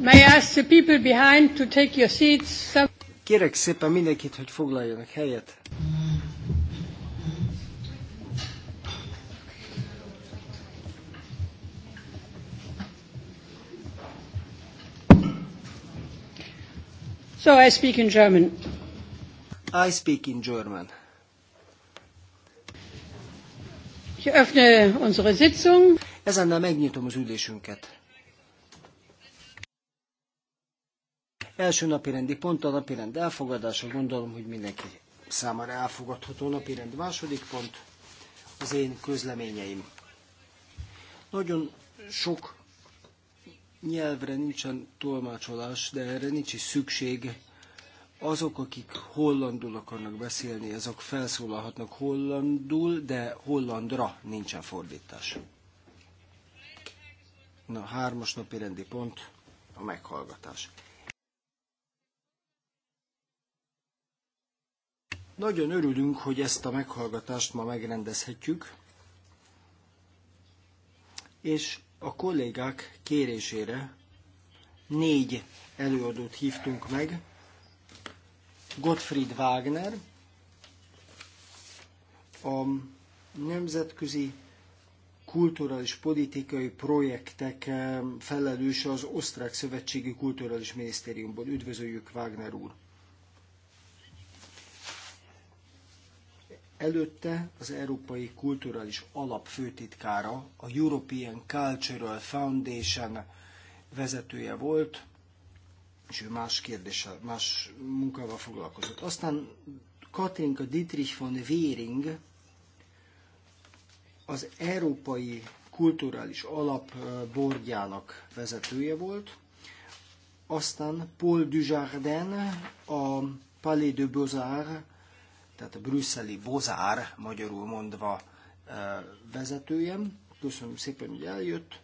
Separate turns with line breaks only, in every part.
May I ask the people behind to take your seats? Kérek szépen
mindenkit, hogy foglaljanak helyet. So I speak in German. I speak in German. Ich öffne unsere Sitzung. Ezennel megnyitom az ülésünket. Első napi rendi pont a napi rend elfogadása, gondolom, hogy mindenki számára elfogadható rend. Második pont az én közleményeim. Nagyon sok nyelvre nincsen tolmácsolás, de erre nincs is szükség. Azok, akik hollandul akarnak beszélni, azok felszólalhatnak hollandul, de hollandra nincsen fordítás. Na, hármas napi rendi pont, a meghallgatás. Nagyon örülünk, hogy ezt a meghallgatást ma megrendezhetjük, és a kollégák kérésére négy előadót hívtunk meg. Gottfried Wagner, a Nemzetközi Kulturális Politikai Projektek eh, felelőse az Osztrák Szövetségi Kulturális Minisztériumból. Üdvözöljük, Wagner úr! Előtte az Európai Kulturális Alap főtitkára, a European Cultural Foundation vezetője volt, és ő más kérdéssel, más munkával foglalkozott. Aztán Katinka Dietrich von Wering az Európai Kulturális Alap bordjának vezetője volt, aztán Paul Dujardin, a Palais de Beaux-Arts tehát a brüsszeli vozár, magyarul mondva e, vezetőjem. Köszönöm szépen, hogy eljött.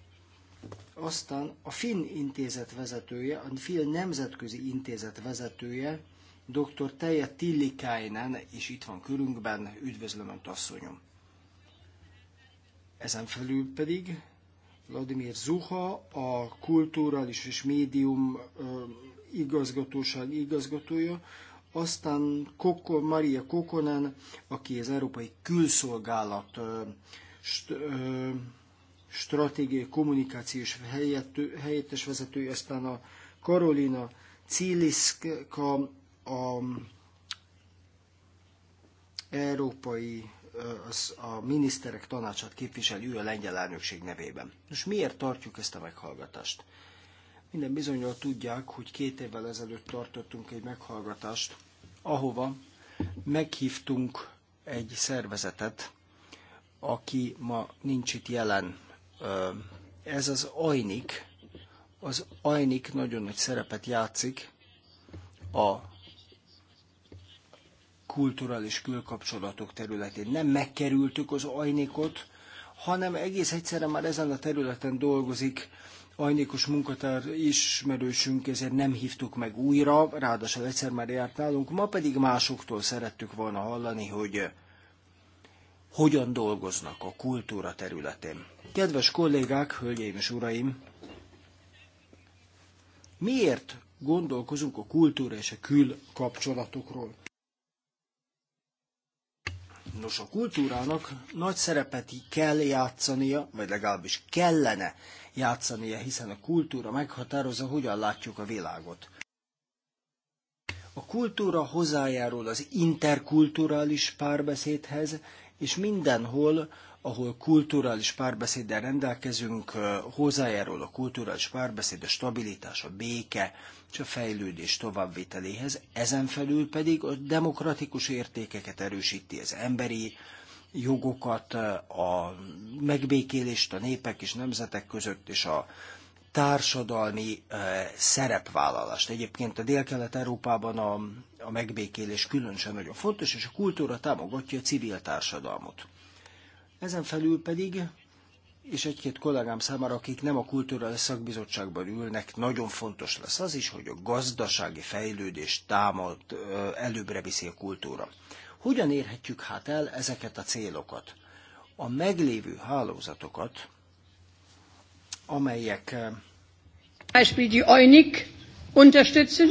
Aztán a Finn intézet vezetője, a Finn nemzetközi intézet vezetője, dr. Teje Tillikainen, és itt van körünkben, üdvözlöm Önt, asszonyom. Ezen felül pedig Vladimir Zuha, a kulturális és médium igazgatóság igazgatója, aztán Koko, Maria Kokonen, aki az Európai Külszolgálat st, ö, stratégiai kommunikációs helyettő, helyettes vezetője, aztán a Karolina Ciliszka, a Európai az a miniszterek tanácsát képviseli ő a lengyel elnökség nevében. Most miért tartjuk ezt a meghallgatást? Minden bizonyal tudják, hogy két évvel ezelőtt tartottunk egy meghallgatást ahova meghívtunk egy szervezetet, aki ma nincs itt jelen. Ez az Ajnik. Az Ajnik nagyon nagy szerepet játszik a kulturális külkapcsolatok területén. Nem megkerültük az Ajnikot, hanem egész egyszerűen már ezen a területen dolgozik, ajnékos munkatár ismerősünk, ezért nem hívtuk meg újra, ráadásul egyszer már járt nálunk, ma pedig másoktól szerettük volna hallani, hogy eh, hogyan dolgoznak a kultúra területén. Kedves kollégák, hölgyeim és uraim, miért gondolkozunk a kultúra és a kül kapcsolatokról? Nos, a kultúrának nagy szerepet kell játszania, vagy legalábbis kellene játszania, hiszen a kultúra meghatározza, hogyan látjuk a világot. A kultúra hozzájárul az interkulturális párbeszédhez, és mindenhol ahol kulturális párbeszéddel rendelkezünk, hozzájárul a kulturális párbeszéd a stabilitás, a béke és a fejlődés továbbviteléhez, ezen felül pedig a demokratikus értékeket erősíti az emberi jogokat, a megbékélést a népek és nemzetek között, és a társadalmi szerepvállalást. Egyébként a dél-kelet-európában a, a megbékélés különösen nagyon fontos, és a kultúra támogatja a civil társadalmat. Ezen felül pedig, és egy-két kollégám számára, akik nem a kulturális szakbizottságban ülnek, nagyon fontos lesz az is, hogy a gazdasági fejlődés támad, előbbre viszi a kultúra. Hogyan érhetjük hát el ezeket a célokat? A meglévő hálózatokat, amelyek
Beispiel die EUNIC unterstützen.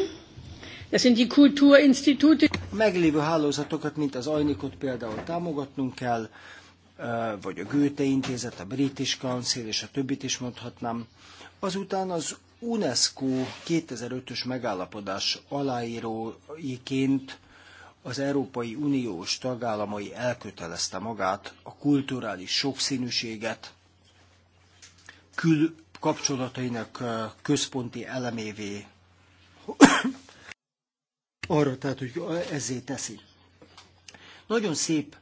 Das sind die Kulturinstitute.
Meglévő hálózatokat, mint az EUNICot például támogatnunk kell, vagy a Goethe Intézet, a British Council és a többit is mondhatnám. Azután az UNESCO 2005-ös megállapodás aláíróiként az Európai Uniós tagállamai elkötelezte magát a kulturális sokszínűséget kül kapcsolatainak központi elemévé arra, tehát, hogy ezzé teszi. Nagyon szép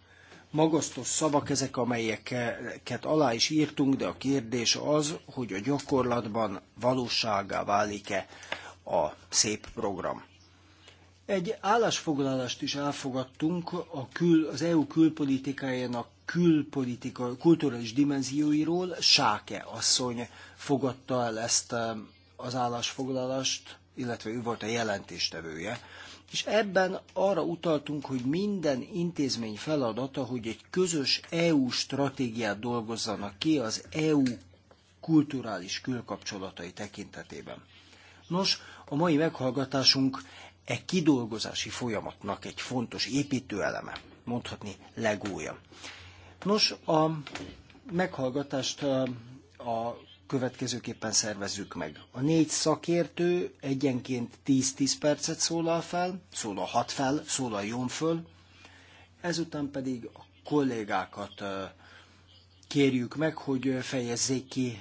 magasztos szavak ezek, amelyeket alá is írtunk, de a kérdés az, hogy a gyakorlatban valóságá válik-e a szép program. Egy állásfoglalást is elfogadtunk a kül, az EU külpolitikájának külpolitika, kulturális dimenzióiról. Sáke asszony fogadta el ezt um, az állásfoglalást, illetve ő volt a jelentéstevője. És ebben arra utaltunk, hogy minden intézmény feladata, hogy egy közös EU stratégiát dolgozzanak ki az EU kulturális külkapcsolatai tekintetében. Nos, a mai meghallgatásunk e kidolgozási folyamatnak egy fontos építőeleme, mondhatni legója. Nos, a meghallgatást a következőképpen szervezzük meg. A négy szakértő egyenként 10-10 percet szólal fel, hat fel, jön föl, ezután pedig a kollégákat kérjük meg, hogy fejezzék ki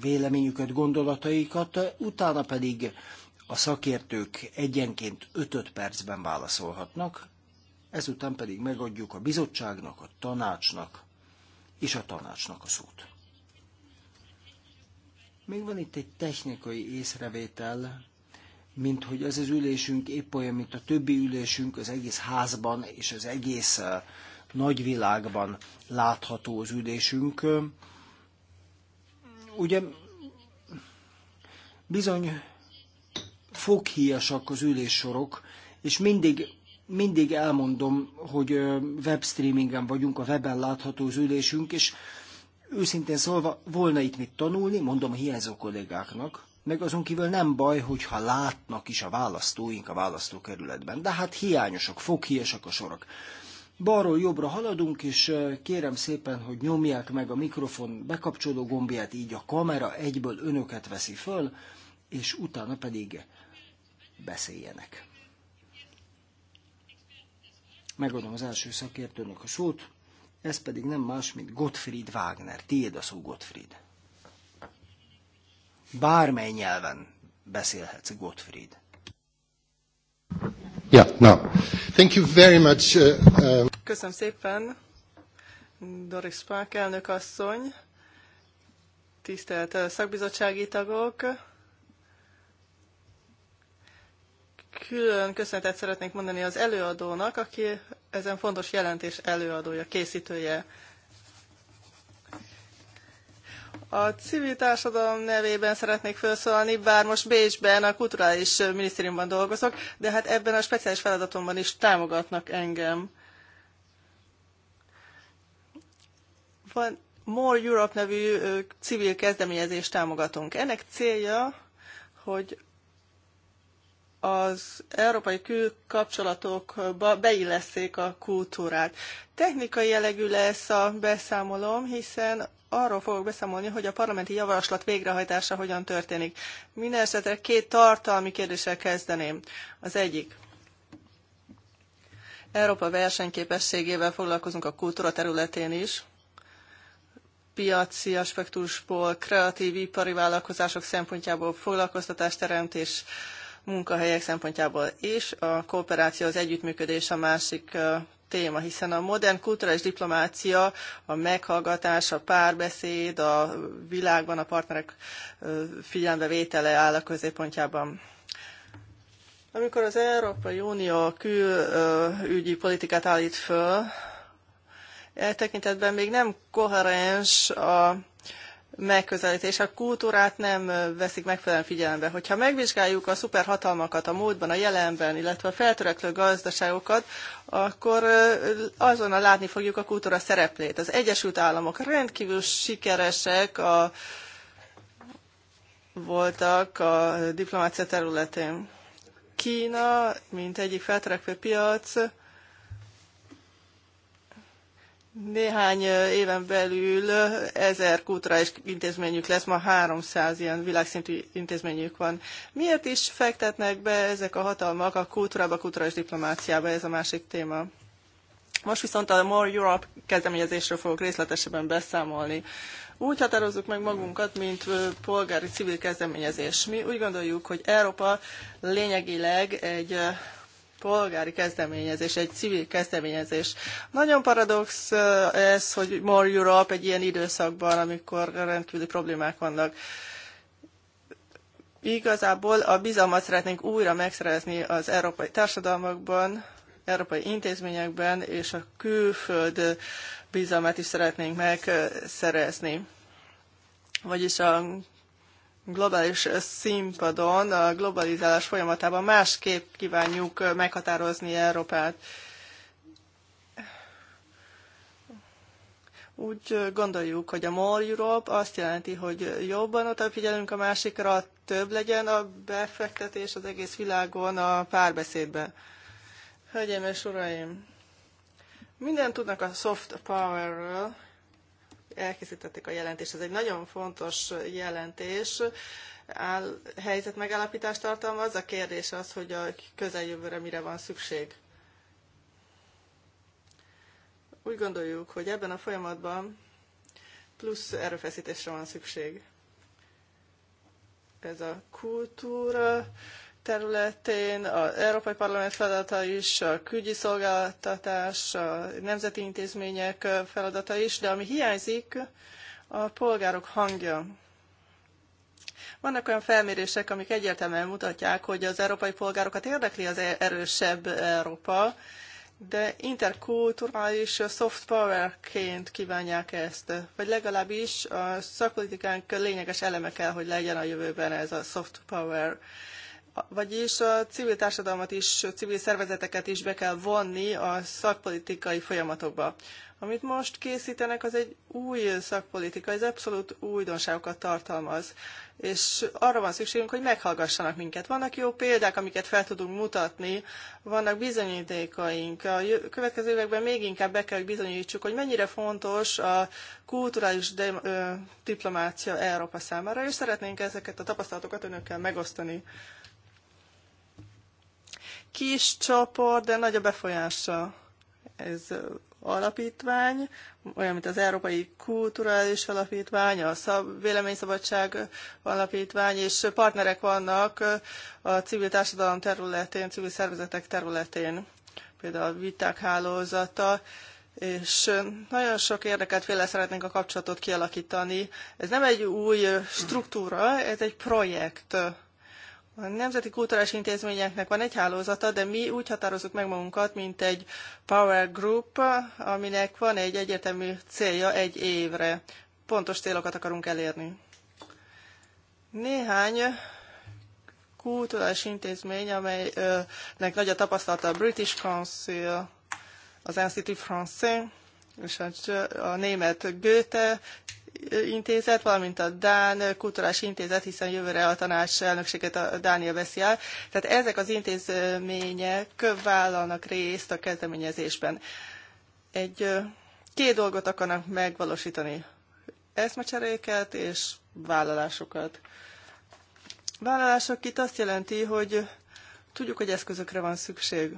véleményüket, gondolataikat, utána pedig a szakértők egyenként 5-5 percben válaszolhatnak, ezután pedig megadjuk a bizottságnak, a tanácsnak és a tanácsnak a szót. Még van itt egy technikai észrevétel, mint hogy az az ülésünk épp olyan, mint a többi ülésünk az egész házban és az egész eh, nagyvilágban látható az ülésünk. Ugye bizony foghíjasak az üléssorok, és mindig, mindig elmondom, hogy eh, webstreamingen vagyunk, a webben látható az ülésünk, és Őszintén szólva, volna itt mit tanulni, mondom a hiányzó kollégáknak, meg azon kívül nem baj, hogyha látnak is a választóink a választókerületben, de hát hiányosak, foghíjasak a sorok. Balról jobbra haladunk, és kérem szépen, hogy nyomják meg a mikrofon bekapcsoló gombját, így a kamera egyből önöket veszi föl, és utána pedig beszéljenek. Megadom az első szakértőnök a szót, ez pedig nem más, mint Gottfried Wagner. Tiéd a szó, Gottfried. Bármely nyelven beszélhetsz, Gottfried. Yeah, no. Thank you very much. Uh, um...
Köszönöm szépen, Doris Pák elnök asszony, tisztelt uh, szakbizottsági tagok, külön köszönetet szeretnék mondani az előadónak, aki ezen fontos jelentés előadója, készítője. A civil társadalom nevében szeretnék felszólalni, bár most Bécsben a Kulturális Minisztériumban dolgozok, de hát ebben a speciális feladatomban is támogatnak engem. Van More Europe nevű civil kezdeményezést támogatunk. Ennek célja, hogy az európai külkapcsolatokba beilleszték a kultúrát. Technikai jellegű lesz a beszámolom, hiszen arról fogok beszámolni, hogy a parlamenti javaslat végrehajtása hogyan történik. Mindenesetre két tartalmi kérdéssel kezdeném. Az egyik. Európa versenyképességével foglalkozunk a kultúra területén is piaci aspektusból, kreatív ipari vállalkozások szempontjából foglalkoztatás teremtés munkahelyek szempontjából is. A kooperáció, az együttműködés a másik téma, hiszen a modern kulturális diplomácia, a meghallgatás, a párbeszéd, a világban a partnerek figyelembevétele áll a középpontjában. Amikor az Európai Unió külügyi politikát állít föl, e tekintetben még nem koherens a megközelítés. A kultúrát nem veszik megfelelően figyelembe. Hogyha megvizsgáljuk a szuperhatalmakat a múltban, a jelenben, illetve a feltörekvő gazdaságokat, akkor azonnal látni fogjuk a kultúra szereplét. Az Egyesült Államok rendkívül sikeresek a, voltak a diplomácia területén. Kína, mint egyik feltörekvő piac, néhány éven belül ezer és intézményük lesz, ma 300 ilyen világszintű intézményük van. Miért is fektetnek be ezek a hatalmak a kultúrába, és diplomáciába? Ez a másik téma. Most viszont a More Europe kezdeményezésről fogok részletesebben beszámolni. Úgy határozzuk meg magunkat, mint polgári civil kezdeményezés. Mi úgy gondoljuk, hogy Európa lényegileg egy polgári kezdeményezés, egy civil kezdeményezés. Nagyon paradox eh, ez, hogy More Europe egy ilyen időszakban, amikor rendkívüli problémák vannak. Igazából a bizalmat szeretnénk újra megszerezni az európai társadalmakban, európai intézményekben, és a külföld bizalmat is szeretnénk megszerezni. Vagyis a globális színpadon, a globalizálás folyamatában másképp kívánjuk meghatározni Európát. Úgy gondoljuk, hogy a More Europe azt jelenti, hogy jobban odafigyelünk a másikra, több legyen a befektetés az egész világon a párbeszédbe. Hölgyeim és uraim! Mindent tudnak a soft powerről, elkészítették a jelentést. Ez egy nagyon fontos jelentés, áll, helyzet megállapítást tartalmaz. A kérdés az, hogy a közeljövőre mire van szükség. Úgy gondoljuk, hogy ebben a folyamatban plusz erőfeszítésre van szükség. Ez a kultúra, területén, az Európai Parlament feladata is, a külügyi szolgáltatás, a nemzeti intézmények feladata is, de ami hiányzik, a polgárok hangja. Vannak olyan felmérések, amik egyértelműen mutatják, hogy az európai polgárokat érdekli az e- erősebb Európa, de interkulturális soft powerként kívánják ezt, vagy legalábbis a szakpolitikánk lényeges eleme kell, hogy legyen a jövőben ez a soft power vagyis a civil társadalmat is, civil szervezeteket is be kell vonni a szakpolitikai folyamatokba. Amit most készítenek, az egy új szakpolitika, ez abszolút újdonságokat tartalmaz. És arra van szükségünk, hogy meghallgassanak minket. Vannak jó példák, amiket fel tudunk mutatni, vannak bizonyítékaink. A következő években még inkább be kell, hogy bizonyítsuk, hogy mennyire fontos a kulturális de- ö, diplomácia Európa számára, és szeretnénk ezeket a tapasztalatokat önökkel megosztani kis csoport, de nagy a befolyása. Ez alapítvány, olyan, mint az Európai Kulturális Alapítvány, a Szab- Véleményszabadság Alapítvány, és partnerek vannak a civil társadalom területén, civil szervezetek területén, például a Viták Hálózata, és nagyon sok érdeket féle szeretnénk a kapcsolatot kialakítani. Ez nem egy új struktúra, ez egy projekt a nemzeti kulturális intézményeknek van egy hálózata, de mi úgy határozzuk meg magunkat, mint egy power group, aminek van egy egyetemű célja egy évre. Pontos célokat akarunk elérni. Néhány kulturális intézmény, amelynek nagy a tapasztalata a British Council, az Institut Français, és a német Goethe intézet, valamint a Dán Kulturális Intézet, hiszen jövőre a tanács elnökséget a Dánia veszi el. Tehát ezek az intézmények vállalnak részt a kezdeményezésben. Egy két dolgot akarnak megvalósítani. Eszmecseréket és vállalásokat. Vállalások itt azt jelenti, hogy tudjuk, hogy eszközökre van szükség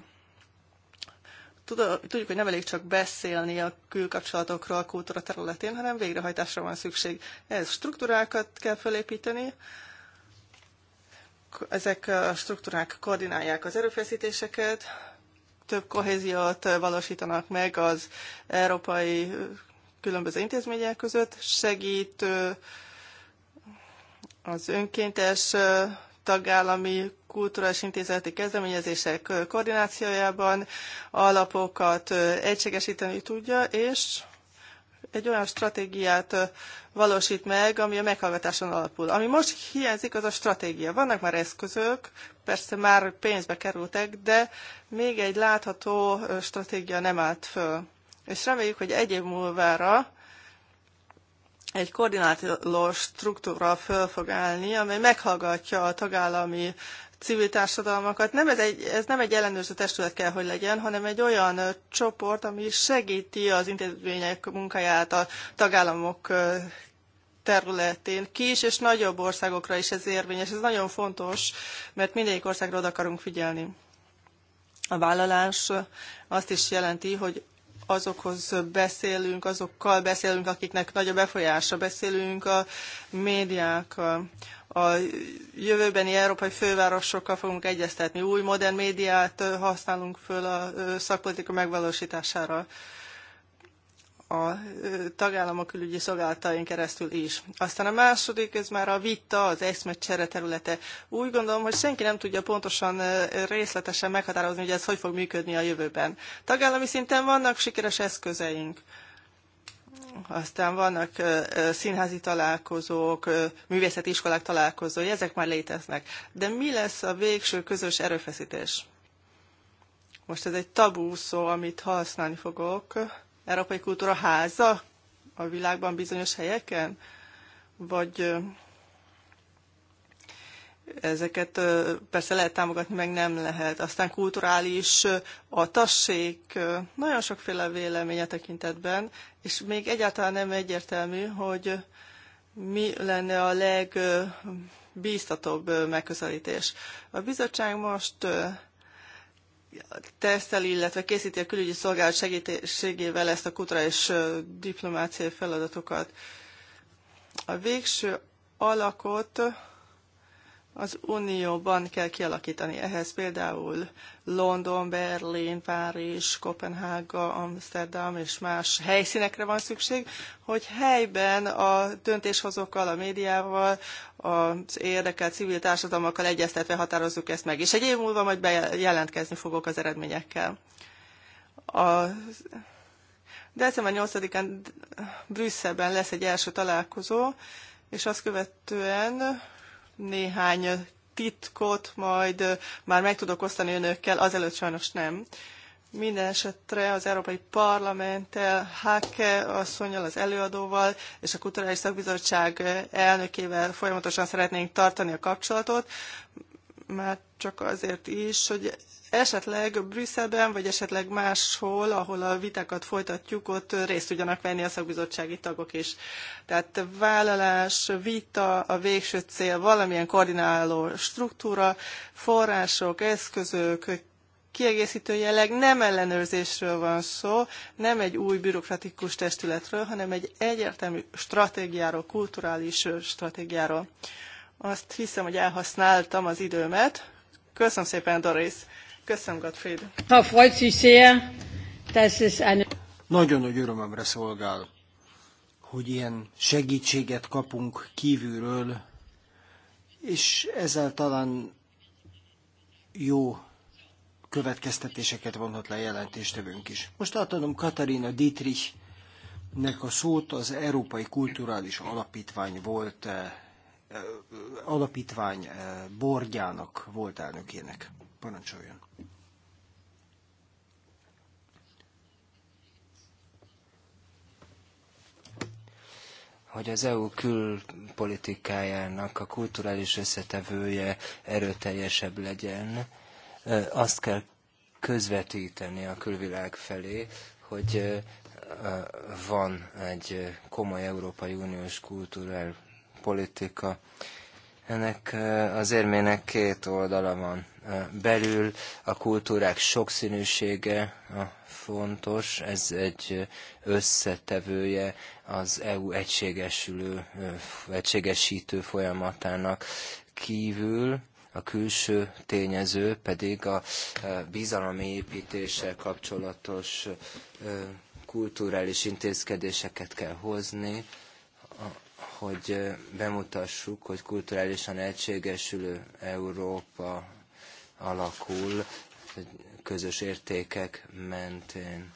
tudjuk, hogy nem elég csak beszélni a külkapcsolatokról a kultúra területén, hanem végrehajtásra van szükség. Ez struktúrákat kell felépíteni, ezek a struktúrák koordinálják az erőfeszítéseket, több kohéziót valósítanak meg az európai különböző intézmények között, segít az önkéntes tagállami kulturális intézeti kezdeményezések koordinációjában alapokat egységesíteni tudja, és egy olyan stratégiát valósít meg, ami a meghallgatáson alapul. Ami most hiányzik, az a stratégia. Vannak már eszközök, persze már pénzbe kerültek, de még egy látható stratégia nem állt föl. És reméljük, hogy egy év múlvára egy koordináló struktúra föl fog állni, amely meghallgatja a tagállami civil társadalmakat. Nem ez, egy, ez nem egy ellenőrző testület kell, hogy legyen, hanem egy olyan csoport, ami segíti az intézmények munkáját a tagállamok területén, kis és nagyobb országokra is ez érvényes. Ez nagyon fontos, mert mindegyik országra oda akarunk figyelni. A vállalás azt is jelenti, hogy azokhoz beszélünk, azokkal beszélünk, akiknek a befolyása beszélünk, a médiákkal. A jövőbeni európai fővárosokkal fogunk egyeztetni. Új modern médiát használunk föl a szakpolitika megvalósítására a tagállamok külügyi szolgálatain keresztül is. Aztán a második, ez már a vita, az eszmecsere területe. Úgy gondolom, hogy senki nem tudja pontosan részletesen meghatározni, hogy ez hogy fog működni a jövőben. Tagállami szinten vannak sikeres eszközeink. Aztán vannak színházi találkozók, művészeti iskolák találkozói, ezek már léteznek. De mi lesz a végső közös erőfeszítés? Most ez egy tabú szó, amit használni fogok Európai Kultúra Háza a világban bizonyos helyeken? Vagy ezeket persze lehet támogatni, meg nem lehet. Aztán kulturális atasség, nagyon sokféle véleménye tekintetben, és még egyáltalán nem egyértelmű, hogy mi lenne a legbíztatóbb megközelítés. A bizottság most teszteli, illetve készíti a külügyi szolgálat segítségével ezt a kutra és diplomáciai feladatokat. A végső alakot az Unióban kell kialakítani. Ehhez például London, Berlin, Párizs, Kopenhága, Amsterdam és más helyszínekre van szükség, hogy helyben a döntéshozókkal, a médiával, az érdekelt civil társadalmakkal egyeztetve határozzuk ezt meg, és egy év múlva majd bejelentkezni fogok az eredményekkel. A december 8-án Brüsszelben lesz egy első találkozó, és azt követően néhány titkot majd már meg tudok osztani önökkel, azelőtt sajnos nem. Minden esetre az Európai Parlamenttel, Háke asszonyjal, az előadóval és a Kulturális Szakbizottság elnökével folyamatosan szeretnénk tartani a kapcsolatot, már csak azért is, hogy esetleg Brüsszelben, vagy esetleg máshol, ahol a vitákat folytatjuk, ott részt tudjanak venni a szakbizottsági tagok is. Tehát vállalás, vita, a végső cél, valamilyen koordináló struktúra, források, eszközök, kiegészítő jelleg nem ellenőrzésről van szó, nem egy új bürokratikus testületről, hanem egy egyértelmű stratégiáról, kulturális stratégiáról. Azt hiszem, hogy elhasználtam az időmet. Köszönöm szépen, Doris. Köszönöm, Gottfried. Ha freut sich sehr, dass es eine...
Nagyon nagy örömömre szolgál, hogy ilyen segítséget kapunk kívülről, és ezzel talán jó következtetéseket vonhat le a jelentéstevőnk is. Most átadom Katarina Dietrich nek a szót az Európai Kulturális Alapítvány volt eh, eh, alapítvány eh, borgyának volt elnökének. Parancsoljon.
hogy az EU külpolitikájának a kulturális összetevője erőteljesebb legyen azt kell közvetíteni a külvilág felé, hogy van egy komoly Európai Uniós kultúrál politika. Ennek az érmének két oldala van. Belül a kultúrák sokszínűsége a fontos, ez egy összetevője az EU egységesülő, egységesítő folyamatának kívül a külső tényező pedig a e, bizalmi építéssel kapcsolatos e, kulturális intézkedéseket kell hozni, hogy e, bemutassuk, hogy kulturálisan egységesülő Európa alakul közös értékek mentén.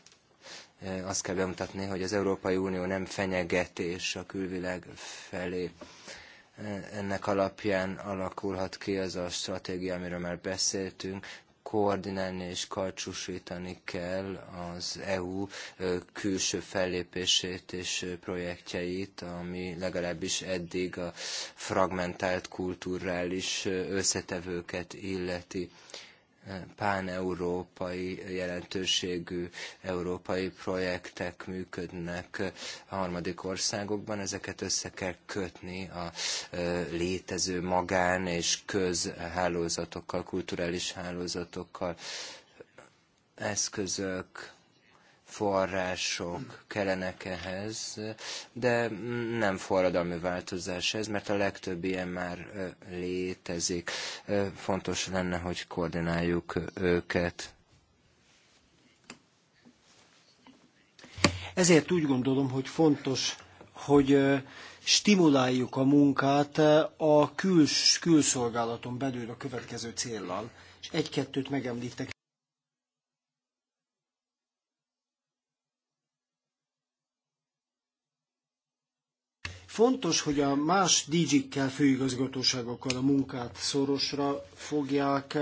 Azt kell bemutatni, hogy az Európai Unió nem fenyegetés a külvilág felé ennek alapján alakulhat ki az a stratégia, amiről már beszéltünk, koordinálni és karcsúsítani kell az EU külső fellépését és projektjeit, ami legalábbis eddig a fragmentált kulturális összetevőket illeti páneurópai jelentőségű európai projektek működnek a harmadik országokban, ezeket össze kell kötni a létező magán és közhálózatokkal, kulturális hálózatokkal, eszközök, források kellenek ehhez, de nem forradalmi változás ez, mert a legtöbb ilyen már létezik. Fontos lenne, hogy koordináljuk őket.
Ezért úgy gondolom, hogy fontos, hogy stimuláljuk a munkát a küls, külszolgálaton belül a következő céllal. És egy-kettőt megemlítek. Fontos, hogy a más DG-kkel, főigazgatóságokkal a munkát szorosra fogják,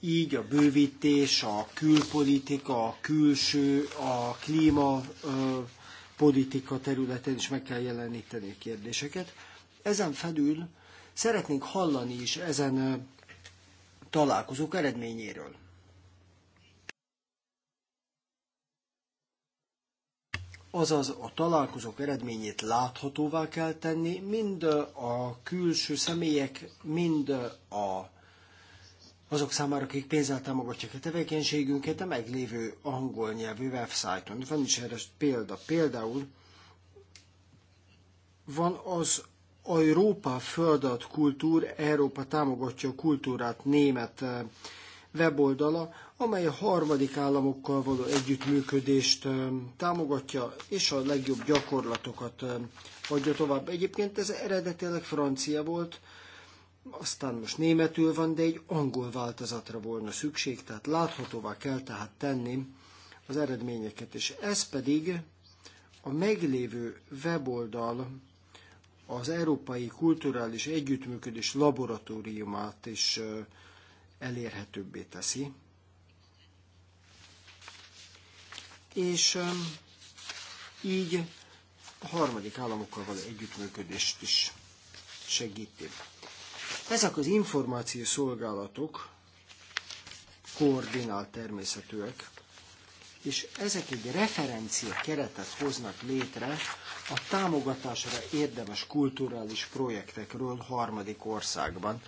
így a bővítés, a külpolitika, a külső, a klíma politika területen is meg kell jeleníteni a kérdéseket. Ezen felül szeretnénk hallani is ezen találkozók eredményéről. azaz a találkozók eredményét láthatóvá kell tenni, mind a külső személyek, mind a, azok számára, akik pénzzel támogatják a tevékenységünket, a meglévő angol nyelvű websájton. Van is erre példa. Például van az Európa Földat Kultúr, Európa támogatja a kultúrát német weboldala, amely a harmadik államokkal való együttműködést támogatja, és a legjobb gyakorlatokat adja tovább. Egyébként ez eredetileg francia volt, aztán most németül van, de egy angol változatra volna szükség, tehát láthatóvá kell tehát tenni az eredményeket, és ez pedig a meglévő weboldal az Európai Kulturális Együttműködés Laboratóriumát is elérhetőbbé teszi. És így a harmadik államokkal való együttműködést is segíti. Ezek az szolgálatok koordinál természetűek, és ezek egy referencia keretet hoznak létre a támogatásra érdemes kulturális projektekről harmadik országban.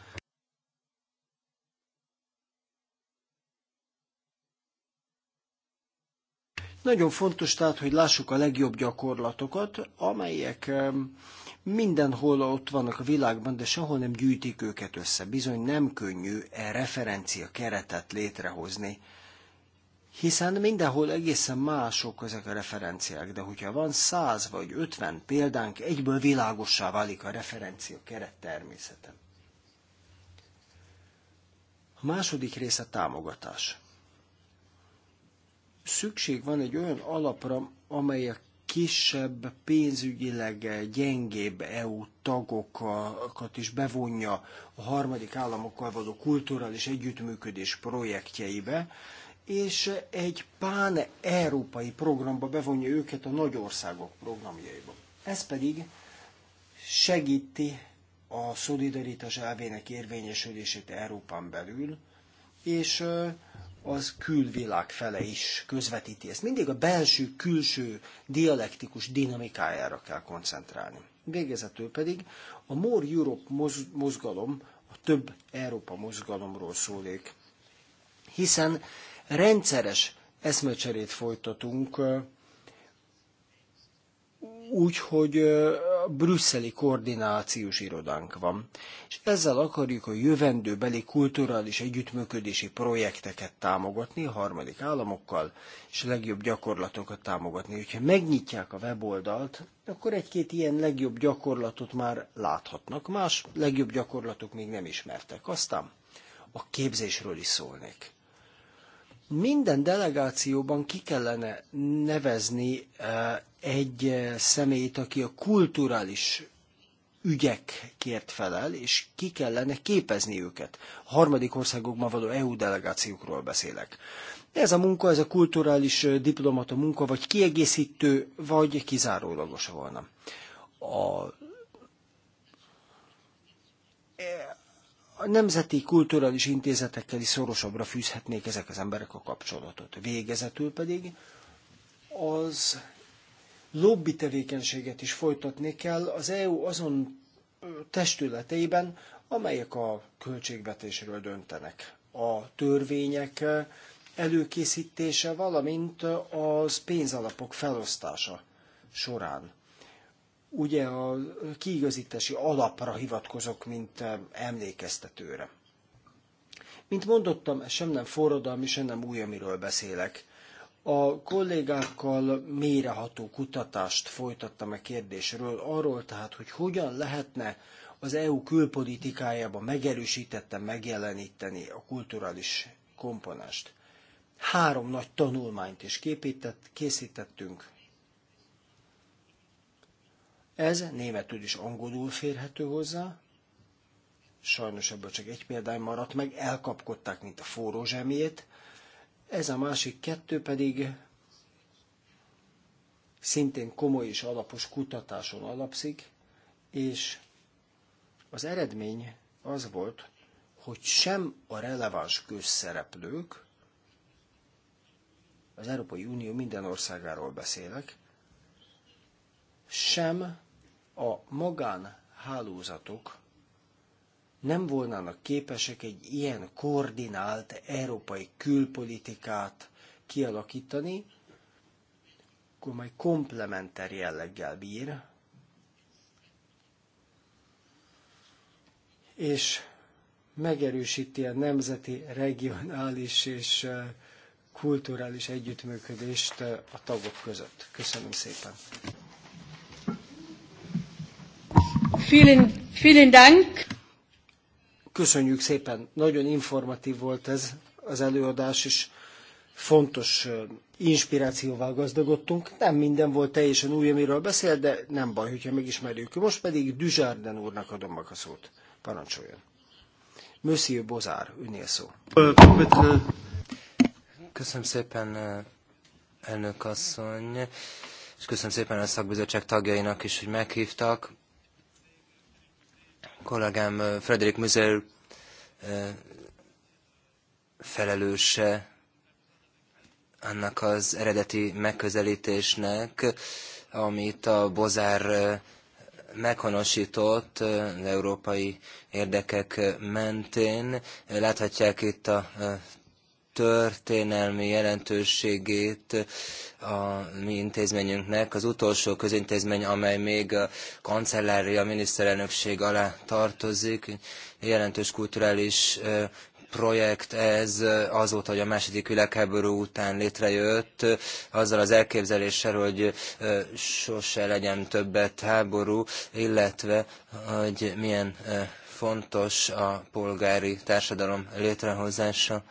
Nagyon fontos tehát, hogy lássuk a legjobb gyakorlatokat, amelyek mindenhol ott vannak a világban, de sehol nem gyűjtik őket össze. Bizony nem könnyű e referencia keretet létrehozni, hiszen mindenhol egészen mások ezek a referenciák, de hogyha van száz vagy ötven példánk, egyből világossá válik a referencia keret természetem. A második része támogatás szükség van egy olyan alapra, amely a kisebb, pénzügyileg gyengébb EU tagokat is bevonja a harmadik államokkal való kulturális együttműködés projektjeibe, és egy pán-európai programba bevonja őket a nagy országok programjaiba. Ez pedig segíti a szolidaritás elvének érvényesülését Európán belül, és az külvilág fele is közvetíti ezt. Mindig a belső-külső dialektikus dinamikájára kell koncentrálni. Végezetül pedig a More Europe mozgalom, a több Európa mozgalomról szólék. Hiszen rendszeres eszmecserét folytatunk, úgyhogy brüsszeli koordinációs irodánk van, és ezzel akarjuk a jövendőbeli kulturális együttműködési projekteket támogatni a harmadik államokkal, és a legjobb gyakorlatokat támogatni. Hogyha megnyitják a weboldalt, akkor egy-két ilyen legjobb gyakorlatot már láthatnak, más legjobb gyakorlatok még nem ismertek. Aztán a képzésről is szólnék minden delegációban ki kellene nevezni eh, egy eh, személyt, aki a kulturális ügyekért felel, és ki kellene képezni őket. A harmadik országokban való EU delegációkról beszélek. Ez a munka, ez a kulturális eh, diplomata munka, vagy kiegészítő, vagy kizárólagos volna. A eh, a nemzeti kulturális intézetekkel is szorosabbra fűzhetnék ezek az emberek a kapcsolatot. Végezetül pedig az lobby tevékenységet is folytatni kell az EU azon testületeiben, amelyek a költségvetésről döntenek. A törvények előkészítése, valamint az pénzalapok felosztása során. Ugye a kiigazítási alapra hivatkozok, mint emlékeztetőre. Mint mondottam, ez sem nem forradalmi, sem nem új, amiről beszélek. A kollégákkal méreható kutatást folytattam a e kérdésről, arról tehát, hogy hogyan lehetne az EU külpolitikájában megerősítette megjeleníteni a kulturális komponást. Három nagy tanulmányt is képített, készítettünk. Ez németül is angolul férhető hozzá. Sajnos ebből csak egy példány maradt meg, elkapkodták, mint a forró zsemét ez a másik kettő pedig szintén komoly és alapos kutatáson alapszik, és az eredmény az volt, hogy sem a releváns közszereplők, az Európai Unió minden országáról beszélek, sem a magánhálózatok nem volnának képesek egy ilyen koordinált európai külpolitikát kialakítani, akkor majd komplementer jelleggel bír, és megerősíti a nemzeti, regionális és kulturális együttműködést a tagok között. Köszönöm szépen.
Vielen, vielen Dank.
Köszönjük szépen, nagyon informatív volt ez az előadás, és fontos inspirációval gazdagodtunk. Nem minden volt teljesen új, amiről beszél, de nem baj, hogyha megismerjük. Most pedig Dujardin úrnak adom meg a szót. Parancsoljon. Monsieur Bozár, szó. Köszönöm szépen,
elnök asszony, és köszönöm szépen a szakbizottság tagjainak is, hogy meghívtak kollégám Frederik Müzer felelőse annak az eredeti megközelítésnek, amit a Bozár meghonosított európai érdekek mentén. Láthatják itt a történelmi jelentőségét a mi intézményünknek. Az utolsó közintézmény, amely még a kancellária, miniszterelnökség alá tartozik, jelentős kulturális projekt ez azóta, hogy a második világháború után létrejött, azzal az elképzeléssel, hogy sose legyen többet háború, illetve hogy milyen fontos a polgári társadalom létrehozása.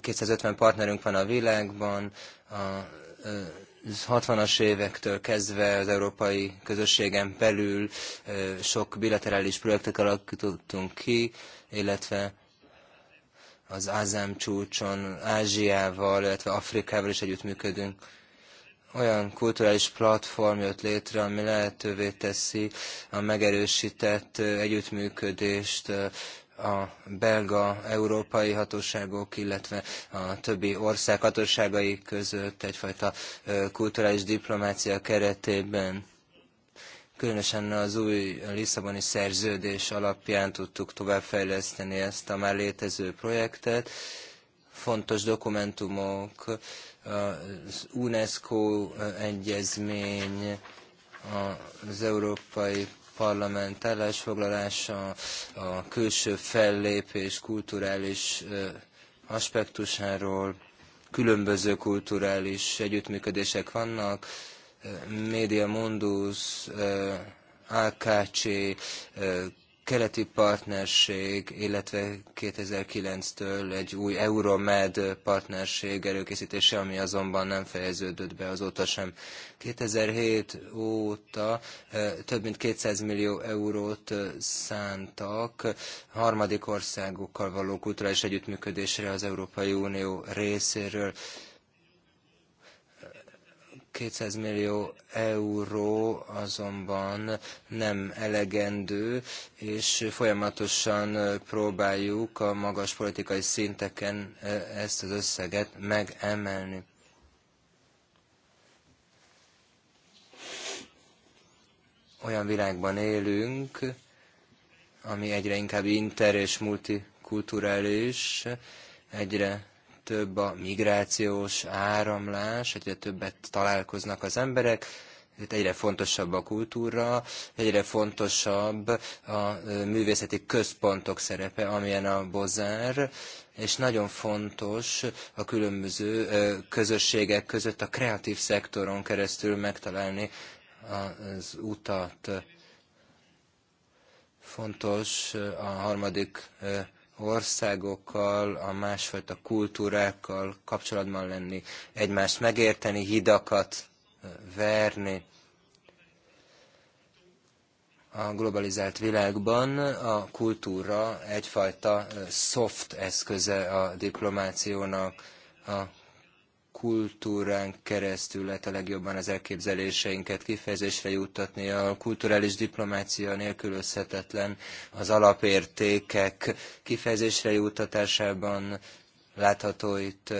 250 partnerünk van a világban, a 60-as évektől kezdve az európai közösségen belül sok bilaterális projektet alakítottunk ki, illetve az Ázám csúcson Ázsiával, illetve Afrikával is együttműködünk. Olyan kulturális platform jött létre, ami lehetővé teszi a megerősített együttműködést a belga európai hatóságok, illetve a többi ország hatóságai között egyfajta kulturális diplomácia keretében. Különösen az új Lisszaboni szerződés alapján tudtuk továbbfejleszteni ezt a már létező projektet. Fontos dokumentumok, az UNESCO egyezmény, az Európai parlament állásfoglalása, a külső fellépés kulturális aspektusáról, különböző kulturális együttműködések vannak, Media Mundus, AKC, keleti partnerség, illetve 2009-től egy új Euromed partnerség előkészítése, ami azonban nem fejeződött be azóta sem. 2007 óta több mint 200 millió eurót szántak harmadik országokkal való kulturális együttműködésre az Európai Unió részéről. 200 millió euró azonban nem elegendő, és folyamatosan próbáljuk a magas politikai szinteken e, ezt az összeget megemelni. Olyan világban élünk, ami egyre inkább inter és multikulturális, egyre több a migrációs áramlás, egyre többet találkoznak az emberek, egyre fontosabb a kultúra, egyre fontosabb a művészeti központok szerepe, amilyen a bozár, és nagyon fontos a különböző közösségek között a kreatív szektoron keresztül megtalálni az utat. Fontos a harmadik országokkal, a másfajta kultúrákkal kapcsolatban lenni, egymást megérteni, hidakat verni. A globalizált világban a kultúra egyfajta soft eszköze a diplomációnak, a kultúrán keresztül lehet a legjobban az elképzeléseinket kifejezésre juttatni. A kulturális diplomácia nélkülözhetetlen az alapértékek kifejezésre juttatásában látható itt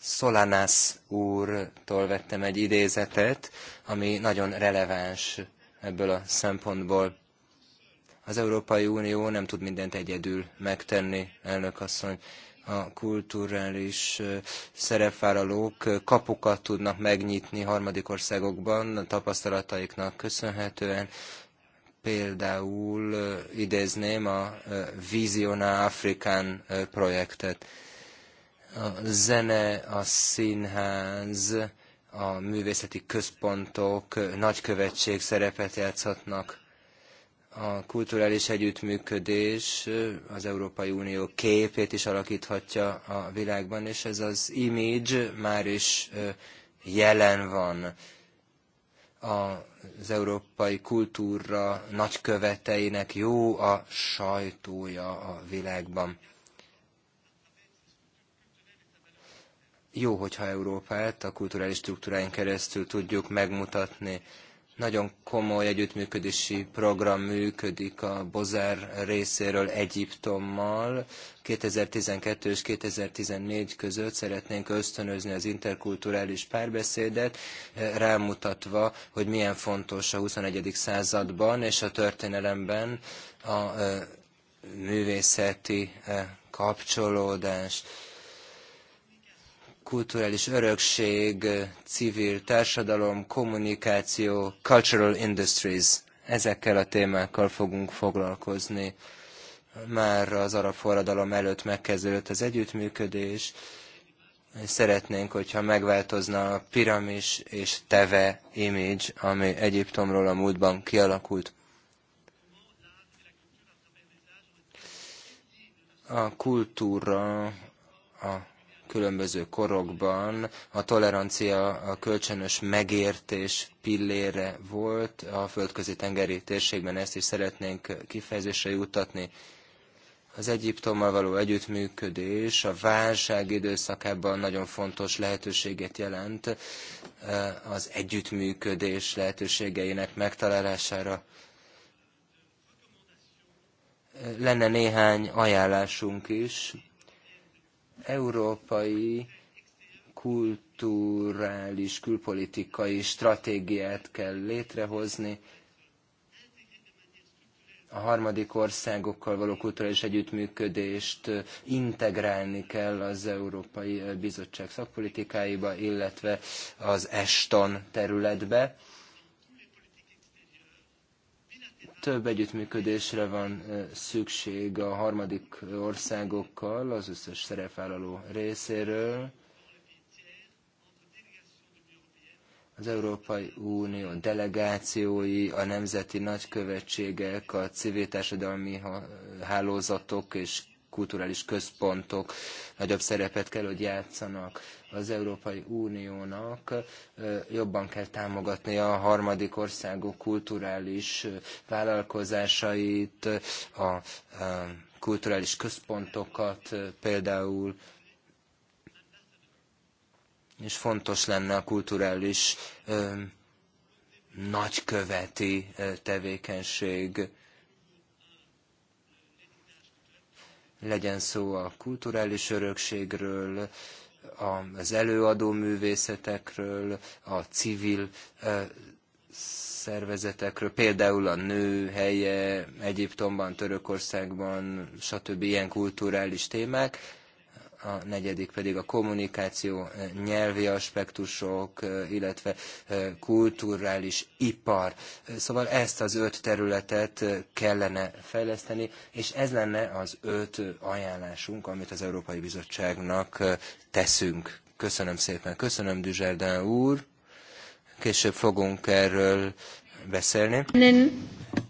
Solanas úrtól vettem egy idézetet, ami nagyon releváns ebből a szempontból. Az Európai Unió nem tud mindent egyedül megtenni, elnök asszony a kulturális szerepvállalók kapukat tudnak megnyitni harmadik országokban a tapasztalataiknak köszönhetően. Például idézném a Visiona Afrikán projektet. A zene, a színház, a művészeti központok, nagykövetség szerepet játszhatnak a kulturális együttműködés az Európai Unió képét is alakíthatja a világban, és ez az image már is jelen van az európai kultúra nagyköveteinek jó a sajtója a világban. Jó, hogyha Európát a kulturális struktúráin keresztül tudjuk megmutatni. Nagyon komoly együttműködési program működik a Bozár részéről Egyiptommal. 2012 és 2014 között szeretnénk ösztönözni az interkulturális párbeszédet, eh, rámutatva, hogy milyen fontos a 21. században és a történelemben a eh, művészeti eh, kapcsolódás kulturális örökség, civil társadalom, kommunikáció, cultural industries. Ezekkel a témákkal fogunk foglalkozni. Már az arab forradalom előtt megkezdődött az együttműködés. Szeretnénk, hogyha megváltozna a piramis és teve image, ami Egyiptomról a múltban kialakult. A kultúra, a különböző korokban a tolerancia a kölcsönös megértés pillére volt, a földközi tengeri térségben ezt is szeretnénk kifejezésre juttatni. Az Egyiptommal való együttműködés a válság időszakában nagyon fontos lehetőséget jelent eh, az együttműködés lehetőségeinek megtalálására lenne néhány ajánlásunk is európai kulturális külpolitikai stratégiát kell létrehozni, a harmadik országokkal való kulturális együttműködést integrálni kell az Európai Bizottság szakpolitikáiba, illetve az Eston területbe több együttműködésre van szükség a harmadik országokkal, az összes szerepvállaló részéről. Az Európai Unió delegációi, a nemzeti nagykövetségek, a civil társadalmi hálózatok és kulturális központok nagyobb szerepet kell, hogy játszanak. Az Európai Uniónak jobban kell támogatni a harmadik országok kulturális vállalkozásait, a kulturális központokat például, és fontos lenne a kulturális nagyköveti tevékenység legyen szó a kulturális örökségről, az előadó művészetekről, a civil szervezetekről, például a nő helye Egyiptomban, Törökországban, stb. ilyen kulturális témák, a negyedik pedig a kommunikáció, eh, nyelvi aspektusok, eh, illetve eh, kulturális ipar. Szóval ezt az öt területet kellene fejleszteni, és ez lenne az öt ajánlásunk, amit az Európai Bizottságnak teszünk. Köszönöm szépen, köszönöm Düzserdán úr. Később fogunk erről beszélni.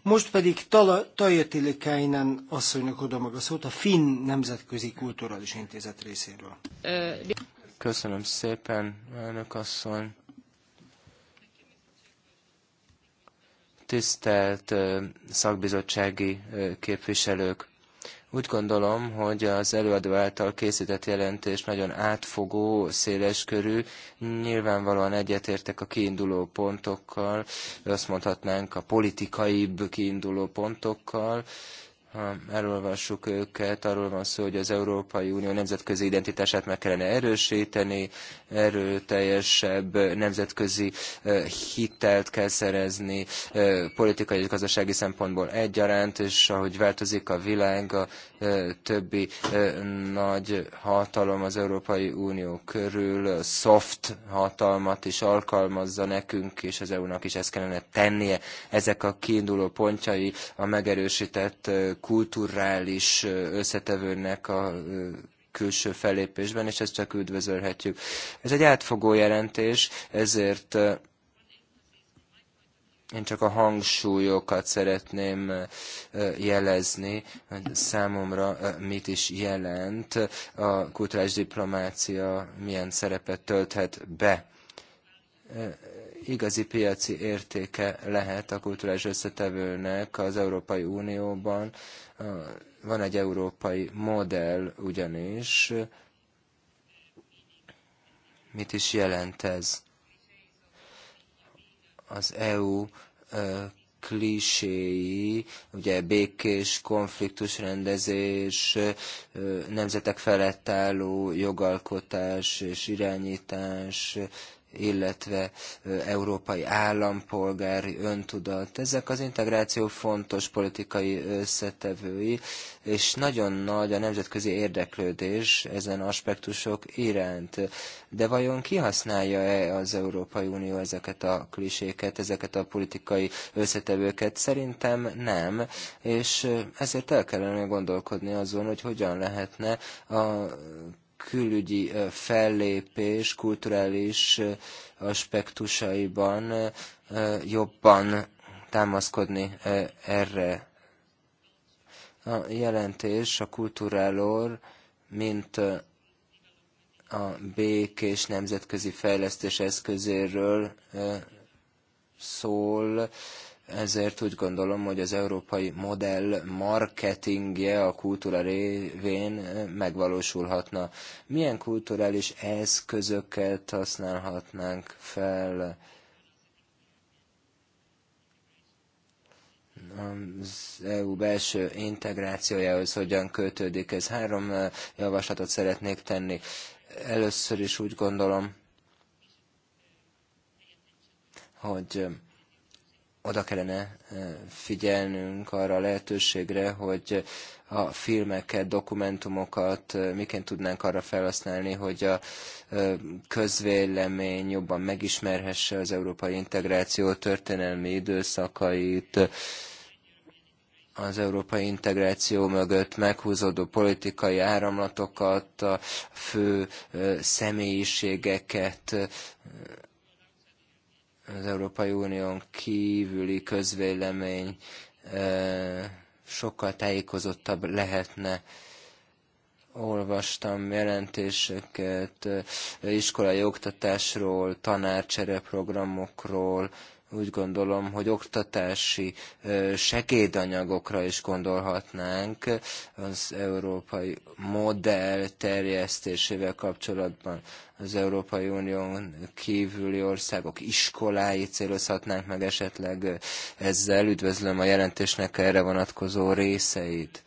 Most pedig Tajatilikáinen asszonynak oda maga szót a Finn Nemzetközi Kulturális Intézet részéről.
Köszönöm szépen, elnök asszony. Tisztelt szakbizottsági képviselők! Úgy gondolom, hogy az előadó által készített jelentés nagyon átfogó, széleskörű, nyilvánvalóan egyetértek a kiinduló pontokkal, azt mondhatnánk a politikaibb kiinduló pontokkal, ha elolvassuk őket, arról van szó, hogy az Európai Unió nemzetközi identitását meg kellene erősíteni, erőteljesebb nemzetközi hitelt kell szerezni politikai és gazdasági szempontból egyaránt, és ahogy változik a világ, a többi nagy hatalom az Európai Unió körül soft hatalmat is alkalmazza nekünk, és az EU-nak is ezt kellene tennie. Ezek a kiinduló pontjai a megerősített kulturális összetevőnek a külső fellépésben, és ezt csak üdvözölhetjük. Ez egy átfogó jelentés, ezért én csak a hangsúlyokat szeretném jelezni, hogy számomra mit is jelent, a kulturális diplomácia milyen szerepet tölthet be. Igazi piaci értéke lehet a kulturális összetevőnek az Európai Unióban. Van egy európai modell ugyanis. Mit is jelent ez? az EU kliséi, ugye békés konfliktusrendezés, nemzetek felett álló jogalkotás és irányítás, illetve európai állampolgári öntudat. Ezek az integráció fontos politikai összetevői, és nagyon nagy a nemzetközi érdeklődés ezen aspektusok iránt. De vajon kihasználja-e az Európai Unió ezeket a kliséket, ezeket a politikai összetevőket? Szerintem nem, és ezért el kellene gondolkodni azon, hogy hogyan lehetne a külügyi fellépés kulturális aspektusaiban jobban támaszkodni erre. A jelentés a kulturálor, mint a békés nemzetközi fejlesztés eszközéről szól, ezért úgy gondolom, hogy az európai modell marketingje a kultúra révén megvalósulhatna. Milyen kulturális eszközöket használhatnánk fel? az EU belső integrációjához hogyan kötődik. Ez három eh, javaslatot szeretnék tenni. Először is úgy gondolom, hogy eh, oda kellene figyelnünk arra a lehetőségre, hogy a filmeket, dokumentumokat miként tudnánk arra felhasználni, hogy a közvélemény jobban megismerhesse az európai integráció történelmi időszakait, az európai integráció mögött meghúzódó politikai áramlatokat, a fő személyiségeket, az Európai Unión kívüli közvélemény sokkal tájékozottabb lehetne. Olvastam jelentéseket iskolai oktatásról, tanárcsereprogramokról, programokról, úgy gondolom, hogy oktatási segédanyagokra is gondolhatnánk az európai modell terjesztésével kapcsolatban. Az Európai Unión kívüli országok iskolái célozhatnánk meg esetleg ezzel. Üdvözlöm a jelentésnek erre vonatkozó részeit.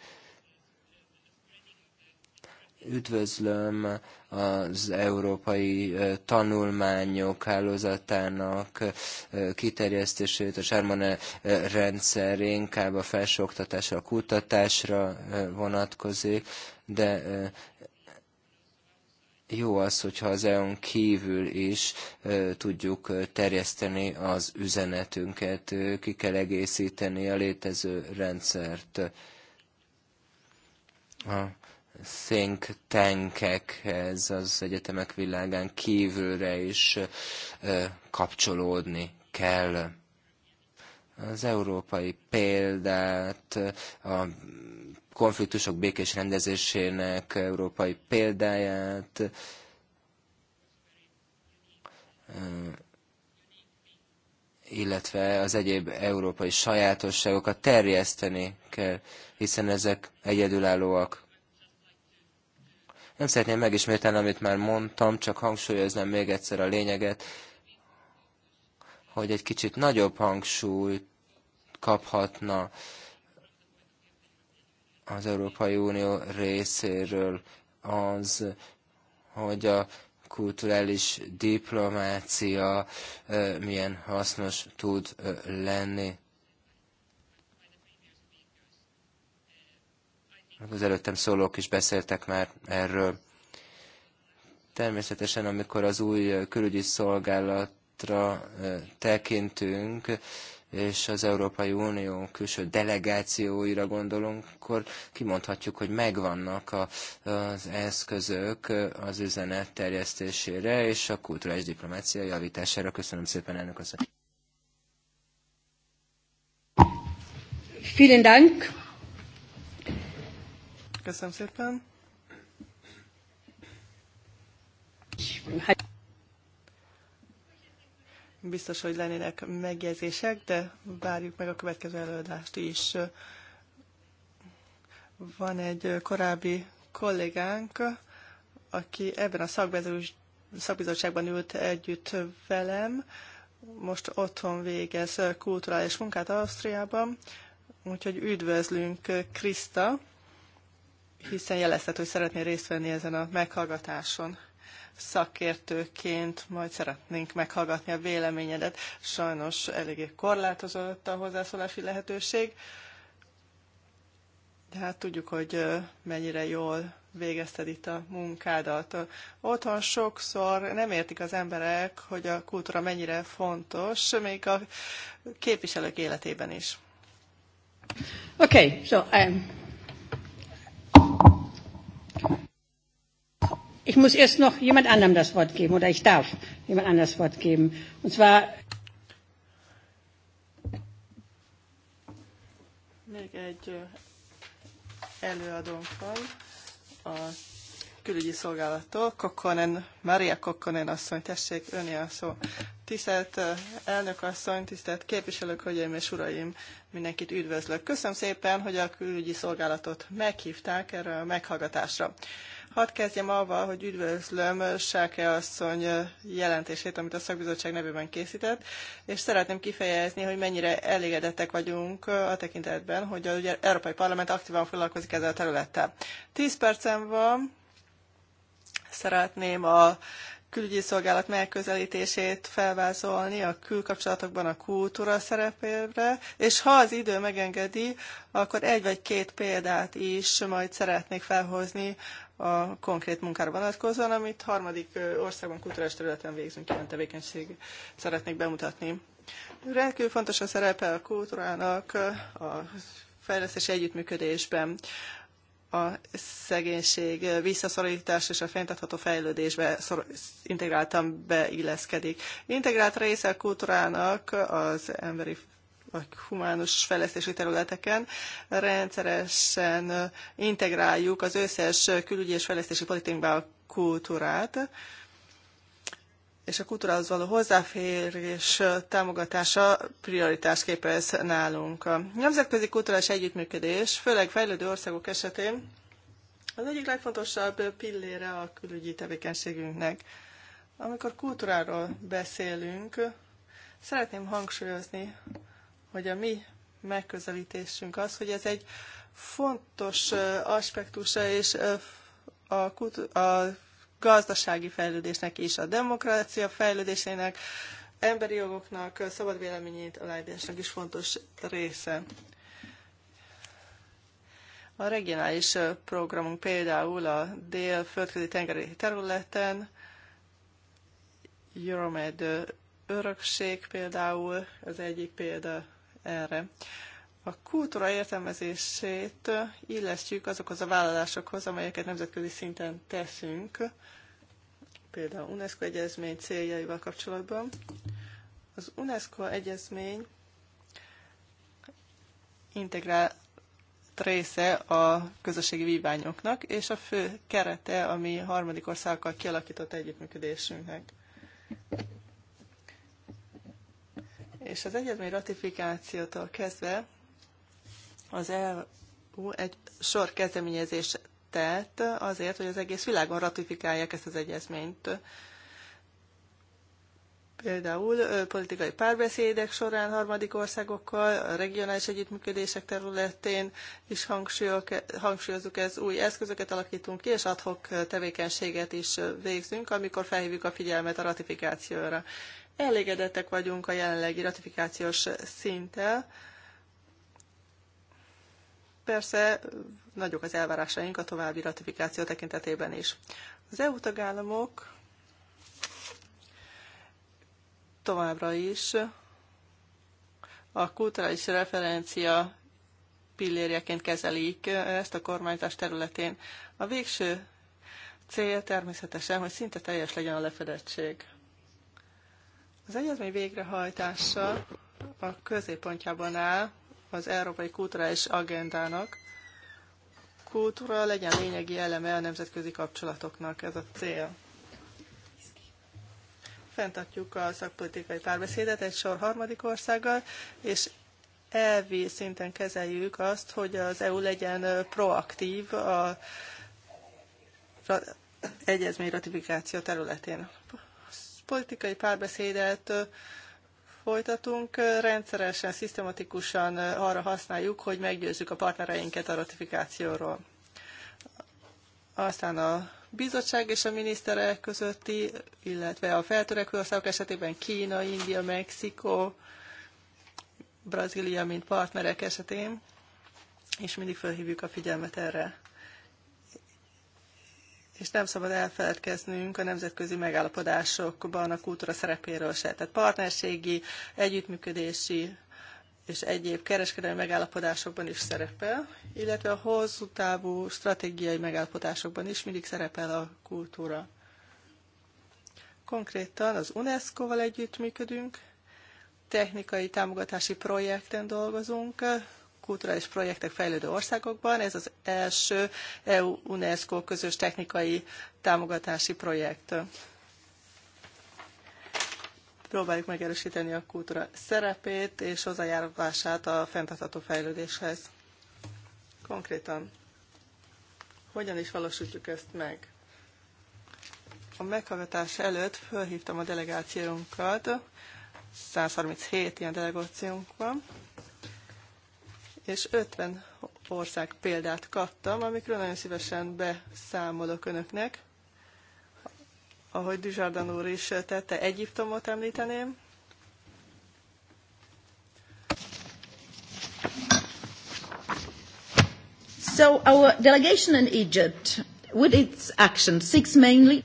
Üdvözlöm az európai tanulmányok hálózatának kiterjesztését, a Sármane rendszer inkább a felsőoktatásra, a kutatásra vonatkozik, de jó az, hogyha az EON kívül is e, tudjuk terjeszteni az üzenetünket, ki kell egészíteni a létező rendszert. A think tankekhez az egyetemek világán kívülre is kapcsolódni kell. Az európai példát, a konfliktusok békés rendezésének európai példáját illetve az egyéb európai sajátosságokat terjeszteni kell, hiszen ezek egyedülállóak. Nem szeretném megismételni, amit már mondtam, csak hangsúlyoznám még egyszer a lényeget, hogy egy kicsit nagyobb hangsúlyt kaphatna az Európai Unió részéről az, hogy a kulturális diplomácia eh, milyen hasznos tud eh, lenni. Az előttem szólók is beszéltek már erről. Természetesen, amikor az új külügyi szolgálatra tekintünk, és az Európai Unió külső delegációira gondolunk, akkor kimondhatjuk, hogy megvannak a, az eszközök az üzenet terjesztésére és a kulturális diplomácia javítására. Köszönöm szépen, elnök asszony.
Vielen Dank. Köszönöm szépen. Biztos, hogy lennének megjegyzések, de várjuk meg a következő előadást is. Van egy korábbi kollégánk, aki ebben a szakbizottságban ült együtt velem, most otthon végez kulturális munkát Ausztriában, úgyhogy üdvözlünk Krista, hiszen jelezted, hogy szeretnél részt venni ezen a meghallgatáson szakértőként majd szeretnénk meghallgatni a véleményedet. Sajnos eléggé korlátozott a hozzászólási lehetőség, de hát tudjuk, hogy mennyire jól végezted itt a munkádat. Otthon sokszor nem értik az emberek, hogy a kultúra mennyire fontos, még a képviselők életében is. Okay, so um, Ich muss erst noch jemand anderem das Wort geben oder ich darf jemand anderem das Wort geben. Und zwar. Még egy előadónk van a külügyi szolgálattól, Kokkonen, Maria Kokkonen asszony, tessék, öné a szó. Tisztelt elnök asszony, tisztelt képviselők, hölgyeim és uraim, mindenkit üdvözlök. Köszönöm szépen, hogy a külügyi szolgálatot meghívták erre a meghallgatásra. Hadd kezdjem avval, hogy üdvözlöm Sáke asszony jelentését, amit a szakbizottság nevében készített, és szeretném kifejezni, hogy mennyire elégedettek vagyunk a tekintetben, hogy az Európai Parlament aktívan foglalkozik ezzel a területtel. Tíz percem van, szeretném a külügyi szolgálat megközelítését felvázolni a külkapcsolatokban a kultúra szerepére, és ha az idő megengedi, akkor egy vagy két példát is majd szeretnék felhozni a konkrét munkára vonatkozóan, amit harmadik országban kulturális területen végzünk, ilyen tevékenység szeretnék bemutatni. Rendkívül fontos a szerepe a kultúrának a fejlesztési együttműködésben a szegénység visszaszorítás és a fenntartható fejlődésbe integráltan beilleszkedik. Integrált része a kultúrának az emberi vagy humánus fejlesztési területeken rendszeresen integráljuk az összes külügyi és fejlesztési politikába a kultúrát, és a kultúrához való hozzáférés támogatása prioritás képez nálunk. A nemzetközi kulturális együttműködés, főleg fejlődő országok esetén, az egyik legfontosabb pillére a külügyi tevékenységünknek. Amikor kultúráról beszélünk, szeretném hangsúlyozni, hogy a mi megközelítésünk az, hogy ez egy fontos aspektusa és a, a gazdasági fejlődésnek is, a demokrácia fejlődésének, emberi jogoknak, szabad véleményét aláírásnak is fontos része. A regionális programunk például a dél földközi tengeri területen, Euromed örökség például, az egyik példa erre. A kultúra értelmezését illesztjük azokhoz a vállalásokhoz, amelyeket nemzetközi szinten teszünk, például UNESCO egyezmény céljaival kapcsolatban. Az UNESCO egyezmény integrált része a közösségi víványoknak, és a fő kerete a mi harmadik országokkal kialakított együttműködésünknek. És az egyezmény ratifikációtól kezdve az EU egy sor kezdeményezést tett azért, hogy az egész világon ratifikálják ezt az egyezményt. Például politikai párbeszédek során harmadik országokkal, a regionális együttműködések területén is hangsúlyozzuk ez, új eszközöket alakítunk ki, és adhok tevékenységet is végzünk, amikor felhívjuk a figyelmet a ratifikációra. Elégedettek vagyunk a jelenlegi ratifikációs szinttel. Persze nagyok az elvárásaink a további ratifikáció tekintetében is. Az EU tagállamok továbbra is a kulturális referencia pillérjeként kezelik ezt a kormányzás területén. A végső cél természetesen, hogy szinte teljes legyen a lefedettség. Az egyezmény végrehajtása a középpontjában áll az Európai Kulturális Agendának. Kultúra legyen lényegi eleme a nemzetközi kapcsolatoknak, ez a cél. Fentartjuk a szakpolitikai párbeszédet egy sor harmadik országgal, és elvi szinten kezeljük azt, hogy az EU legyen proaktív a egyezmény ratifikáció területén politikai párbeszédet folytatunk, rendszeresen, szisztematikusan arra használjuk, hogy meggyőzzük a partnereinket a ratifikációról. Aztán a bizottság és a miniszterek közötti, illetve a feltörekvő országok esetében Kína, India, Mexikó, Brazília, mint partnerek esetén, és mindig felhívjuk a figyelmet erre és nem szabad elfeledkeznünk a nemzetközi megállapodásokban a kultúra szerepéről se. Tehát partnerségi, együttműködési és egyéb kereskedelmi megállapodásokban is szerepel, illetve a hosszú távú stratégiai megállapodásokban is mindig szerepel a kultúra. Konkrétan az UNESCO-val együttműködünk, technikai támogatási projekten dolgozunk, kulturális projektek fejlődő országokban. Ez az első EU-UNESCO közös technikai támogatási projekt. Próbáljuk megerősíteni a kultúra szerepét és hozzájárulását a fenntartható fejlődéshez. Konkrétan, hogyan is valósítjuk ezt meg? A meghallgatás előtt felhívtam a delegációnkat, 137 ilyen delegációnk van, és 50 ország példát kaptam, amikről nagyon szívesen beszámolok önöknek. Ahogy Dizsardan úr is tette, Egyiptomot említeném.
So our delegation in Egypt, with its action, six mainly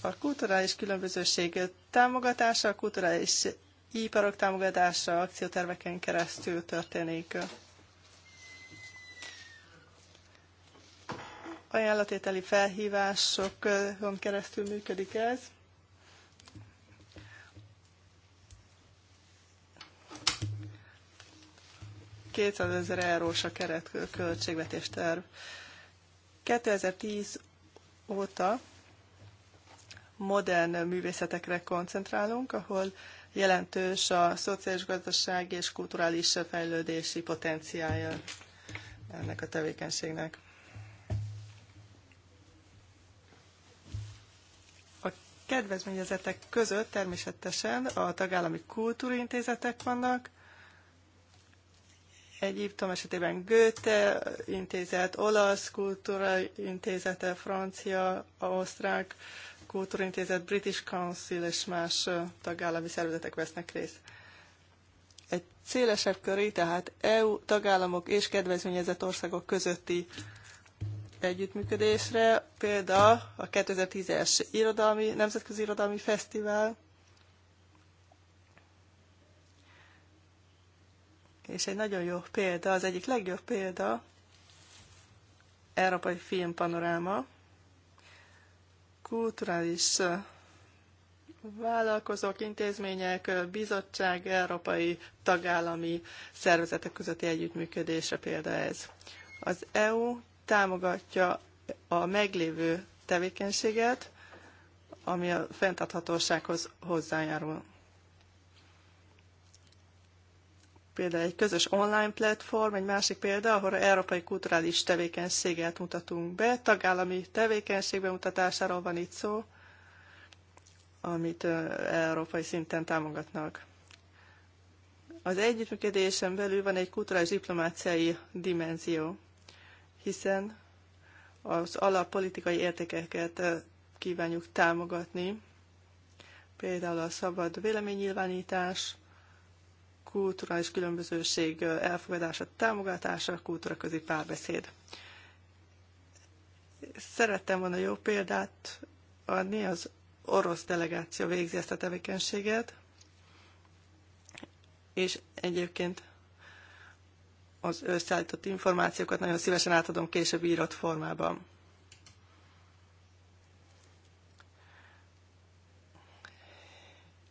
a kulturális különbözőség támogatása, a kulturális iparok támogatása akcióterveken keresztül történik. Ajánlatételi felhívásokon keresztül működik ez. ezer eurós a keret költségvetés terv. 2010 óta modern művészetekre koncentrálunk, ahol jelentős a szociális, gazdasági és kulturális fejlődési potenciája ennek a tevékenységnek. A kedvezményezetek között természetesen a tagállami kultúrintézetek vannak, Egyiptom esetében Goethe intézet, olasz kultúra intézete, francia, ausztrák Kultúrintézet, British Council és más tagállami szervezetek vesznek részt. Egy szélesebb köré, tehát EU tagállamok és kedvezményezett országok közötti együttműködésre, például a 2010-es irodalmi, Nemzetközi Irodalmi Fesztivál, és egy nagyon jó példa, az egyik legjobb példa, Európai Filmpanoráma, kulturális vállalkozók, intézmények, bizottság, európai tagállami szervezetek közötti együttműködésre példa ez. Az EU támogatja a meglévő tevékenységet, ami a fenntarthatósághoz hozzájárul. Például egy közös online platform, egy másik példa, ahol európai kulturális tevékenységet mutatunk be, tagállami tevékenység bemutatásáról van itt szó, amit európai szinten támogatnak. Az együttműködésen belül van egy kulturális diplomáciai dimenzió, hiszen az alappolitikai értékeket kívánjuk támogatni, például a szabad véleménynyilvánítás, kulturális különbözőség elfogadása, támogatása, kultúraközi párbeszéd. Szerettem volna jó példát adni, az orosz delegáció végzi ezt a tevékenységet, és egyébként az összeállított információkat nagyon szívesen átadom később írott formában.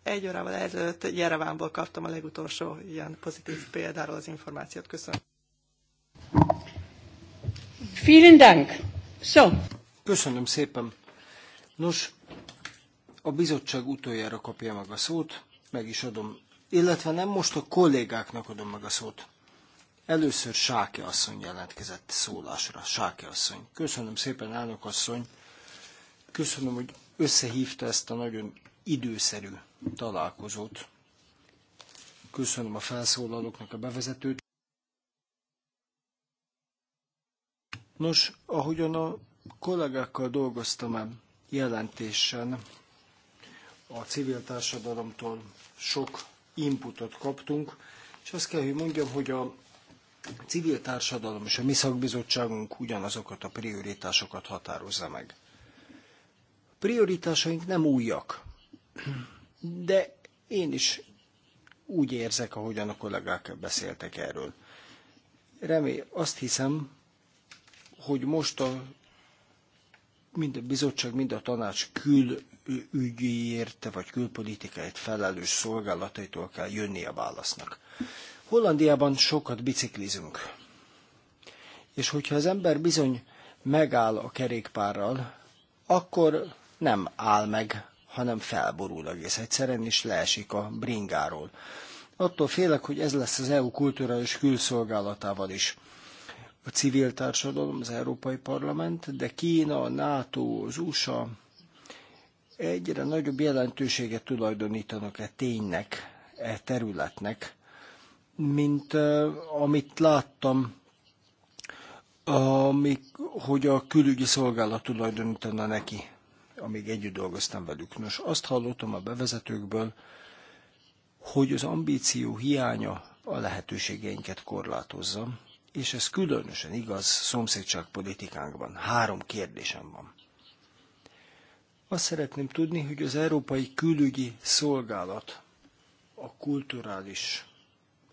Egy órával ezelőtt Jerevánból kaptam a legutolsó ilyen pozitív példáról az információt. Köszönöm.
Vielen Dank. So. Köszönöm szépen. Nos, a bizottság utoljára kapja meg a szót, meg is adom. Illetve nem most a kollégáknak adom meg a szót. Először Sáke asszony jelentkezett szólásra. Sáke asszony. Köszönöm szépen, elnök asszony. Köszönöm, hogy összehívta ezt a nagyon időszerű találkozót. Köszönöm a felszólalóknak a bevezetőt. Nos, ahogyan a kollégákkal dolgoztam -e jelentésen, a civil társadalomtól sok inputot kaptunk, és azt kell, hogy mondjam, hogy a civil társadalom és a mi szakbizottságunk ugyanazokat a prioritásokat határozza meg. A prioritásaink nem újak de én is úgy érzek, ahogyan a kollégák beszéltek erről. Remé, azt hiszem, hogy most a, mind a bizottság, mind a tanács külügyiért vagy külpolitikáért felelős szolgálataitól kell jönni a válasznak. Hollandiában sokat biciklizünk. És hogyha az ember bizony megáll a kerékpárral, akkor nem áll meg hanem felborul egész egyszerűen, és leesik a bringáról. Attól félek, hogy ez lesz az EU kulturális külszolgálatával is. A civil társadalom, az Európai Parlament, de Kína, a NATO, az USA egyre nagyobb jelentőséget tulajdonítanak e ténynek, e területnek, mint uh, amit láttam, amik, hogy a külügyi szolgálat tulajdonítaná neki amíg együtt dolgoztam velük. Nos, azt hallottam a bevezetőkből, hogy az ambíció hiánya a lehetőségeinket korlátozza, és ez különösen igaz szomszédságpolitikánkban. Három kérdésem van. Azt szeretném tudni, hogy az Európai Külügyi Szolgálat a kulturális,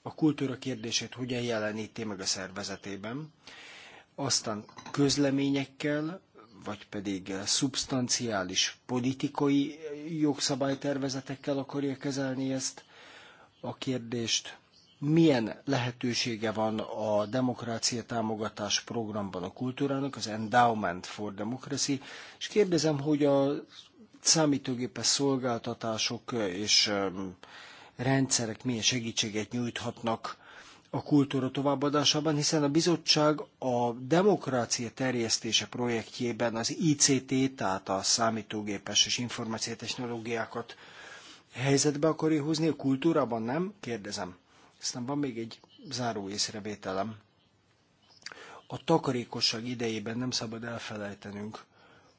a kultúra kérdését hogyan jeleníti meg a szervezetében, aztán közleményekkel, vagy pedig eh, szubstanciális politikai eh, jogszabálytervezetekkel akarja kezelni ezt a kérdést. Milyen lehetősége van a demokrácia támogatás programban a kultúrának, az Endowment for Democracy, és kérdezem, hogy a számítógépes szolgáltatások eh, és rendszerek milyen segítséget nyújthatnak a kultúra továbbadásában, hiszen a bizottság a demokrácia terjesztése projektjében az ICT, tehát a számítógépes és technológiákat helyzetbe akarja hozni, a kultúrában nem? Kérdezem. Aztán van még egy záró észrevételem. A takarékosság idejében nem szabad elfelejtenünk,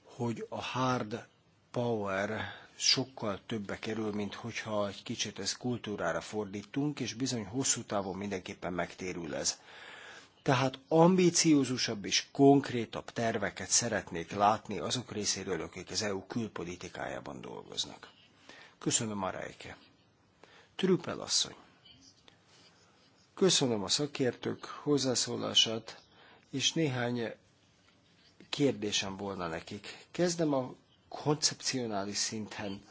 hogy a hard power sokkal többe kerül, mint hogyha egy kicsit ezt kultúrára fordítunk, és bizony hosszú távon mindenképpen megtérül ez. Tehát ambíciózusabb és konkrétabb terveket szeretnék látni azok részéről, akik az EU külpolitikájában dolgoznak. Köszönöm a rejke. Trüppel asszony. Köszönöm a szakértők hozzászólását, és néhány kérdésem volna nekik. Kezdem a koncepcionális szinten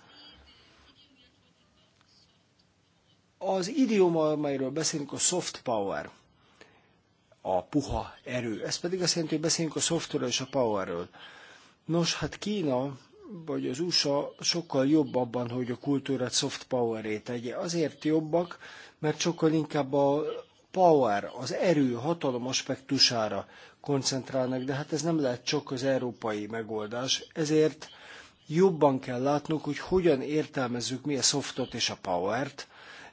az idióma, amelyről beszélünk, a soft power, a puha erő. Ez pedig azt jelenti, hogy beszélünk a softról és a powerről. Nos, hát Kína vagy az USA sokkal jobb abban, hogy a kultúrát soft power-ét tegye. Azért jobbak, mert sokkal inkább a power, az erő, hatalom aspektusára koncentrálnak, de hát ez nem lehet csak az európai megoldás. Ezért jobban kell látnunk, hogy hogyan értelmezzük mi a softot és a powert,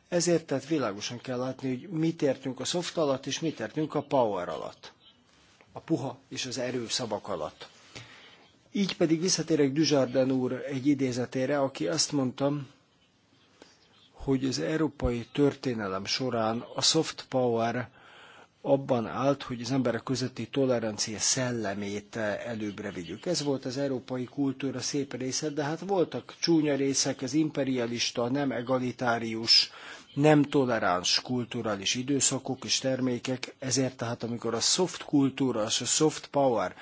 ezért tehát világosan kell látni, hogy mit értünk a soft alatt, és mit értünk a power alatt. A puha és az erő szavak alatt. Így pedig visszatérek Dujardin úr egy idézetére, aki azt mondta, hogy az európai történelem során a soft power abban állt, hogy az emberek közötti tolerancia szellemét eh, előbbre vigyük. Ez volt az európai kultúra szép része, de hát voltak csúnya részek, az imperialista, nem egalitárius, nem toleráns kulturális időszakok és termékek, ezért tehát amikor a soft kultúra és a soft power,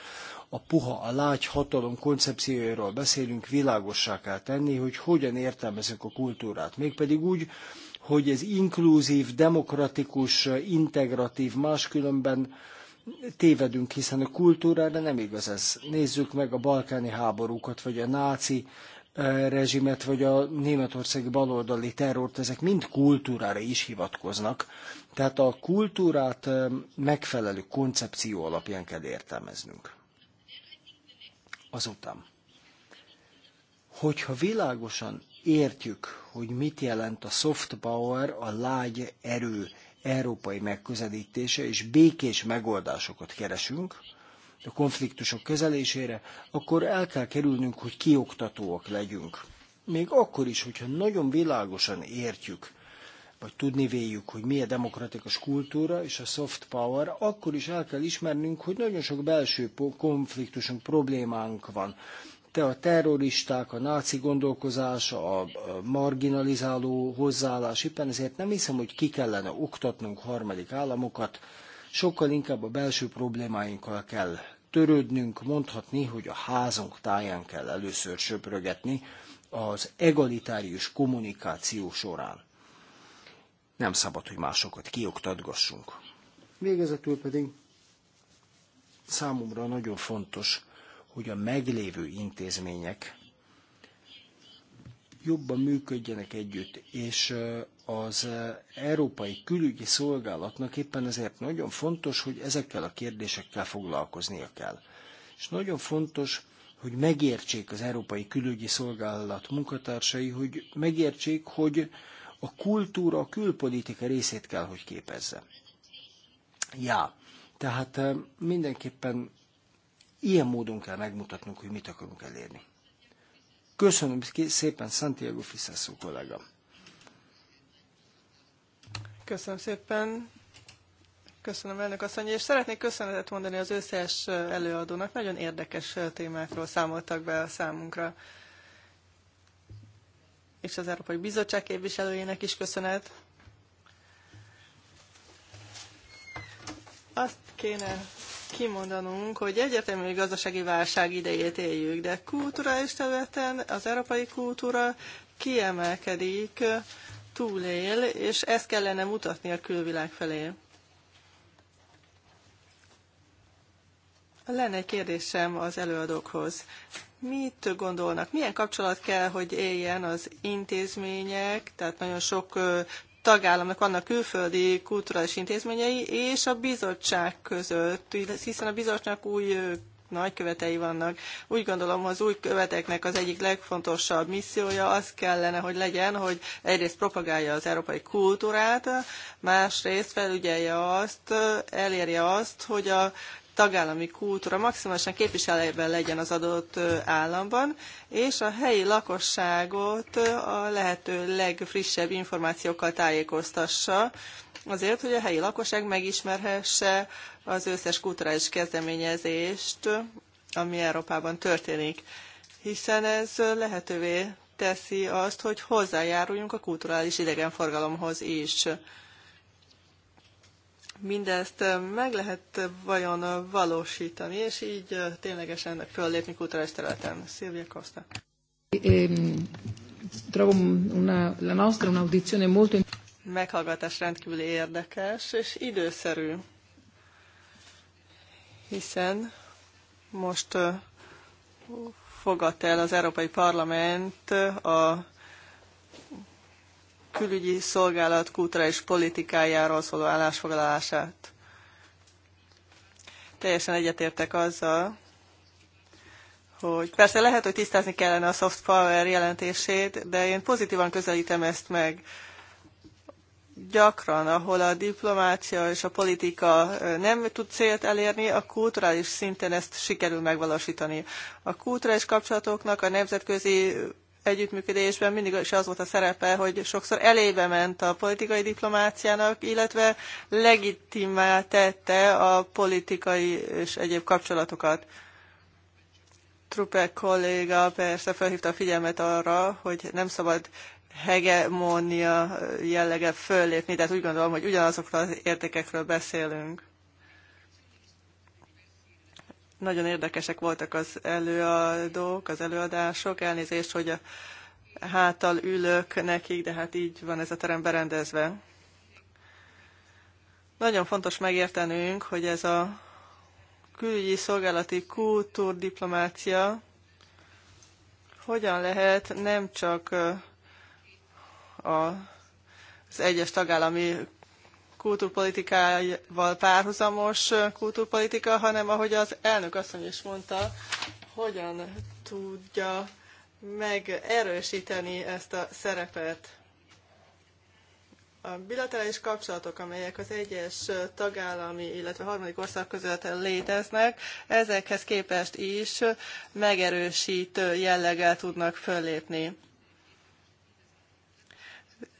a puha, a lágy hatalom koncepciójáról beszélünk, világossá kell tenni, hogy hogyan értelmezünk a kultúrát. Mégpedig úgy, hogy ez inkluzív, demokratikus, integratív, máskülönben tévedünk, hiszen a kultúrára nem igaz ez. Nézzük meg a balkáni háborúkat, vagy a náci eh, rezsimet, vagy a németországi baloldali terrort, ezek mind kultúrára is hivatkoznak. Tehát a kultúrát eh, megfelelő koncepció alapján kell értelmeznünk. Azután, hogyha világosan értjük, hogy mit jelent a soft power, a lágy erő európai megközelítése, és békés megoldásokat keresünk a konfliktusok kezelésére, akkor el kell kerülnünk, hogy kioktatóak legyünk. Még akkor is, hogyha nagyon világosan értjük, vagy tudni véljük, hogy mi a demokratikus kultúra és a soft power, akkor is el kell ismernünk, hogy nagyon sok belső konfliktusunk, problémánk van de a terroristák, a náci gondolkozás, a marginalizáló hozzáállás, éppen ezért nem hiszem, hogy ki kellene oktatnunk harmadik államokat, sokkal inkább a belső problémáinkkal kell törődnünk, mondhatni, hogy a házunk táján kell először söprögetni az egalitárius kommunikáció során. Nem szabad, hogy másokat kioktatgassunk. Végezetül pedig számomra nagyon fontos, hogy a meglévő intézmények jobban működjenek együtt, és az Európai Külügyi Szolgálatnak éppen ezért nagyon fontos, hogy ezekkel a kérdésekkel foglalkoznia kell. És nagyon fontos, hogy megértsék az Európai Külügyi Szolgálat munkatársai, hogy megértsék, hogy a kultúra, a külpolitika részét kell, hogy képezze. Já, tehát mindenképpen Ilyen módon kell megmutatnunk, hogy mit akarunk elérni. Köszönöm szépen, Santiago Fiszászó kollega.
Köszönöm szépen. Köszönöm, elnök asszony, és szeretnék köszönetet mondani az összes előadónak. Nagyon érdekes témákról számoltak be a számunkra. És az Európai Bizottság képviselőjének is köszönet. Azt kéne kimondanunk, hogy egyértelmű gazdasági válság idejét éljük, de kulturális területen az európai kultúra kiemelkedik, túlél, és ezt kellene mutatni a külvilág felé. Lenne egy kérdésem az előadókhoz. Mit gondolnak? Milyen kapcsolat kell, hogy éljen az intézmények, tehát nagyon sok tagállamnak vannak külföldi kulturális intézményei és a bizottság között, hiszen a bizottságnak új nagykövetei vannak. Úgy gondolom, az új követeknek az egyik legfontosabb missziója az kellene, hogy legyen, hogy egyrészt propagálja az európai kultúrát, másrészt felügyelje azt, elérje azt, hogy a tagállami kultúra maximálisan képviselőben legyen az adott államban, és a helyi lakosságot a lehető legfrissebb információkkal tájékoztassa, azért, hogy a helyi lakosság megismerhesse az összes kulturális kezdeményezést, ami Európában történik, hiszen ez lehetővé teszi azt, hogy hozzájáruljunk a kulturális idegenforgalomhoz is mindezt meg lehet vajon valósítani, és így ténylegesen föllépni kulturális területen. Szilvia Costa.
Ehm, trovo una, la nostra un'audizione molto...
Meghallgatás rendkívül érdekes és időszerű, hiszen most fogadta el az Európai Parlament a külügyi szolgálat kulturális politikájáról szóló állásfoglalását. Teljesen egyetértek azzal, hogy persze lehet, hogy tisztázni kellene a soft power jelentését, de én pozitívan közelítem ezt meg. Gyakran, ahol a diplomácia és a politika nem tud célt elérni, a kulturális szinten ezt sikerül megvalósítani. A kulturális kapcsolatoknak a nemzetközi együttműködésben mindig is az volt a szerepe, hogy sokszor elébe ment a politikai diplomáciának, illetve legitimá tette a politikai és egyéb kapcsolatokat. Trupek kolléga persze felhívta a figyelmet arra, hogy nem szabad hegemónia jellege föllépni, tehát úgy gondolom, hogy ugyanazokról az értékekről beszélünk. Nagyon érdekesek voltak az előadók, az előadások. Elnézést, hogy a háttal ülök nekik, de hát így van ez a terem berendezve. Nagyon fontos megértenünk, hogy ez a külügyi szolgálati kultúrdiplomácia hogyan lehet nem csak a az egyes tagállami kultúrpolitikával párhuzamos kultúrpolitika, hanem ahogy az elnök asszony is mondta, hogyan tudja megerősíteni ezt a szerepet. A bilaterális kapcsolatok, amelyek az egyes tagállami, illetve harmadik ország között léteznek, ezekhez képest is megerősítő jelleggel tudnak föllépni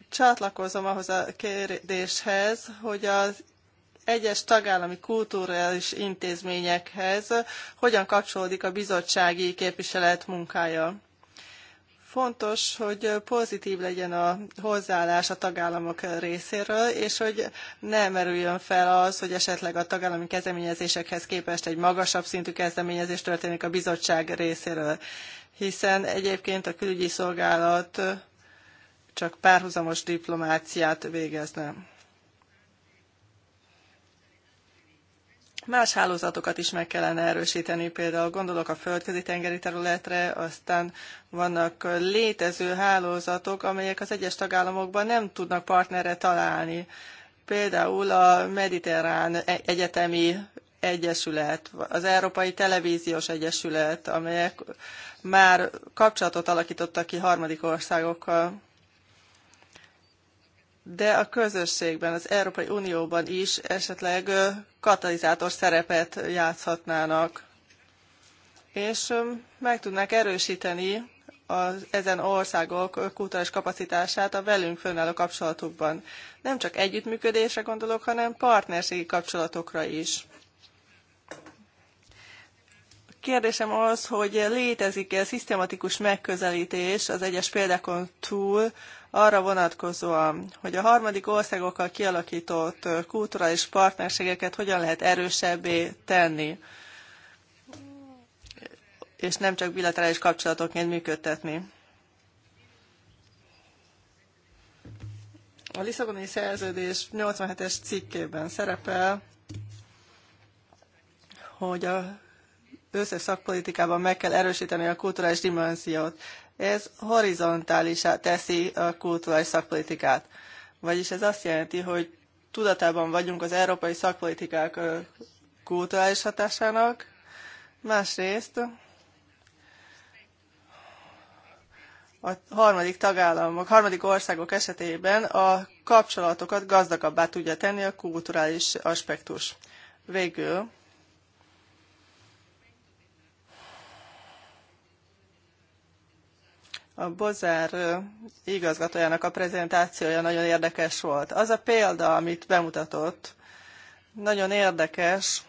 csatlakozom ahhoz a kérdéshez, hogy az egyes tagállami kulturális intézményekhez hogyan kapcsolódik a bizottsági képviselet munkája. Fontos, hogy pozitív legyen a hozzáállás a tagállamok részéről, és hogy ne merüljön fel az, hogy esetleg a tagállami kezdeményezésekhez képest egy magasabb szintű kezdeményezés történik a bizottság részéről. Hiszen egyébként a külügyi szolgálat csak párhuzamos diplomáciát végezne. Más hálózatokat is meg kellene erősíteni, például gondolok a földközi tengeri területre, aztán vannak létező hálózatok, amelyek az egyes tagállamokban nem tudnak partnerre találni. Például a Mediterrán Egyetemi Egyesület, az Európai Televíziós Egyesület, amelyek már kapcsolatot alakítottak ki harmadik országokkal de a közösségben, az Európai Unióban is esetleg katalizátor szerepet játszhatnának, és meg tudnák erősíteni az ezen országok kultúrás kapacitását a velünk fönnálló kapcsolatukban. Nem csak együttműködésre gondolok, hanem partnerségi kapcsolatokra is. A kérdésem az, hogy létezik-e szisztematikus megközelítés az egyes példákon túl arra vonatkozóan, hogy a harmadik országokkal kialakított kulturális partnerségeket hogyan lehet erősebbé tenni, és nem csak bilaterális kapcsolatokként működtetni. A Lisszaboni szerződés 87-es cikkében szerepel, hogy a összes szakpolitikában meg kell erősíteni a kulturális dimenziót. Ez horizontálisá teszi a kulturális szakpolitikát. Vagyis ez azt jelenti, hogy tudatában vagyunk az európai szakpolitikák kulturális hatásának, másrészt a harmadik tagállamok, harmadik országok esetében a kapcsolatokat gazdagabbá tudja tenni a kulturális aspektus. Végül A Bozár igazgatójának a prezentációja nagyon érdekes volt. Az a példa, amit bemutatott, nagyon érdekes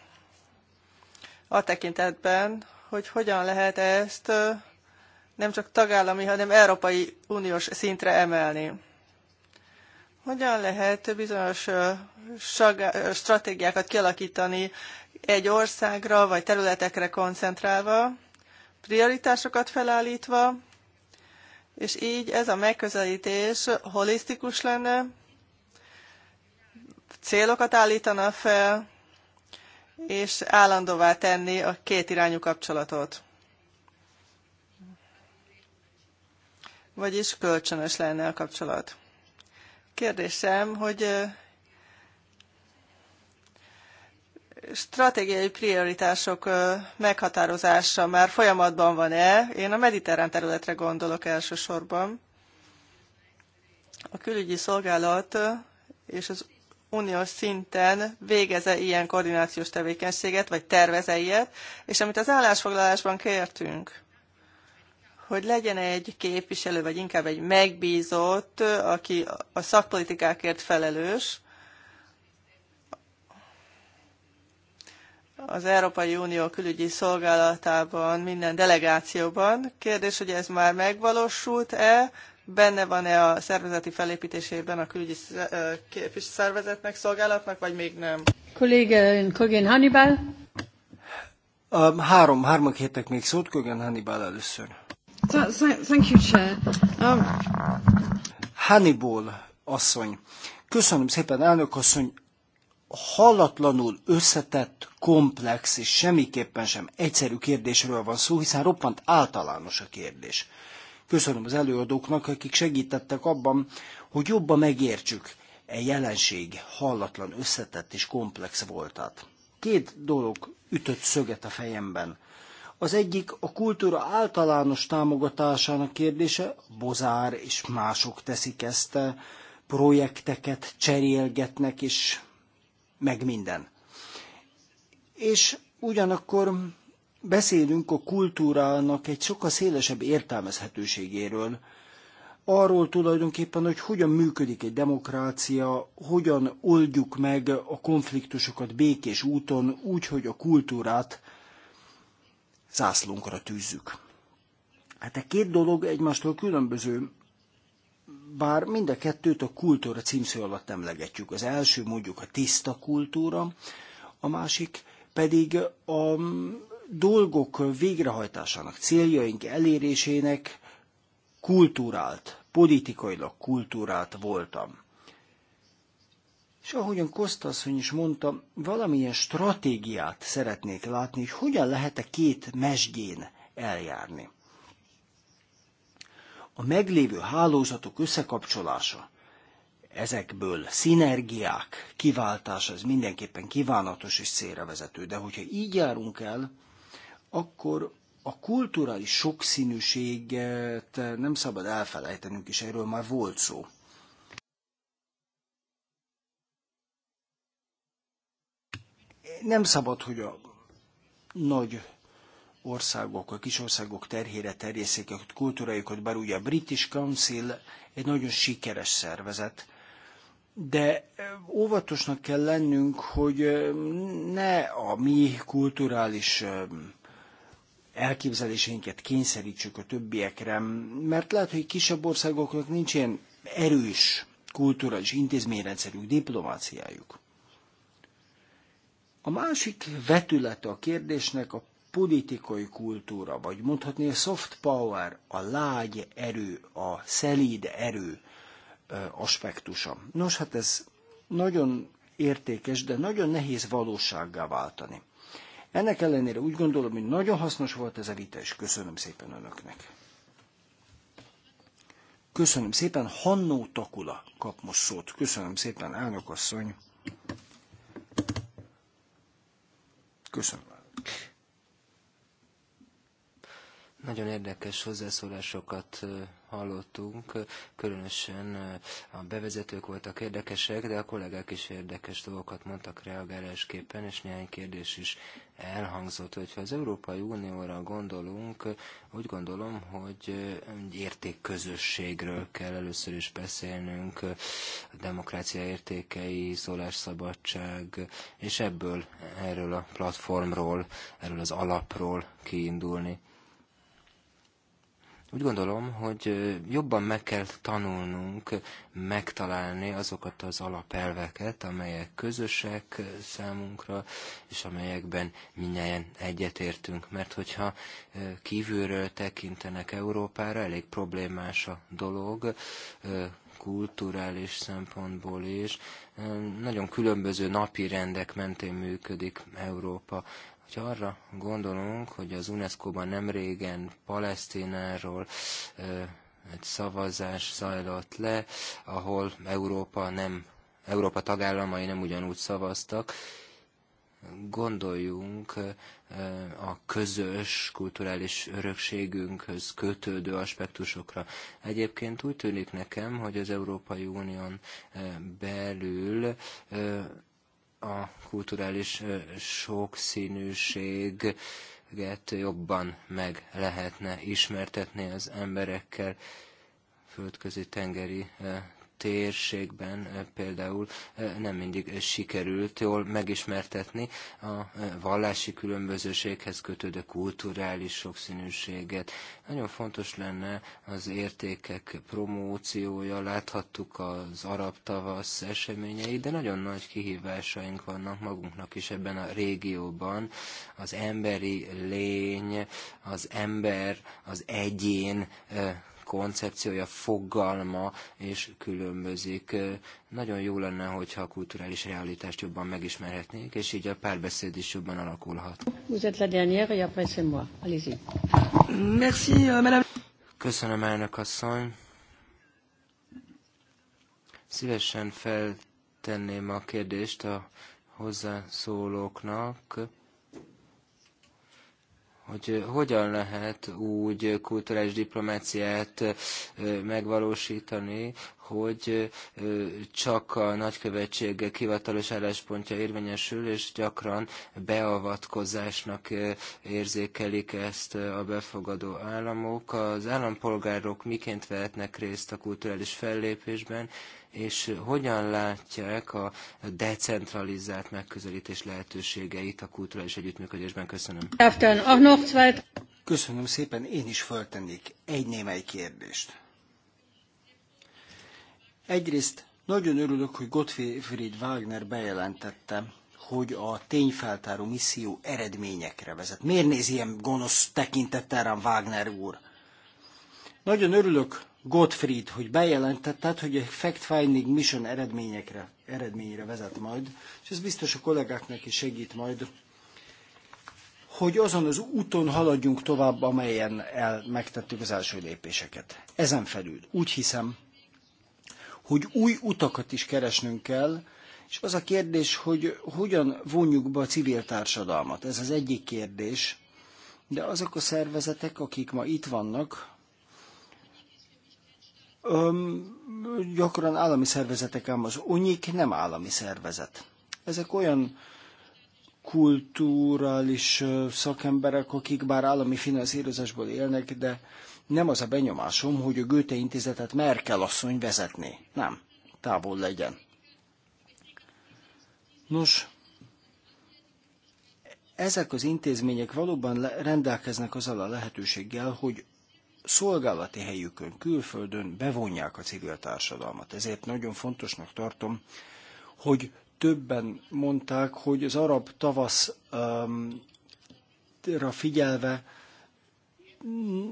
a tekintetben, hogy hogyan lehet ezt nem csak tagállami, hanem Európai Uniós szintre emelni. Hogyan lehet bizonyos stratégiákat kialakítani egy országra vagy területekre koncentrálva, prioritásokat felállítva, és így ez a megközelítés holisztikus lenne, célokat állítana fel, és állandóvá tenni a két irányú kapcsolatot. Vagyis kölcsönös lenne a kapcsolat. Kérdésem, hogy stratégiai prioritások meghatározása már folyamatban van-e? Én a mediterrán területre gondolok elsősorban. A külügyi szolgálat és az uniós szinten végeze ilyen koordinációs tevékenységet, vagy terveze ilyet, és amit az állásfoglalásban kértünk, hogy legyen egy képviselő, vagy inkább egy megbízott, aki a szakpolitikákért felelős, az Európai Unió külügyi szolgálatában, minden delegációban. Kérdés, hogy ez már megvalósult-e, benne van-e a szervezeti felépítésében a külügyi szervezetnek, szolgálatnak, vagy még nem? Kollégén Kogen Hannibal.
Um, három, hárman kértek még szót, Kogen Hannibal először.
Thank
you, Chair. Um... Hannibal asszony. Köszönöm szépen, elnök asszony halatlanul összetett, komplex és semmiképpen sem egyszerű kérdésről van szó, hiszen roppant általános a kérdés. Köszönöm az előadóknak, akik segítettek abban, hogy jobban megértsük e jelenség hallatlan összetett és komplex voltát. Két dolog ütött szöget a fejemben. Az egyik a kultúra általános támogatásának kérdése, Bozár és mások teszik ezt, projekteket cserélgetnek és meg minden. És ugyanakkor beszélünk a kultúrának egy sokkal szélesebb értelmezhetőségéről, arról tulajdonképpen, hogy hogyan működik egy demokrácia, hogyan oldjuk meg a konfliktusokat békés úton, úgy, hogy a kultúrát zászlónkra tűzzük. Hát a e két dolog egymástól különböző bár mind a kettőt a kultúra címszó alatt emlegetjük. Az első mondjuk a tiszta kultúra, a másik pedig a dolgok végrehajtásának, céljaink elérésének kultúrált, politikailag kultúrált voltam. És ahogyan Kosztasszony is mondta, valamilyen stratégiát szeretnék látni, hogy hogyan lehet a két mesgén eljárni a meglévő hálózatok összekapcsolása, ezekből szinergiák kiváltása, ez mindenképpen kívánatos és vezető. De hogyha így járunk el, akkor a kulturális sokszínűséget nem szabad elfelejtenünk, és erről már volt szó. Nem szabad, hogy a nagy országok, a kis országok terhére terjeszék a kultúrájukat, bár ugye a British Council egy nagyon sikeres szervezet, de óvatosnak kell lennünk, hogy ne a mi kulturális elképzeléseinket kényszerítsük a többiekre, mert lehet, hogy kisebb országoknak nincs ilyen erős kulturális intézményrendszerük, diplomáciájuk. A másik vetülete a kérdésnek a politikai kultúra, vagy mondhatni a soft power, a lágy erő, a szelíd erő aspektusa. Nos, hát ez nagyon értékes, de nagyon nehéz valósággá váltani. Ennek ellenére úgy gondolom, hogy nagyon hasznos volt ez a vita, és köszönöm szépen önöknek. Köszönöm szépen, Hannó Takula kap most szót. Köszönöm szépen, elnökasszony. Köszönöm.
Nagyon érdekes hozzászólásokat hallottunk, különösen a bevezetők voltak érdekesek, de a kollégák is érdekes dolgokat mondtak reagálásképpen, és néhány kérdés is elhangzott. Hogyha az Európai Unióra gondolunk, úgy gondolom, hogy egy értékközösségről kell először is beszélnünk, a demokrácia értékei, szólásszabadság, és ebből, erről a platformról, erről az alapról kiindulni úgy gondolom, hogy jobban meg kell tanulnunk megtalálni azokat az alapelveket, amelyek közösek számunkra, és amelyekben minnyáján egyetértünk. Mert hogyha kívülről tekintenek Európára, elég problémás a dolog, kulturális szempontból is. Nagyon különböző napi rendek mentén működik Európa hogy arra gondolunk, hogy az UNESCO-ban nem régen Palesztináról egy szavazás zajlott le, ahol Európa nem, Európa tagállamai nem ugyanúgy szavaztak, gondoljunk a közös kulturális örökségünkhöz kötődő aspektusokra. Egyébként úgy tűnik nekem, hogy az Európai Unión belül a kulturális sokszínűséget jobban meg lehetne ismertetni az emberekkel földközi tengeri térségben eh, például eh, nem mindig eh, sikerült jól megismertetni a vallási különbözőséghez kötődő kulturális sokszínűséget. Nagyon fontos lenne az értékek promóciója, láthattuk az arab tavasz eseményei, de nagyon nagy kihívásaink vannak magunknak is ebben a régióban. Az emberi lény, az ember, az egyén koncepciója, fogalma és különbözik. Nagyon jó lenne, hogyha a kulturális realitást jobban megismerhetnék, és így a párbeszéd is jobban alakulhat.
Vous êtes la dernière, et après c'est moi. Allez-y. Merci, euh, madame.
Köszönöm, elnök asszony. Szívesen feltenném a kérdést a hozzászólóknak hogy hogyan lehet úgy kulturális diplomáciát megvalósítani, hogy csak a nagykövetség kivatalos álláspontja érvényesül, és gyakran beavatkozásnak érzékelik ezt a befogadó államok. Az állampolgárok miként vehetnek részt a kulturális fellépésben, és hogyan látják a decentralizált megközelítés lehetőségeit a kulturális együttműködésben?
Köszönöm. Köszönöm szépen, én is föltennék egy némely kérdést. Egyrészt nagyon örülök, hogy Gottfried Wagner bejelentette, hogy a tényfeltáró misszió eredményekre vezet. Miért néz ilyen gonosz tekintettel rám Wagner úr? Nagyon örülök, Gottfried, hogy bejelentetted, hogy a fact-finding mission eredményekre, eredményre vezet majd, és ez biztos a kollégáknak is segít majd, hogy azon az úton haladjunk tovább, amelyen el megtettük az első lépéseket. Ezen felül úgy hiszem, hogy új utakat is keresnünk kell, és az a kérdés, hogy hogyan vonjuk be a civil társadalmat. Ez az egyik kérdés, de azok a szervezetek, akik ma itt vannak, Öm, gyakran állami szervezetek, ám az UNIK nem állami szervezet. Ezek olyan kulturális szakemberek, akik bár állami finanszírozásból élnek, de nem az a benyomásom, hogy a Göte intézetet Merkel asszony vezetné. Nem, távol legyen. Nos, ezek az intézmények valóban rendelkeznek azzal a lehetőséggel, hogy szolgálati helyükön, külföldön bevonják a civil társadalmat. Ezért nagyon fontosnak tartom, hogy többen mondták, hogy az arab tavaszra um, figyelve mm,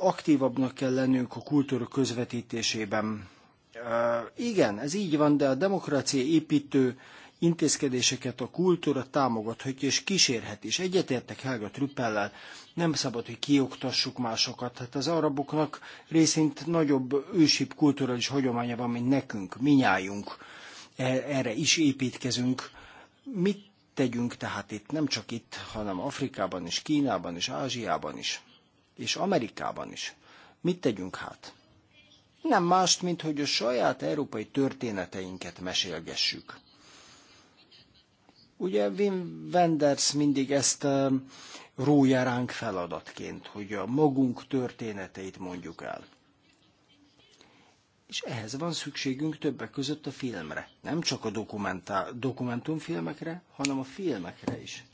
aktívabbnak kell lennünk a kultúra közvetítésében. Uh, igen, ez így van, de a demokrácia építő intézkedéseket a kultúra támogathatja és kísérhet is. Egyetértek Helga Trüppellel, nem szabad, hogy kioktassuk másokat. Hát az araboknak részint nagyobb ősibb kulturális hagyománya van, mint nekünk, minnyájunk. E, erre is építkezünk. Mit tegyünk tehát itt, nem csak itt, hanem Afrikában is, Kínában is, Ázsiában is, és Amerikában is. Mit tegyünk hát? Nem mást, mint hogy a saját európai történeteinket mesélgessük. Ugye Wim Wenders mindig ezt rója ránk feladatként, hogy a magunk történeteit mondjuk el. És ehhez van szükségünk többek között a filmre. Nem csak a dokumentumfilmekre, hanem a filmekre is.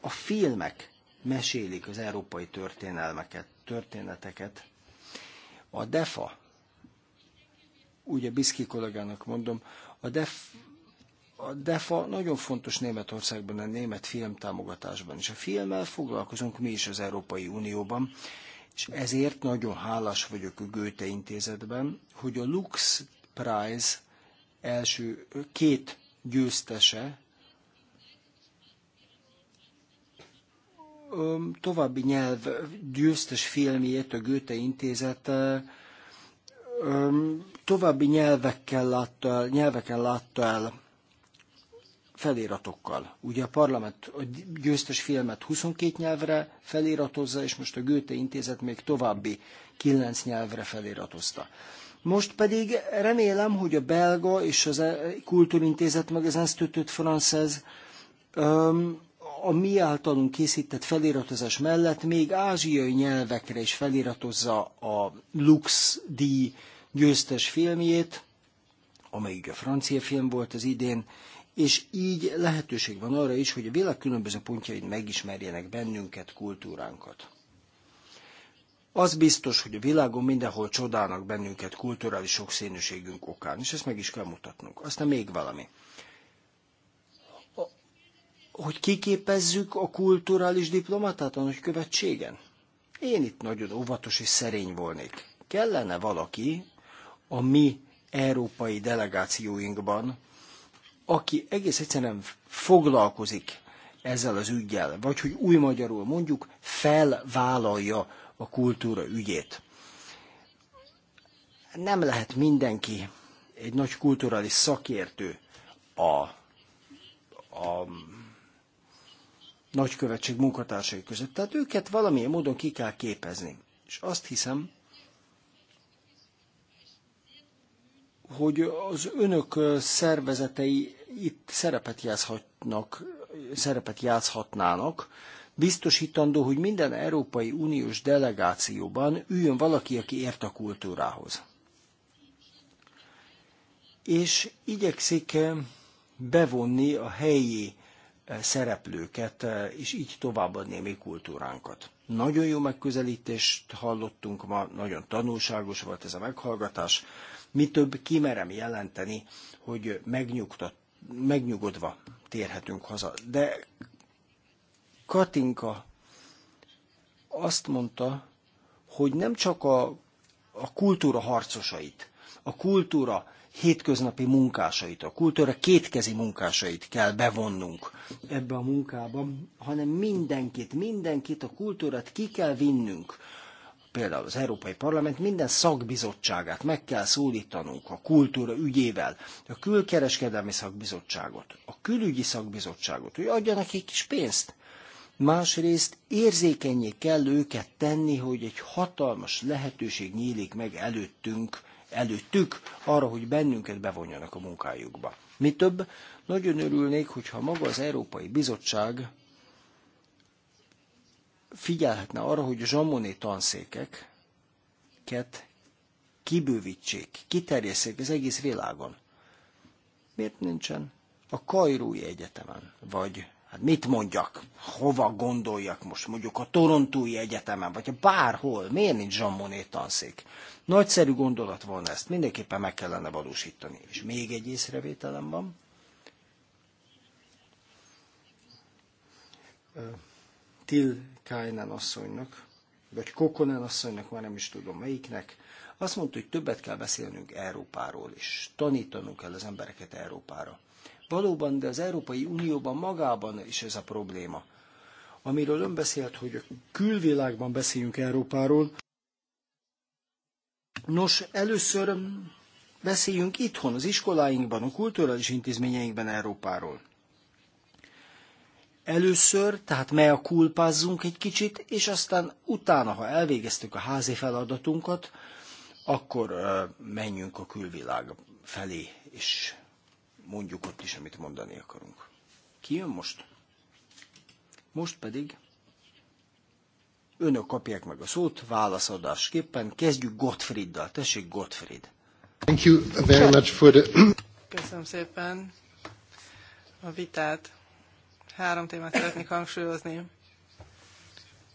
A filmek mesélik az európai történelmeket, történeteket. A DEFA, ugye Biszki kollégának mondom, a Defa a DEFA nagyon fontos Németországban, a német filmtámogatásban is. A filmmel foglalkozunk mi is az Európai Unióban, és ezért nagyon hálás vagyok a Goethe Intézetben, hogy a Lux Prize első két győztese további nyelv győztes filmjét a Goethe Intézet további nyelvekkel látta el, nyelveken látta el feliratokkal. Ugye a parlament a győztes filmet 22 nyelvre feliratozza, és most a Goethe intézet még további 9 nyelvre feliratozta. Most pedig remélem, hogy a belga és az e- kultúrintézet meg az Institut Française a mi általunk készített feliratozás mellett még ázsiai nyelvekre is feliratozza a Lux díj győztes filmjét, amely ugye francia film volt az idén, és így lehetőség van arra is, hogy a világ különböző pontjain megismerjenek bennünket, kultúránkat. Az biztos, hogy a világon mindenhol csodálnak bennünket kulturális sokszínűségünk okán, és ezt meg is kell mutatnunk. Aztán még valami. Hogy kiképezzük a kulturális diplomatát a nagykövetségen? Én itt nagyon óvatos és szerény volnék. Kellene valaki a mi európai delegációinkban, aki egész egyszerűen foglalkozik ezzel az ügyjel, vagy hogy új magyarul mondjuk, felvállalja a kultúra ügyét. Nem lehet mindenki egy nagy kulturális szakértő a, a nagykövetség munkatársai között. Tehát őket valamilyen módon ki kell képezni. És azt hiszem, hogy az önök szervezetei itt szerepet játszhatnak, szerepet játszhatnának, biztosítandó, hogy minden Európai Uniós delegációban üljön valaki, aki ért a kultúrához. És igyekszik eh, bevonni a helyi eh, szereplőket, eh, és így továbbadni a mi kultúránkat. Nagyon jó megközelítést hallottunk ma, nagyon tanulságos volt ez a meghallgatás. Mi több kimerem jelenteni, hogy megnyugtat, megnyugodva térhetünk haza. De Katinka azt mondta, hogy nem csak a, a kultúra harcosait, a kultúra hétköznapi munkásait, a kultúra kétkezi munkásait kell bevonnunk ebbe a munkába, hanem mindenkit, mindenkit a kultúrát ki kell vinnünk például az Európai Parlament minden szakbizottságát meg kell szólítanunk a kultúra ügyével, a külkereskedelmi szakbizottságot, a külügyi szakbizottságot, hogy adjanak egy kis pénzt. Másrészt érzékenyé kell őket tenni, hogy egy hatalmas lehetőség nyílik meg előttünk, előttük arra, hogy bennünket bevonjanak a munkájukba. Mi több, nagyon örülnék, hogyha maga az Európai Bizottság figyelhetne arra, hogy a zsamoni tanszékeket kibővítsék, kiterjesszék az egész világon. Miért nincsen? A Kajrói Egyetemen, vagy hát mit mondjak, hova gondoljak most, mondjuk a Torontói Egyetemen, vagy a bárhol, miért nincs zsammoné tanszék? Nagyszerű gondolat volna ezt, mindenképpen meg kellene valósítani. És még egy észrevételem van. Till Kájnán asszonynak, vagy Kokonen asszonynak, már nem is tudom melyiknek, azt mondta, hogy többet kell beszélnünk Európáról is. Tanítanunk kell az embereket Európára. Valóban, de az Európai Unióban magában is ez a probléma. Amiről ön beszélt, hogy a külvilágban beszéljünk Európáról. Nos, először mm, beszéljünk itthon, az iskoláinkban, a kulturális intézményeinkben Európáról. Először, tehát mea kulpázzunk egy kicsit, és aztán utána, ha elvégeztük a házi feladatunkat, akkor menjünk a külvilág felé, és mondjuk ott is, amit mondani akarunk. Ki jön most? Most pedig önök kapják meg a szót válaszadásképpen. Kezdjük Gottfrieddal. Tessék, Gottfried.
Thank you very much for the...
Köszönöm szépen a vitát. Három témát szeretnék hangsúlyozni.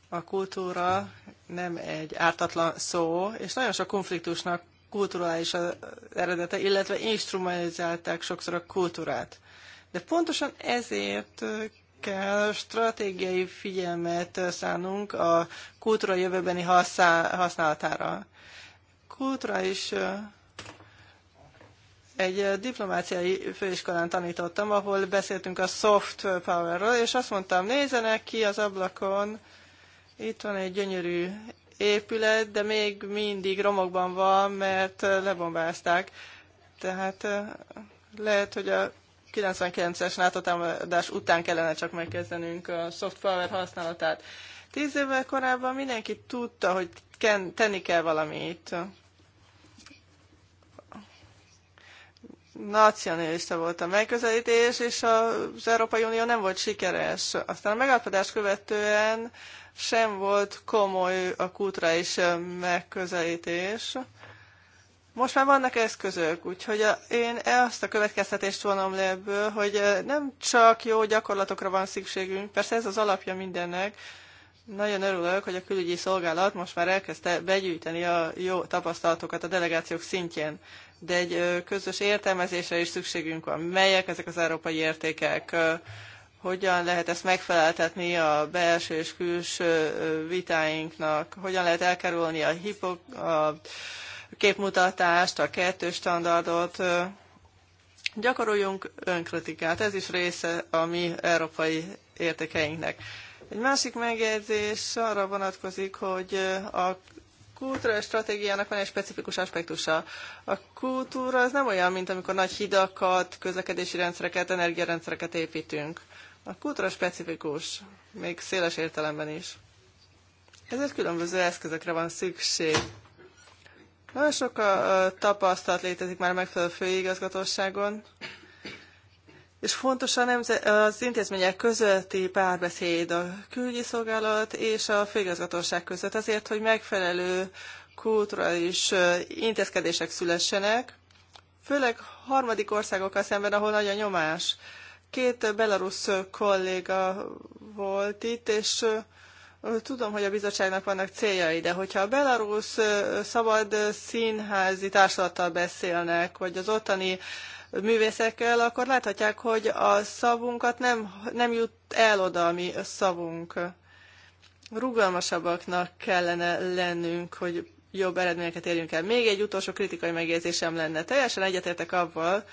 A kultúra nem egy ártatlan szó, és nagyon sok konfliktusnak kulturális az eredete, illetve instrumentalizálták sokszor a kultúrát. De pontosan ezért kell stratégiai figyelmet szánunk a kultúra jövőbeni használatára. Kulturális egy diplomáciai főiskolán tanítottam, ahol beszéltünk a soft powerről, és azt mondtam, nézzenek ki az ablakon, itt van egy gyönyörű épület, de még mindig romokban van, mert lebombázták. Tehát lehet, hogy a 99-es NATO támadás után kellene csak megkezdenünk a soft power használatát. Tíz évvel korábban mindenki tudta, hogy tenni kell valamit. nacionalista volt a megközelítés, és az Európai Unió nem volt sikeres. Aztán a megállapodás követően sem volt komoly a kútra is megközelítés. Most már vannak eszközök, úgyhogy én azt a következtetést vonom le ebből, hogy nem csak jó gyakorlatokra van szükségünk, persze ez az alapja mindennek. Nagyon örülök, hogy a külügyi szolgálat most már elkezdte begyűjteni a jó tapasztalatokat a delegációk szintjén de egy közös értelmezésre is szükségünk van. Melyek ezek az európai értékek? Hogyan lehet ezt megfeleltetni a belső és külső vitáinknak? Hogyan lehet elkerülni a, hipok, a képmutatást, a kettős standardot? Gyakoroljunk önkritikát, ez is része a mi európai értékeinknek. Egy másik megjegyzés arra vonatkozik, hogy a kultúra stratégiának van egy specifikus aspektusa. A kultúra az nem olyan, mint amikor nagy hidakat, közlekedési rendszereket, energiarendszereket építünk. A kultúra specifikus, még széles értelemben is. Ezért különböző eszközökre van szükség. Nagyon sok a, a tapasztalat létezik már megfelelő főigazgatóságon, és fontos az intézmények közötti párbeszéd a külügyi szolgálat és a főigazgatóság között azért, hogy megfelelő kulturális intézkedések szülessenek, főleg harmadik országokkal szemben, ahol nagy a nyomás. Két belarusz kolléga volt itt, és tudom, hogy a bizottságnak vannak céljai, de hogyha a belarusz szabad színházi társadalattal beszélnek, vagy az ottani művészekkel, akkor láthatják, hogy a szavunkat nem, nem jut el oda, ami a szavunk. Rugalmasabbaknak kellene lennünk, hogy jobb eredményeket érjünk el. Még egy utolsó kritikai megjegyzésem lenne. Teljesen egyetértek avval,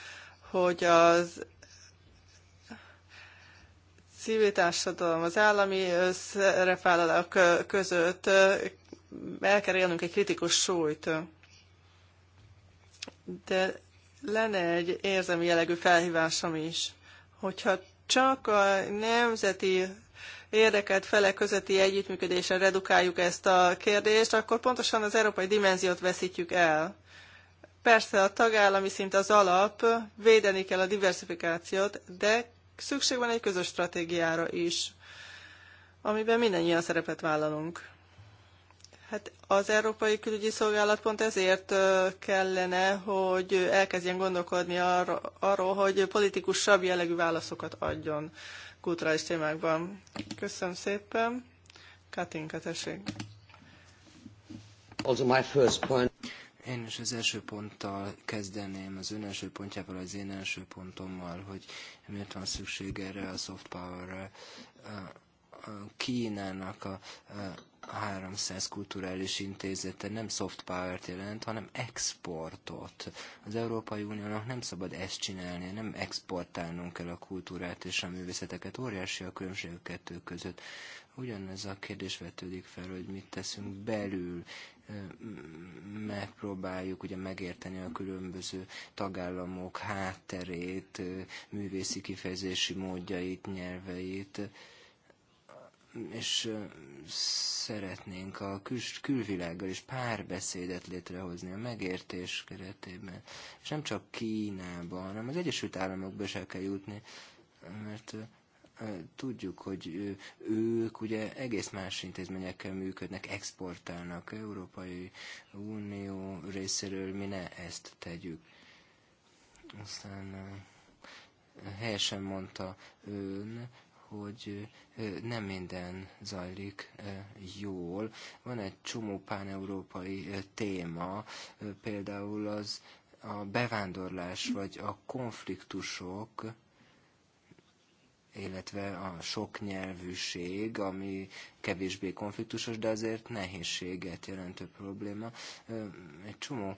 hogy az civil társadalom, az állami szerepvállalók között el kell élnünk egy kritikus súlyt. De lenne egy érzelmi jellegű felhívásom is, hogyha csak a nemzeti érdeket felek közötti együttműködésre redukáljuk ezt a kérdést, akkor pontosan az európai dimenziót veszítjük el. Persze a tagállami szint az alap, védeni kell a diversifikációt, de szükség van egy közös stratégiára is, amiben mindannyian szerepet vállalunk. Hát az Európai Külügyi Szolgálat pont ezért kellene, hogy elkezdjen gondolkodni arra, arról, hogy politikusabb jellegű válaszokat adjon kulturális témákban. Köszönöm szépen. Katinka, tessék.
Also my first point. Én is az első ponttal kezdeném, az ön első pontjával, az én első pontommal, hogy miért van szükség erre a soft power-re. Kínának a 300 kulturális intézete nem soft power-t jelent, hanem exportot. Az Európai Uniónak nem szabad ezt csinálni, nem exportálnunk kell a kultúrát és a művészeteket. Óriási a különbség a kettő között. Ugyanez a kérdés vetődik fel, hogy mit teszünk belül, megpróbáljuk ugye megérteni a különböző tagállamok hátterét, művészi kifejezési módjait, nyelveit, és szeretnénk a kül- külvilággal is párbeszédet létrehozni a megértés keretében. És nem csak Kínában, hanem az Egyesült Államokba is kell jutni, mert tudjuk, hogy ők ugye egész más intézményekkel működnek, exportálnak Európai Unió részéről, mi ne ezt tegyük. Aztán helyesen mondta ön, hogy nem minden zajlik jól. Van egy csomó páneurópai téma, például az a bevándorlás vagy a konfliktusok, illetve a sok nyelvűség, ami kevésbé konfliktusos, de azért nehézséget jelentő probléma. Egy csomó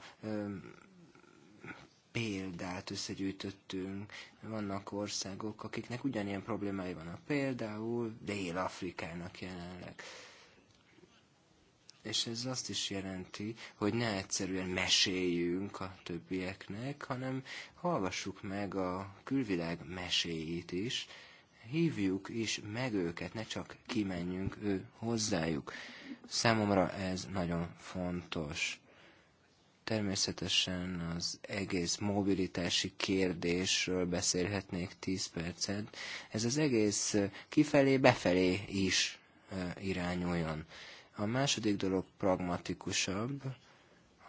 példát összegyűjtöttünk. Vannak országok, akiknek ugyanilyen problémái vannak. Például Dél-Afrikának jelenleg. És ez azt is jelenti, hogy ne egyszerűen meséljünk a többieknek, hanem hallgassuk meg a külvilág meséit is, hívjuk is meg őket, ne csak kimenjünk ő hozzájuk. Számomra ez nagyon fontos. Természetesen az egész mobilitási kérdésről beszélhetnék 10 percet. Ez az egész kifelé-befelé is irányuljon. A második dolog pragmatikusabb,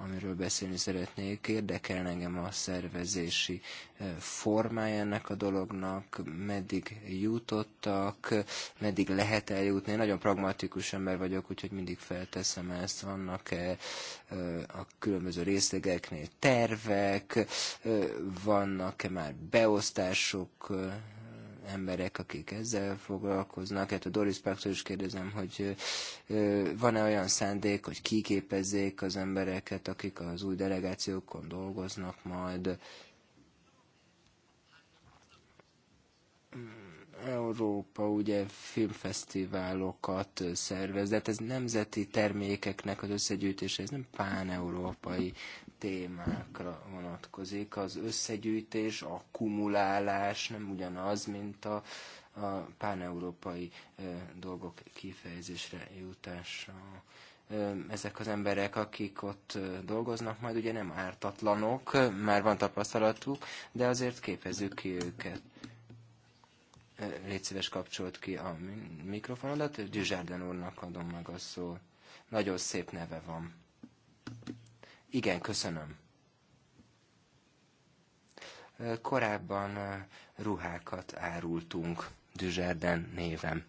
amiről beszélni szeretnék. Érdekel engem a szervezési eh, formája ennek a dolognak, meddig jutottak, meddig lehet eljutni. Én nagyon pragmatikus ember vagyok, úgyhogy mindig felteszem ezt. Vannak-e eh, a különböző részlegeknél tervek, eh, vannak-e már beosztások, emberek, akik ezzel foglalkoznak. Hát a Doris Paktól is kérdezem, hogy van-e olyan szándék, hogy kiképezzék az embereket, akik az új delegációkon dolgoznak majd, Európa ugye filmfesztiválokat szervez, de hát ez nemzeti termékeknek az összegyűjtése, ez nem pán-európai témákra vonatkozik. Az összegyűjtés, a kumulálás nem ugyanaz, mint a, a páneurópai dolgok kifejezésre jutása ezek az emberek, akik ott dolgoznak, majd ugye nem ártatlanok, már van tapasztalatuk, de azért képezzük ki őket. Légy szíves, kapcsolt ki a mikrofonodat, Gyüzsárden úrnak adom meg a szót. Nagyon szép neve van. Igen, köszönöm. Korábban ruhákat árultunk Düzserden névem.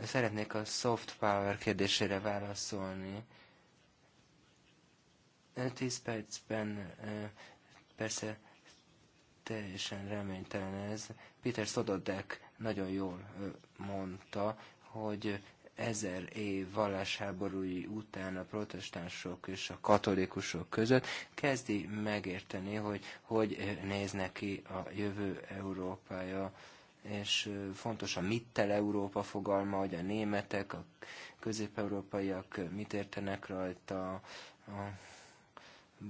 Szeretnék a soft power kérdésére válaszolni. Tíz percben persze teljesen reménytelen ez. Peter Sododek nagyon jól mondta, hogy ezer év vallásháborúi után a protestánsok és a katolikusok között kezdi megérteni, hogy hogy néz neki a jövő Európája, és fontos a mittel Európa fogalma, hogy a németek, a közép-európaiak mit értenek rajta, a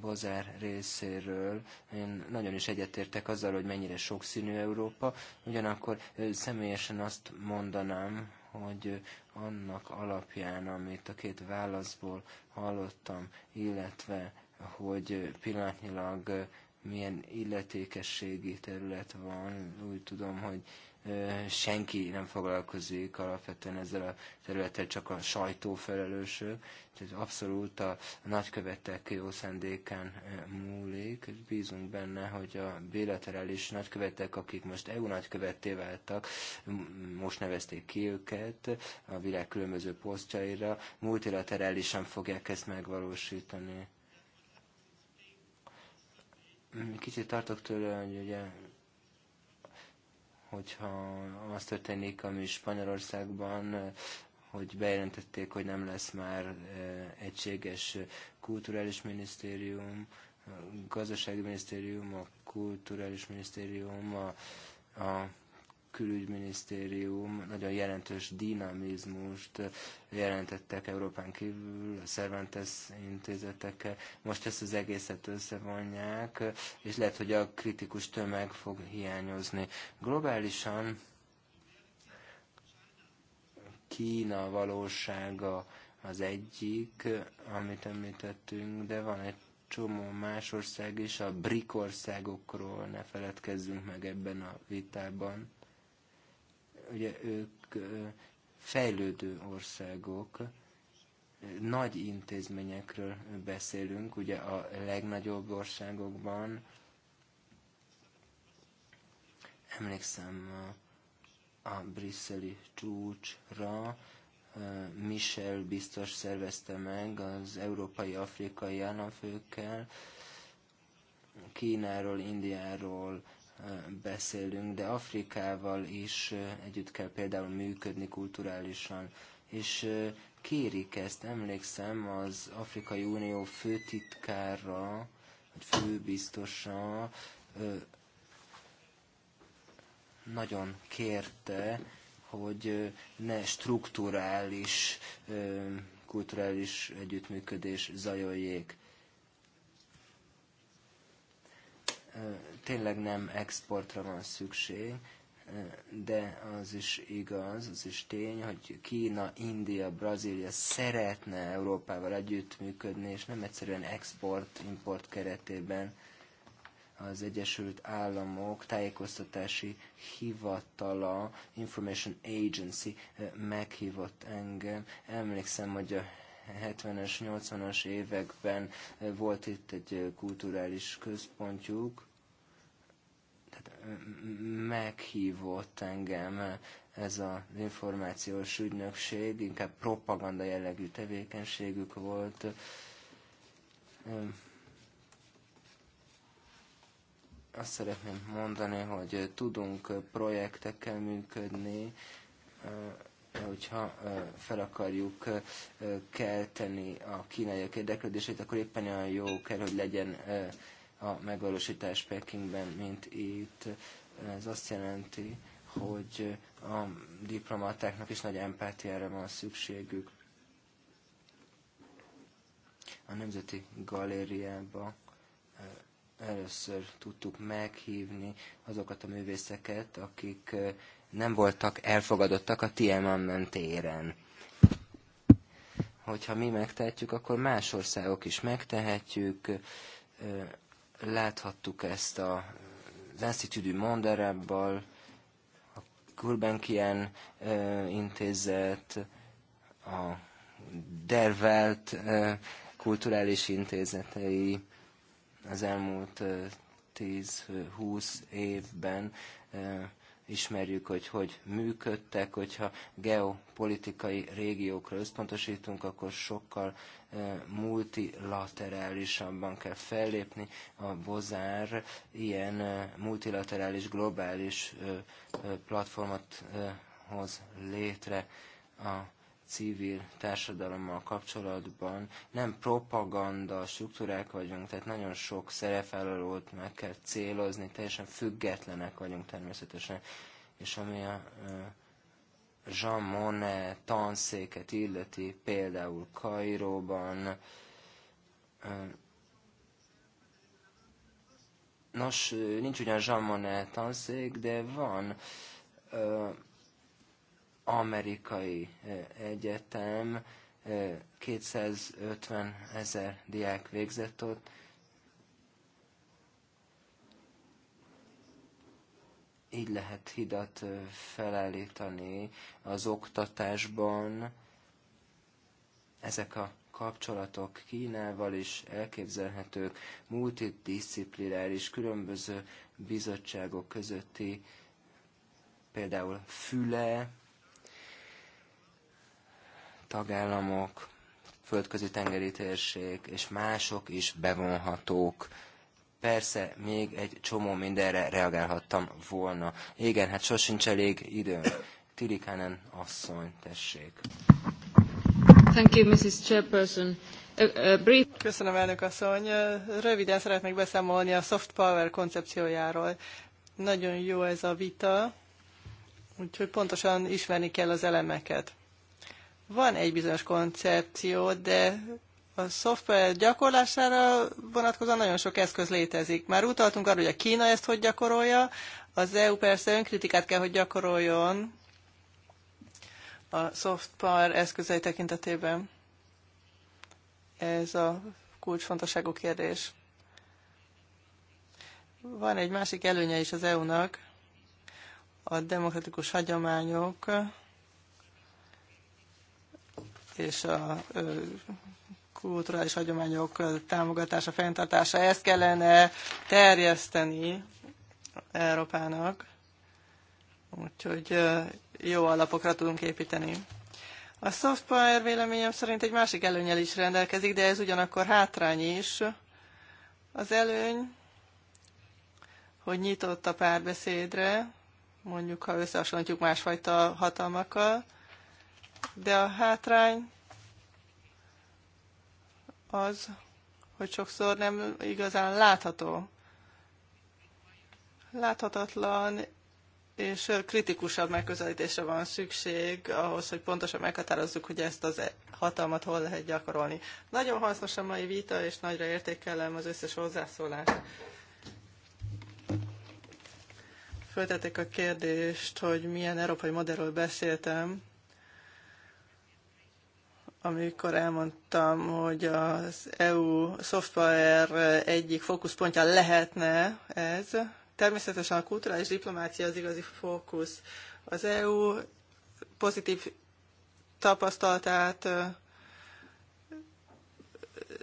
Bozár részéről. Én nagyon is egyetértek azzal, hogy mennyire sokszínű Európa, ugyanakkor személyesen azt mondanám, hogy annak alapján, amit a két válaszból hallottam, illetve hogy pillanatnyilag milyen illetékességi terület van, úgy tudom, hogy senki nem foglalkozik alapvetően ezzel a területtel, csak a sajtó felelősök. Tehát abszolút a nagykövetek jó szendéken múlik. Bízunk benne, hogy a bilaterális nagykövetek, akik most EU nagykövetté váltak, most nevezték ki őket a világ különböző posztjaira, multilaterálisan fogják ezt megvalósítani. Kicsit tartok tőle, hogy ugye hogyha az történik, ami Spanyolországban, hogy bejelentették, hogy nem lesz már e, egységes kulturális minisztérium, gazdasági minisztérium, a kulturális minisztérium, a, a külügyminisztérium nagyon jelentős dinamizmust jelentettek Európán kívül, a Cervantes intézetekkel. Most ezt az egészet összevonják, és lehet, hogy a kritikus tömeg fog hiányozni. Globálisan Kína valósága az egyik, amit említettünk, de van egy csomó más ország is, a BRIC országokról ne feledkezzünk meg ebben a vitában ugye ők fejlődő országok, nagy intézményekről beszélünk, ugye a legnagyobb országokban, emlékszem a brüsszeli csúcsra, Michel biztos szervezte meg az európai-afrikai államfőkkel, Kínáról, Indiáról, beszélünk, de Afrikával is együtt kell például működni kulturálisan, és kérik ezt, emlékszem, az Afrikai Unió főtitkára, vagy főbiztosa nagyon kérte, hogy ne strukturális, kulturális együttműködés zajoljék. tényleg nem exportra van szükség, de az is igaz, az is tény, hogy Kína, India, Brazília szeretne Európával együttműködni, és nem egyszerűen export-import keretében az Egyesült Államok tájékoztatási hivatala, Information Agency meghívott engem. Emlékszem, hogy a 70-es, 80-as években eh, volt itt egy eh, kulturális központjuk, tehát eh, meghívott engem ez az információs ügynökség, inkább propaganda jellegű tevékenységük volt. Azt szeretném mondani, hogy tudunk projektekkel működni, hogyha fel akarjuk kelteni a kínaiak érdeklődését, akkor éppen olyan jó kell, hogy legyen a megvalósítás Pekingben, mint itt. Ez azt jelenti, hogy a diplomatáknak is nagy empátiára van szükségük. A Nemzeti Galériába először tudtuk meghívni azokat a művészeket, akik nem voltak elfogadottak a Tiananmen téren. Hogyha mi megtehetjük, akkor más országok is megtehetjük. Láthattuk ezt a az Institut du Monde a Gulbenkian intézet, a Dervelt kulturális intézetei az elmúlt 10-20 évben ismerjük, hogy hogy működtek, hogyha geopolitikai régiókra összpontosítunk, akkor sokkal eh, multilaterálisabban kell fellépni. A Bozár ilyen eh, multilaterális, globális eh, platformot hoz létre a civil társadalommal kapcsolatban nem propaganda struktúrák vagyunk, tehát nagyon sok szerepelőt meg kell célozni, teljesen függetlenek vagyunk természetesen. És ami a Jean Monnet tanszéket illeti, például Kairóban, Nos, nincs ugyan Jean Monnet tanszék, de van amerikai eh, egyetem, 250 eh, ezer diák végzett ott, így lehet hidat eh, felállítani az oktatásban. Ezek a kapcsolatok Kínával is elképzelhetők, multidisciplináris különböző bizottságok közötti, például Füle tagállamok, földközi tengeri térség és mások is bevonhatók. Persze, még egy csomó mindenre reagálhattam volna. Igen, hát sosincs elég időm. Tirikánen asszony, tessék.
Thank you, Mrs. Chairperson. Köszönöm, elnök asszony. Röviden szeretnék beszámolni a soft power koncepciójáról. Nagyon jó ez a vita, úgyhogy pontosan ismerni kell az elemeket. Van egy bizonyos koncepció, de a szoftver gyakorlására vonatkozóan nagyon sok eszköz létezik. Már utaltunk arra, hogy a Kína ezt hogy gyakorolja, az EU persze önkritikát kell, hogy gyakoroljon a szoftver eszközei tekintetében. Ez a kulcsfontosságú kérdés. Van egy másik előnye is az EU-nak, a demokratikus hagyományok és a kulturális hagyományok támogatása, fenntartása, ezt kellene terjeszteni Európának, úgyhogy jó alapokra tudunk építeni. A szoftver véleményem szerint egy másik előnyel is rendelkezik, de ez ugyanakkor hátrány is. Az előny, hogy nyitott a párbeszédre, mondjuk ha összehasonlítjuk másfajta hatalmakkal, de a hátrány az, hogy sokszor nem igazán látható. Láthatatlan és kritikusabb megközelítésre van szükség ahhoz, hogy pontosan meghatározzuk, hogy ezt az hatalmat hol lehet gyakorolni. Nagyon hasznos a mai vita, és nagyra értékelem az összes hozzászólást. Föltették a kérdést, hogy milyen európai modellről beszéltem amikor elmondtam, hogy az EU szoftver egyik fókuszpontja lehetne ez, természetesen a kulturális diplomácia az igazi fókusz. Az EU pozitív tapasztalatát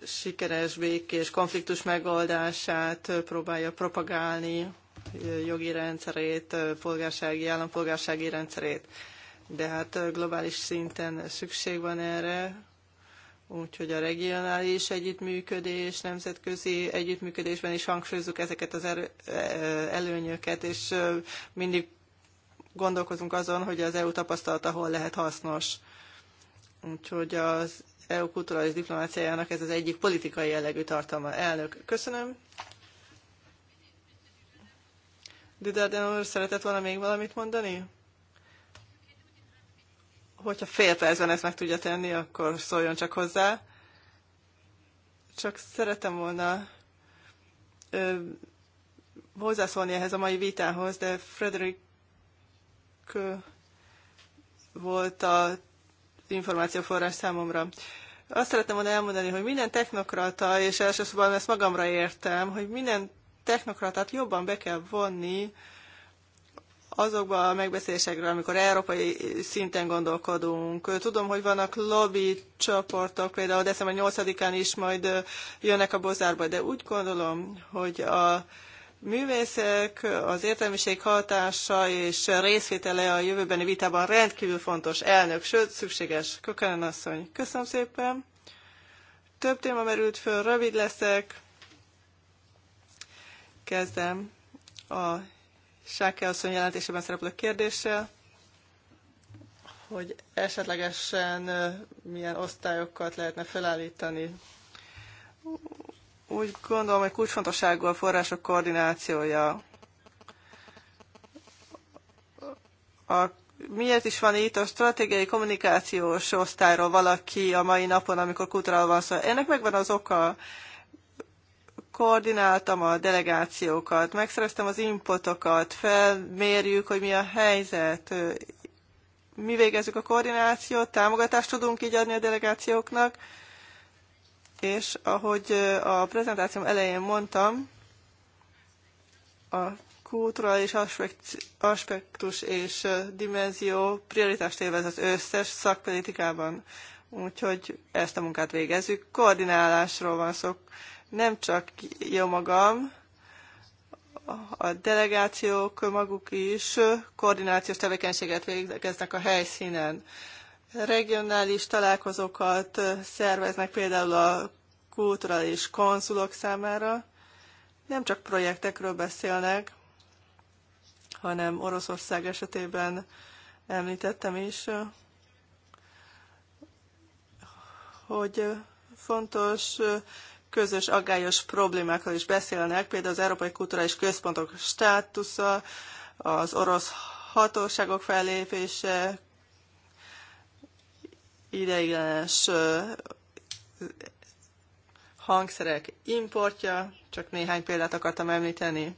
sikeres békés konfliktus megoldását próbálja propagálni, jogi rendszerét, polgársági, állampolgársági rendszerét de hát globális szinten szükség van erre, úgyhogy a regionális együttműködés, nemzetközi együttműködésben is hangsúlyozunk ezeket az erő, előnyöket, és mindig gondolkozunk azon, hogy az EU tapasztalata hol lehet hasznos. Úgyhogy az EU kulturális diplomáciájának ez az egyik politikai jellegű tartalma. Elnök, köszönöm. Duda úr, szeretett volna még valamit mondani? hogyha fél percben ezt meg tudja tenni, akkor szóljon csak hozzá. Csak szeretem volna ö, hozzászólni ehhez a mai vitához, de Frederick ö, volt az információforrás számomra. Azt szerettem volna elmondani, hogy minden technokrata, és elsősorban ezt magamra értem, hogy minden technokratát jobban be kell vonni, azokba a megbeszélésekről, amikor európai szinten gondolkodunk. Tudom, hogy vannak lobby csoportok, például december 8-án is majd jönnek a bozárba, de úgy gondolom, hogy a művészek, az értelmiség hatása és részvétele a jövőbeni vitában rendkívül fontos elnök, sőt, szükséges. Kökenen asszony, köszönöm szépen. Több téma merült föl, rövid leszek. Kezdem a Sáke asszony jelentésében szereplő kérdéssel, hogy esetlegesen milyen osztályokat lehetne felállítani. Úgy gondolom, hogy kulcsfontosságú a források koordinációja. A, miért is van itt a stratégiai kommunikációs osztályról valaki a mai napon, amikor kultúrál van szó? Ennek megvan az oka, koordináltam a delegációkat, megszereztem az inputokat, felmérjük, hogy mi a helyzet, mi végezzük a koordinációt, támogatást tudunk így adni a delegációknak, és ahogy a prezentációm elején mondtam, a kulturális aspektus és dimenzió prioritást élvez az összes szakpolitikában. Úgyhogy ezt a munkát végezzük. Koordinálásról van szó, nem csak jó magam, a delegációk maguk is koordinációs tevékenységet végeznek a helyszínen. Regionális találkozókat szerveznek például a kulturális konzulok számára. Nem csak projektekről beszélnek, hanem Oroszország esetében említettem is, hogy fontos közös aggályos problémákról is beszélnek, például az Európai Kulturális Központok státusza, az orosz hatóságok fellépése, ideiglenes hangszerek importja, csak néhány példát akartam említeni.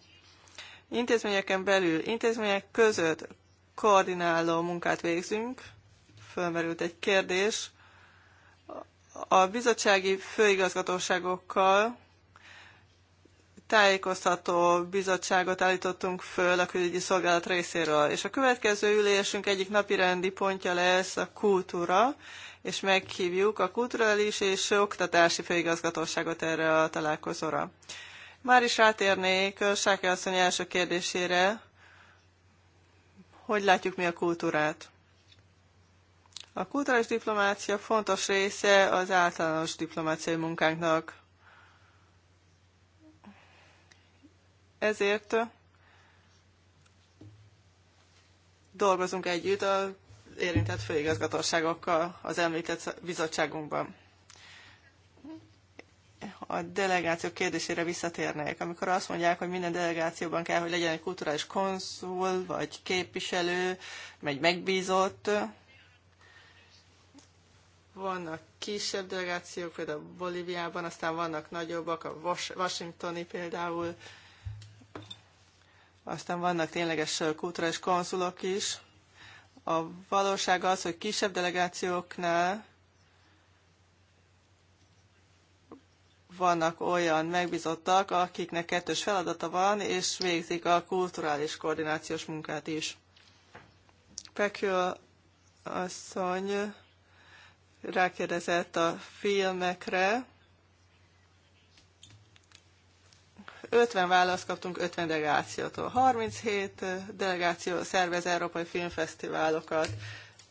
Intézményeken belül, intézmények között koordináló munkát végzünk. Fölmerült egy kérdés, a bizottsági főigazgatóságokkal tájékoztató bizottságot állítottunk föl a külügyi szolgálat részéről, és a következő ülésünk egyik napirendi pontja lesz a kultúra, és meghívjuk a kulturális és oktatási főigazgatóságot erre a találkozóra. Már is rátérnék Sáke asszony első kérdésére, hogy látjuk mi a kultúrát. A kulturális diplomácia fontos része az általános diplomáciai munkánknak. Ezért dolgozunk együtt az érintett főigazgatóságokkal az említett bizottságunkban. A delegáció kérdésére visszatérnék. Amikor azt mondják, hogy minden delegációban kell, hogy legyen egy kulturális konszul, vagy képviselő, vagy megbízott, vannak kisebb delegációk, például Bolíviában, aztán vannak nagyobbak, a Washingtoni például, aztán vannak tényleges kulturális konzulok is. A valóság az, hogy kisebb delegációknál vannak olyan megbizottak, akiknek kettős feladata van, és végzik a kulturális koordinációs munkát is. Pekül asszony rákérdezett a filmekre. 50 választ kaptunk 50 delegációtól. 37 delegáció szervez európai filmfesztiválokat,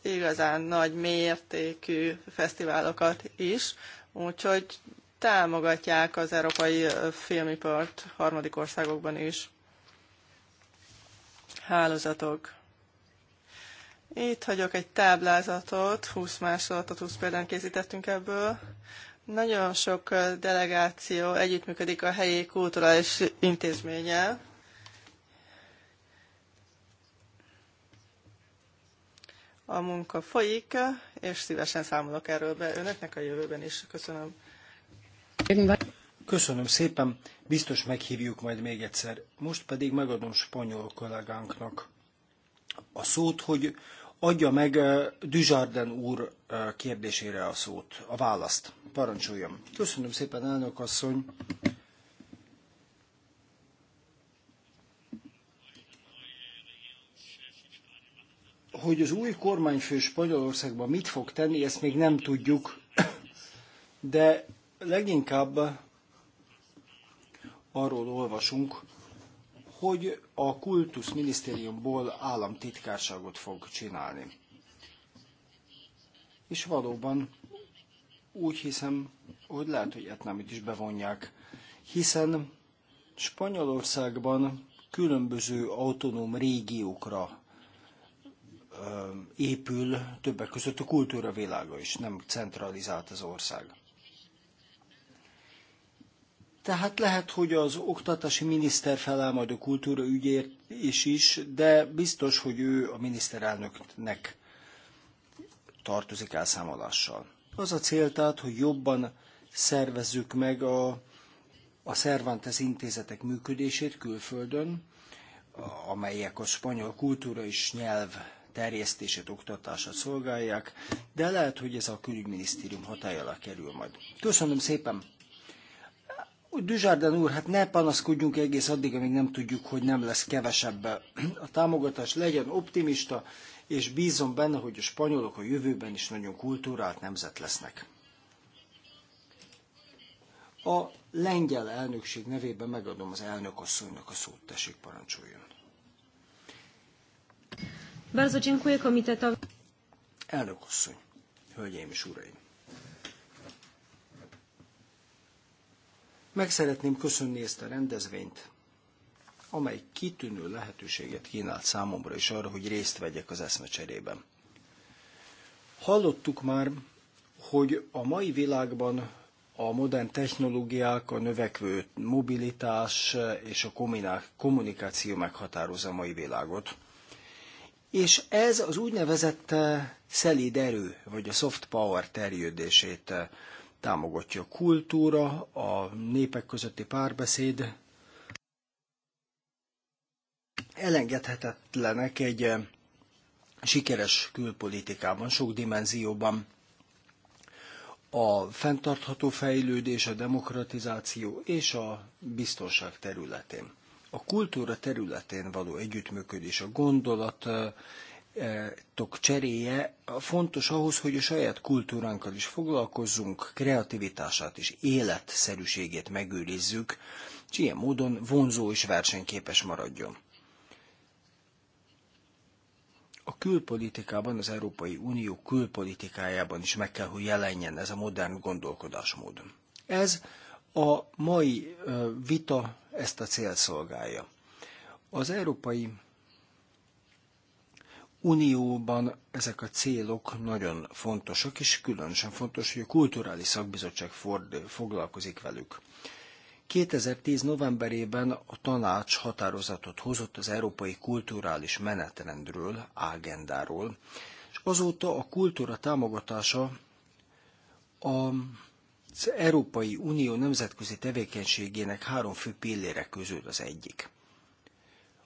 igazán nagy mértékű fesztiválokat is, úgyhogy támogatják az európai filmipart harmadik országokban is. Hálózatok itt hagyok egy táblázatot, 20 másolatot, 20 példán készítettünk ebből. Nagyon sok delegáció együttműködik a helyi kulturális intézménnyel. A munka folyik, és szívesen számolok erről be önöknek a jövőben is. Köszönöm.
Köszönöm szépen, biztos meghívjuk majd még egyszer. Most pedig megadom spanyol kollégánknak a szót, hogy adja meg Dujardin úr kérdésére a szót, a választ. Parancsoljon. Köszönöm szépen, elnök asszony. Hogy az új kormányfő Spanyolországban mit fog tenni, ezt még nem tudjuk, de leginkább arról olvasunk, hogy a kultuszminisztériumból államtitkárságot fog csinálni. És valóban úgy hiszem, hogy lehet, hogy Etnámit is bevonják, hiszen Spanyolországban különböző autonóm régiókra épül, többek között a kultúra világa is, nem centralizált az ország. Tehát lehet, hogy az oktatási miniszter feláll majd a kultúra ügyért is is, de biztos, hogy ő a miniszterelnöknek tartozik elszámolással. Az a cél tehát, hogy jobban szervezzük meg a, a Cervantes intézetek működését külföldön, amelyek a spanyol kultúra és nyelv terjesztését, oktatását szolgálják, de lehet, hogy ez a külügyminisztérium hatály alá kerül majd. Köszönöm szépen! Düzsárdán úr, hát ne panaszkodjunk egész addig, amíg nem tudjuk, hogy nem lesz kevesebb a támogatás. Legyen optimista, és bízom benne, hogy a spanyolok a jövőben is nagyon kultúrált nemzet lesznek. A lengyel elnökség nevében megadom az elnök asszonynak a szót, tessék parancsoljon.
Bardzo dziękuję komitetowi.
Elnök asszony, hölgyeim és uraim! Meg szeretném köszönni ezt a rendezvényt, amely kitűnő lehetőséget kínált számomra is arra, hogy részt vegyek az eszmecserében. Hallottuk már, hogy a mai világban a modern technológiák, a növekvő mobilitás és a kommunikáció meghatározza a mai világot. És ez az úgynevezett eh, szelíd erő, vagy a soft power terjedését eh, támogatja a kultúra, a népek közötti párbeszéd. Elengedhetetlenek egy eh, sikeres külpolitikában, sok dimenzióban. A fenntartható fejlődés, a demokratizáció és a biztonság területén. A kultúra területén való együttműködés, a gondolat eh, gondolatok cseréje fontos ahhoz, hogy a saját kultúránkkal is foglalkozzunk, kreativitását és életszerűségét megőrizzük, és ilyen módon vonzó és versenyképes maradjon. A külpolitikában, az Európai Unió külpolitikájában is meg kell, hogy jelenjen ez a modern gondolkodásmód. Ez a mai vita ezt a célt szolgálja. Az Európai Unióban ezek a célok nagyon fontosak, és különösen fontos, hogy a Kulturális Szakbizottság Ford foglalkozik velük. 2010. novemberében a tanács határozatot hozott az Európai Kulturális Menetrendről, ágendáról, és azóta a kultúra támogatása az Európai Unió nemzetközi tevékenységének három fő pillére közül az egyik.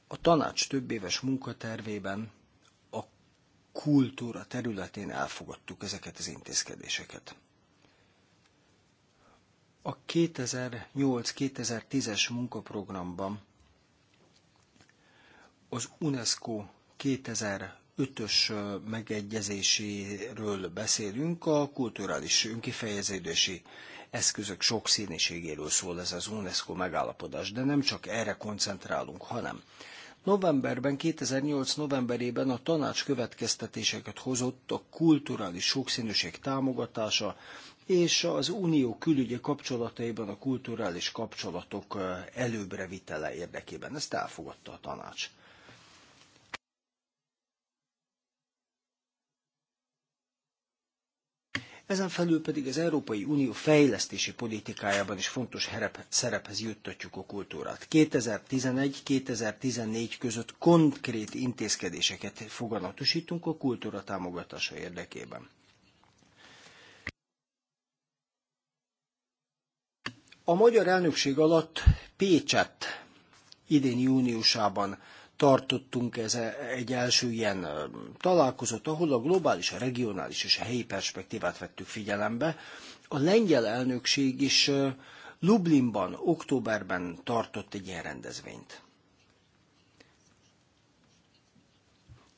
A tanács több éves munkatervében kultúra területén elfogadtuk ezeket az intézkedéseket. A 2008-2010-es munkaprogramban az UNESCO 2005-ös megegyezéséről beszélünk, a kulturális önkifejeződési eszközök sokszínűségéről szól ez az UNESCO megállapodás, de nem csak erre koncentrálunk, hanem Novemberben, 2008. novemberében a tanács következtetéseket hozott a kulturális sokszínűség támogatása és az unió külügyi kapcsolataiban a kulturális kapcsolatok eh, előbbre vitele érdekében. Ezt elfogadta a tanács. Ezen felül pedig az Európai Unió fejlesztési politikájában is fontos szerephez juttatjuk a kultúrát. 2011-2014 között konkrét intézkedéseket foganatosítunk a kultúra támogatása érdekében. A magyar elnökség alatt Pécsett idén júniusában tartottunk ez e, egy első ilyen találkozót, ahol a globális, a regionális és a helyi perspektívát vettük figyelembe. A lengyel elnökség is Lublinban, októberben tartott egy ilyen rendezvényt.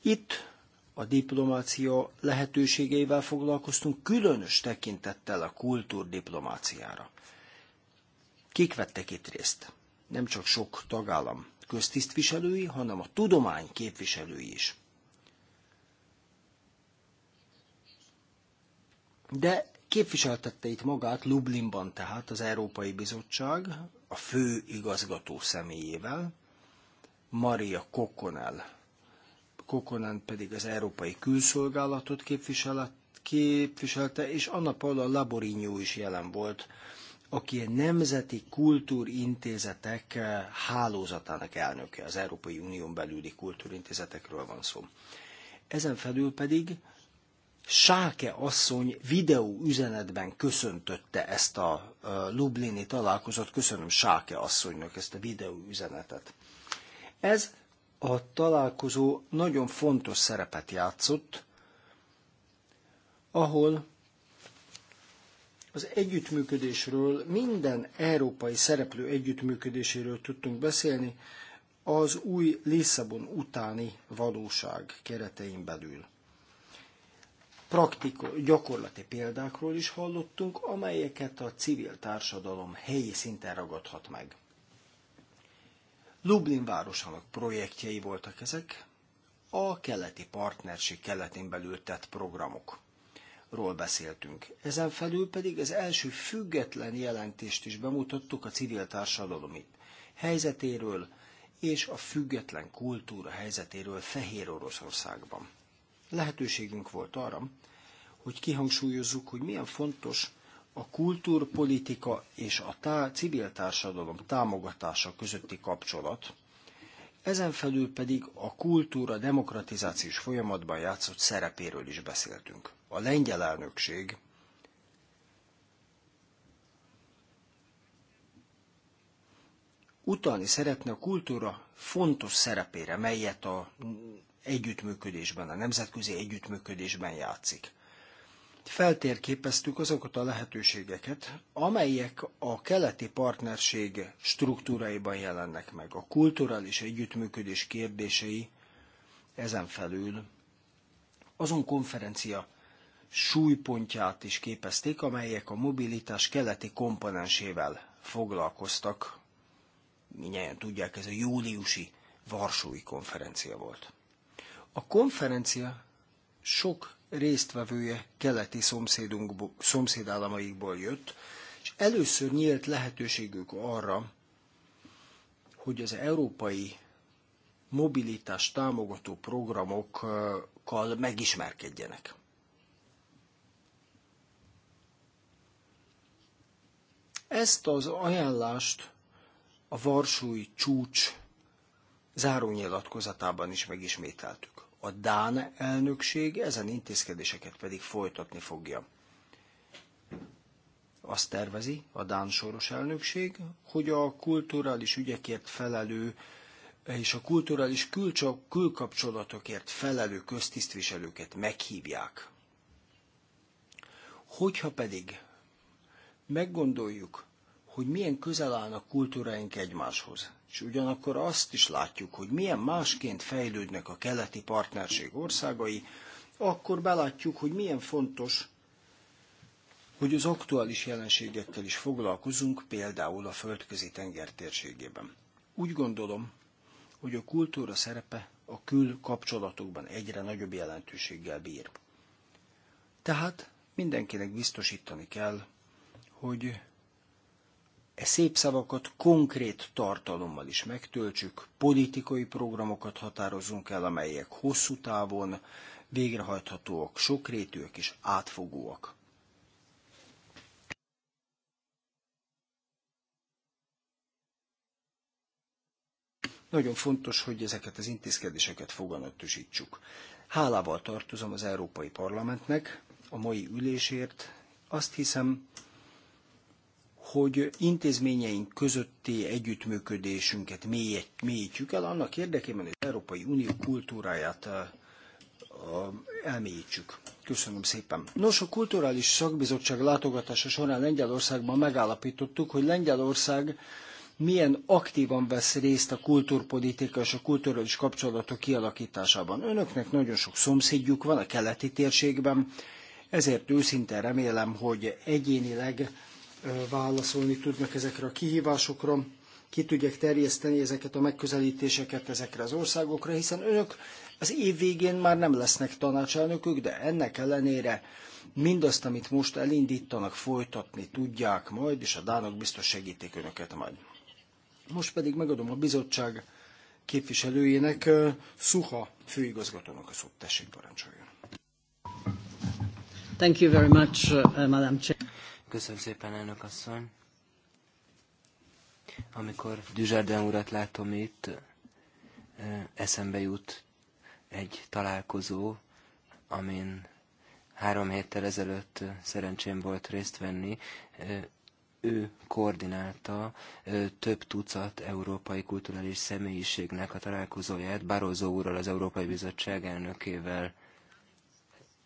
Itt a diplomácia lehetőségeivel foglalkoztunk, különös tekintettel a kultúrdiplomáciára. Kik vettek itt részt? Nem csak sok tagállam, köztisztviselői, hanem a tudomány képviselői is. De képviseltette itt magát Lublinban tehát az Európai Bizottság a fő igazgató személyével, Maria Kokonel. Kokonen pedig az Európai Külszolgálatot képviselte, és Anna Paula Laborinyó is jelen volt, aki a Nemzeti Kultúrintézetek eh, hálózatának elnöke, az Európai Unión belüli kultúrintézetekről van szó. Ezen felül pedig Sáke asszony videó üzenetben köszöntötte ezt a eh, Lublini találkozót. Köszönöm Sáke asszonynak ezt a videó üzenetet. Ez a találkozó nagyon fontos szerepet játszott, ahol az együttműködésről, minden európai szereplő együttműködéséről tudtunk beszélni az új Lisszabon utáni valóság keretein belül. Praktik, gyakorlati példákról is hallottunk, amelyeket a civil társadalom helyi szinten ragadhat meg. Lublin városának projektjei voltak ezek, a keleti partnerség keletén belül tett programok ról beszéltünk. Ezen felül pedig az első független jelentést is bemutattuk a civil társadalom helyzetéről és a független kultúra helyzetéről Fehér Oroszországban. Lehetőségünk volt arra, hogy kihangsúlyozzuk, hogy milyen fontos a kultúrpolitika és a tá- civil társadalom támogatása közötti kapcsolat, ezen felül pedig a kultúra demokratizációs folyamatban játszott szerepéről is beszéltünk a lengyel elnökség utalni szeretne a kultúra fontos szerepére, melyet a együttműködésben, a nemzetközi együttműködésben játszik. Feltérképeztük azokat a lehetőségeket, amelyek a keleti partnerség struktúráiban jelennek meg. A kulturális együttműködés kérdései ezen felül azon konferencia súlypontját is képezték, amelyek a mobilitás keleti komponensével foglalkoztak. Minnyáján tudják, ez a júliusi Varsói konferencia volt. A konferencia sok résztvevője keleti szomszédállamaikból jött, és először nyílt lehetőségük arra, hogy az európai mobilitás támogató programokkal megismerkedjenek. Ezt az ajánlást a Varsói csúcs zárónyilatkozatában is megismételtük. A Dán elnökség ezen intézkedéseket pedig folytatni fogja. Azt tervezi a Dán soros elnökség, hogy a kulturális ügyekért felelő és a kulturális külkapcsolatokért felelő köztisztviselőket meghívják. Hogyha pedig meggondoljuk, hogy milyen közel állnak kultúráink egymáshoz. És ugyanakkor azt is látjuk, hogy milyen másként fejlődnek a keleti partnerség országai, akkor belátjuk, hogy milyen fontos, hogy az aktuális jelenségekkel is foglalkozunk, például a földközi tenger térségében. Úgy gondolom, hogy a kultúra szerepe a kül kapcsolatokban egyre nagyobb jelentőséggel bír. Tehát mindenkinek biztosítani kell, hogy e szép szavakat konkrét tartalommal is megtöltsük, politikai programokat határozzunk el, amelyek hosszú távon végrehajthatóak, sokrétűek és átfogóak. Nagyon fontos, hogy ezeket az intézkedéseket foganatosítsuk. Hálával tartozom az Európai Parlamentnek a mai ülésért. Azt hiszem, hogy intézményeink közötti együttműködésünket mélyítjük el, annak érdekében, hogy az Európai Unió kultúráját elmélyítsük. Köszönöm szépen. Nos, a Kulturális Szakbizottság látogatása során Lengyelországban megállapítottuk, hogy Lengyelország milyen aktívan vesz részt a kultúrpolitika és a kulturális kapcsolatok kialakításában. Önöknek nagyon sok szomszédjuk van a keleti térségben, ezért őszintén remélem, hogy egyénileg válaszolni tudnak ezekre a kihívásokra, ki tudják terjeszteni ezeket a megközelítéseket ezekre az országokra, hiszen önök az év végén már nem lesznek tanácselnökök, de ennek ellenére mindazt, amit most elindítanak, folytatni tudják majd, és a dánok biztos segítik önöket majd. Most pedig megadom a bizottság képviselőjének, Szuha főigazgatónak a szót. Tessék, parancsoljon. Thank you very much, uh, Madam Chair.
Köszönöm szépen, elnök asszony. Amikor Dujardin urat látom itt, eszembe jut egy találkozó, amin három héttel ezelőtt szerencsém volt részt venni. Ő koordinálta több tucat európai kulturális személyiségnek a találkozóját Barroso úrral, az Európai Bizottság elnökével.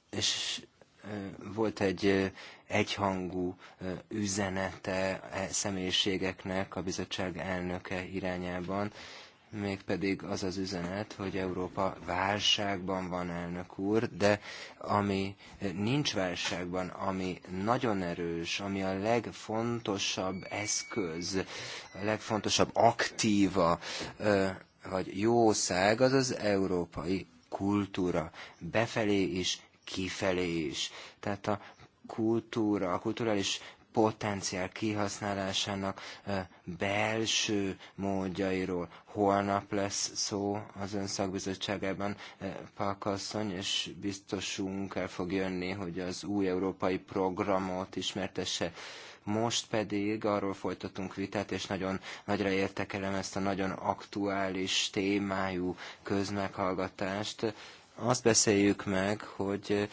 És volt egy egyhangú üzenete e személyiségeknek a bizottság elnöke irányában, mégpedig az az üzenet, hogy Európa válságban van, elnök úr, de ami nincs válságban, ami nagyon erős, ami a legfontosabb eszköz, a legfontosabb aktíva, vagy jószág, az az európai kultúra. Befelé is, kifelé is. Tehát a kultúra, a kulturális potenciál kihasználásának belső módjairól. Holnap lesz szó az ön szakbizottságában, Pakasszony, és biztosunk el fog jönni, hogy az új európai programot ismertesse. Most pedig arról folytatunk vitát, és nagyon nagyra értekelem ezt a nagyon aktuális témájú közmeghallgatást azt beszéljük meg, hogy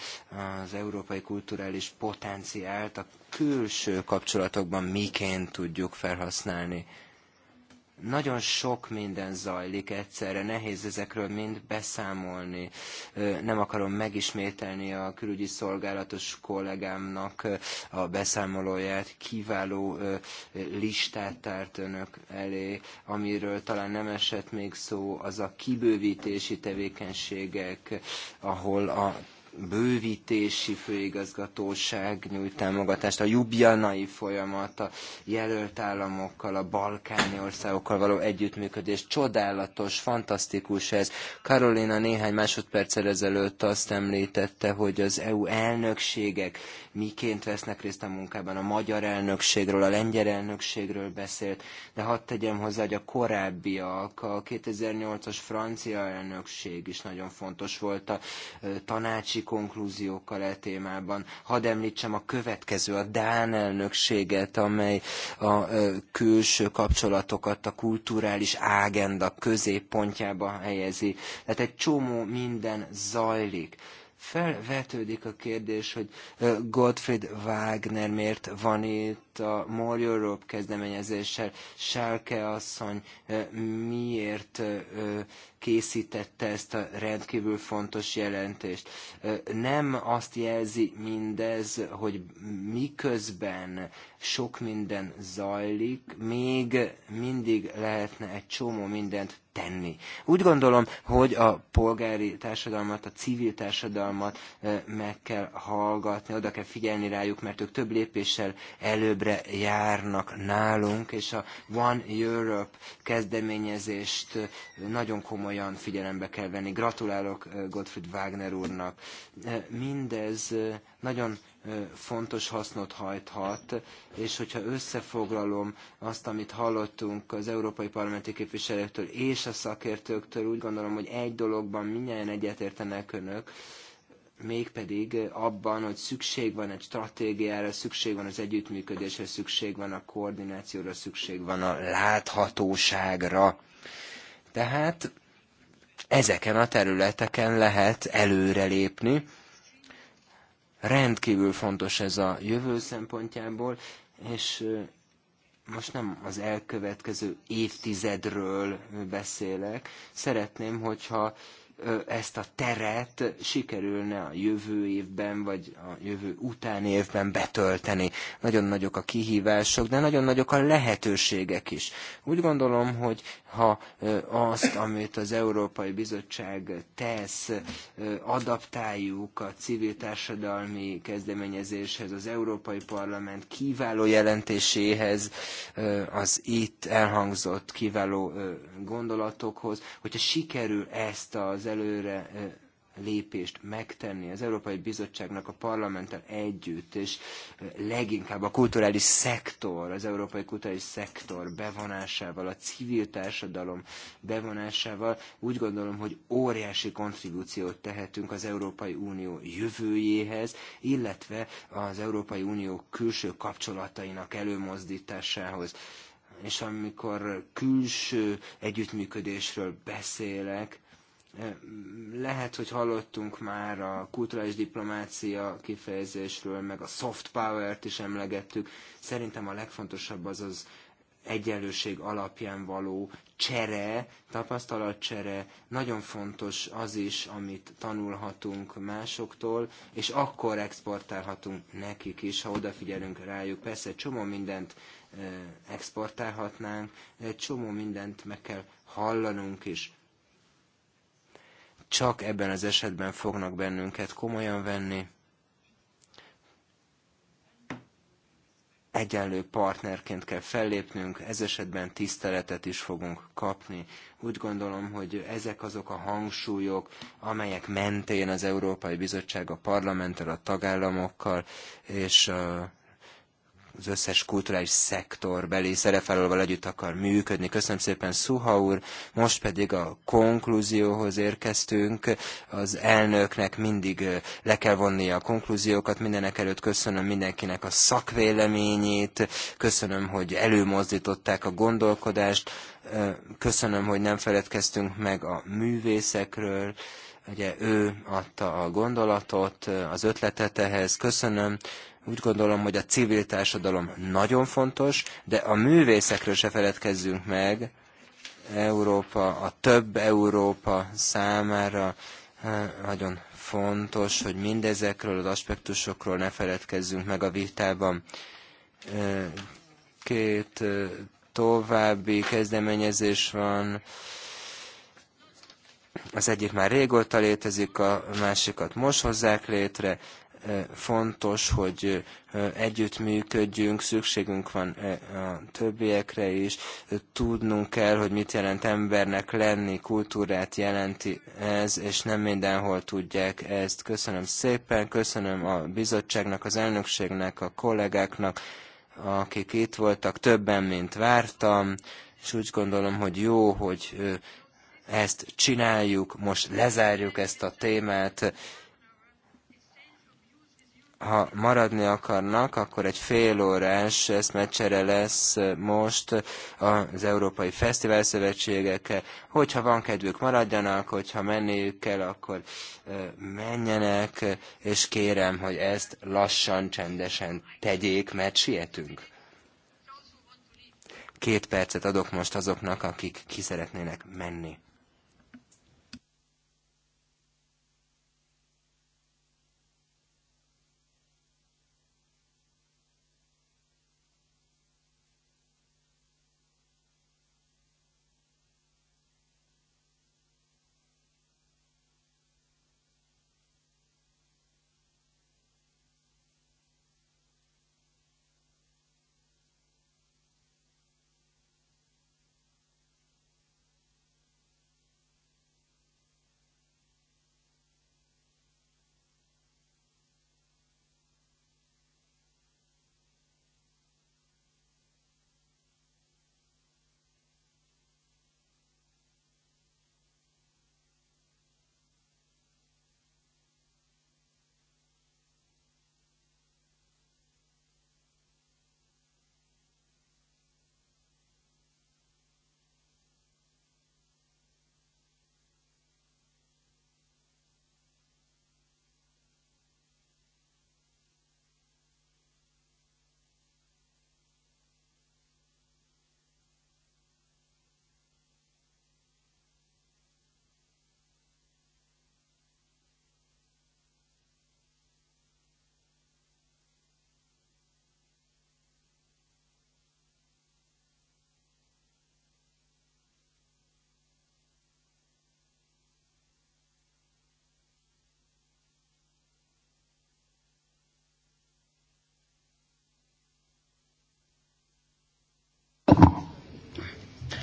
az európai kulturális potenciált a külső kapcsolatokban miként tudjuk felhasználni. Nagyon sok minden zajlik egyszerre, nehéz ezekről mind beszámolni. Nem akarom megismételni a külügyi szolgálatos kollégámnak a beszámolóját, kiváló listát tárt önök elé, amiről talán nem esett még szó, az a kibővítési tevékenységek, ahol a bővítési főigazgatóság nyújt támogatást, a jubjanai folyamat, a jelölt államokkal, a balkáni országokkal való együttműködés. Csodálatos, fantasztikus ez. Karolina néhány másodperccel ezelőtt azt említette, hogy az EU elnökségek miként vesznek részt a munkában. A magyar elnökségről, a lengyel elnökségről beszélt, de hadd tegyem hozzá, hogy a korábbiak, a 2008-as francia elnökség is nagyon fontos volt, a tanácsi konklúziókkal e témában. Hadd említsem a következő, a Dán elnökséget, amely a külső kapcsolatokat a kulturális ágenda középpontjába helyezi. Tehát egy csomó minden zajlik felvetődik a kérdés, hogy Gottfried Wagner miért van itt, a More Europe kezdeményezéssel, Sálke asszony miért készítette ezt a rendkívül fontos jelentést. Nem azt jelzi mindez, hogy miközben sok minden zajlik, még mindig lehetne egy csomó mindent tenni. Úgy gondolom, hogy a polgári társadalmat, a civil társadalmat meg kell hallgatni, oda kell figyelni rájuk, mert ők több lépéssel előbbre előre járnak nálunk, és a One Europe kezdeményezést nagyon komolyan figyelembe kell venni. Gratulálok Gottfried Wagner úrnak. Mindez nagyon fontos hasznot hajthat, és hogyha összefoglalom azt, amit hallottunk az európai parlamenti képviselőktől és a szakértőktől, úgy gondolom, hogy egy dologban minnyáján egyetértenek önök, mégpedig abban, hogy szükség van egy stratégiára, szükség van az együttműködésre, szükség van a koordinációra, szükség van a láthatóságra. Tehát ezeken a területeken lehet előrelépni. Rendkívül fontos ez a jövő szempontjából, és most nem az elkövetkező évtizedről beszélek. Szeretném, hogyha ezt a teret sikerülne a jövő évben, vagy a jövő utáni évben betölteni. Nagyon nagyok a kihívások, de nagyon nagyok a lehetőségek is. Úgy gondolom, hogy ha azt, amit az Európai Bizottság tesz, adaptáljuk a civil társadalmi kezdeményezéshez, az Európai Parlament kiváló jelentéséhez, az itt elhangzott kiváló gondolatokhoz, hogyha sikerül ezt az előre lépést megtenni az Európai Bizottságnak a parlamenttel együtt, és leginkább a kulturális szektor, az európai kulturális szektor bevonásával, a civil társadalom bevonásával úgy gondolom, hogy óriási kontribúciót tehetünk az Európai Unió jövőjéhez, illetve az Európai Unió külső kapcsolatainak előmozdításához. És amikor külső együttműködésről beszélek, lehet, hogy hallottunk már a kulturális diplomácia kifejezésről, meg a soft power-t is emlegettük. Szerintem a legfontosabb az az egyenlőség alapján való csere, tapasztalatcsere, nagyon fontos az is, amit tanulhatunk másoktól, és akkor exportálhatunk nekik is, ha odafigyelünk rájuk. Persze csomó mindent eh, exportálhatnánk, de egy csomó mindent meg kell hallanunk is csak ebben az esetben fognak bennünket komolyan venni. Egyenlő partnerként kell fellépnünk, ez esetben tiszteletet is fogunk kapni. Úgy gondolom, hogy ezek azok a hangsúlyok, amelyek mentén az Európai Bizottság a parlamenttel, a tagállamokkal és az összes kulturális belé szerepvállalóval együtt akar működni. Köszönöm szépen, Szuha úr. Most pedig a konklúzióhoz érkeztünk. Az elnöknek mindig le kell vonnia a konklúziókat. Mindenek előtt köszönöm mindenkinek a szakvéleményét. Köszönöm, hogy előmozdították a gondolkodást. Köszönöm, hogy nem feledkeztünk meg a művészekről ugye ő adta a gondolatot, az ötletet ehhez. Köszönöm úgy gondolom, hogy a civil társadalom nagyon fontos, de a művészekről se feledkezzünk meg. Európa, a több Európa számára eh, nagyon fontos, hogy mindezekről az aspektusokról ne feledkezzünk meg a vitában. Eh, két eh, további kezdeményezés van. Az egyik már régóta létezik, a másikat most hozzák létre fontos, hogy együttműködjünk, szükségünk van a többiekre is, tudnunk kell, hogy mit jelent embernek lenni, kultúrát jelenti ez, és nem mindenhol tudják ezt. Köszönöm szépen, köszönöm a bizottságnak, az elnökségnek, a kollégáknak, akik itt voltak, többen, mint vártam, és úgy gondolom, hogy jó, hogy ezt csináljuk, most lezárjuk ezt a témát, ha maradni akarnak, akkor egy fél órás eszmecsere lesz most az Európai Fesztivál Szövetségekkel. Hogyha van kedvük, maradjanak, hogyha menniük kell, akkor menjenek, és kérem, hogy ezt lassan, csendesen tegyék, mert sietünk. Két percet adok most azoknak, akik ki szeretnének menni.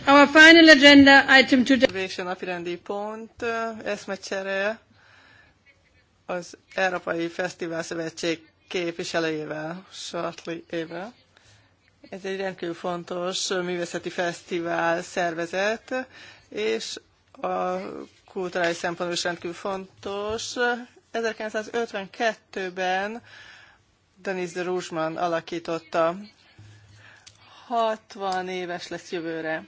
Our final agenda item today. Végső napirendi pont, eszmecsere az Európai Fesztivál Szövetség képviselőjével, Sartli Éve. Ez egy rendkívül fontos művészeti fesztivál szervezet, és a kulturális szempontból is rendkívül fontos. 1952-ben Denis de Ruzsman alakította. 60 éves lesz jövőre.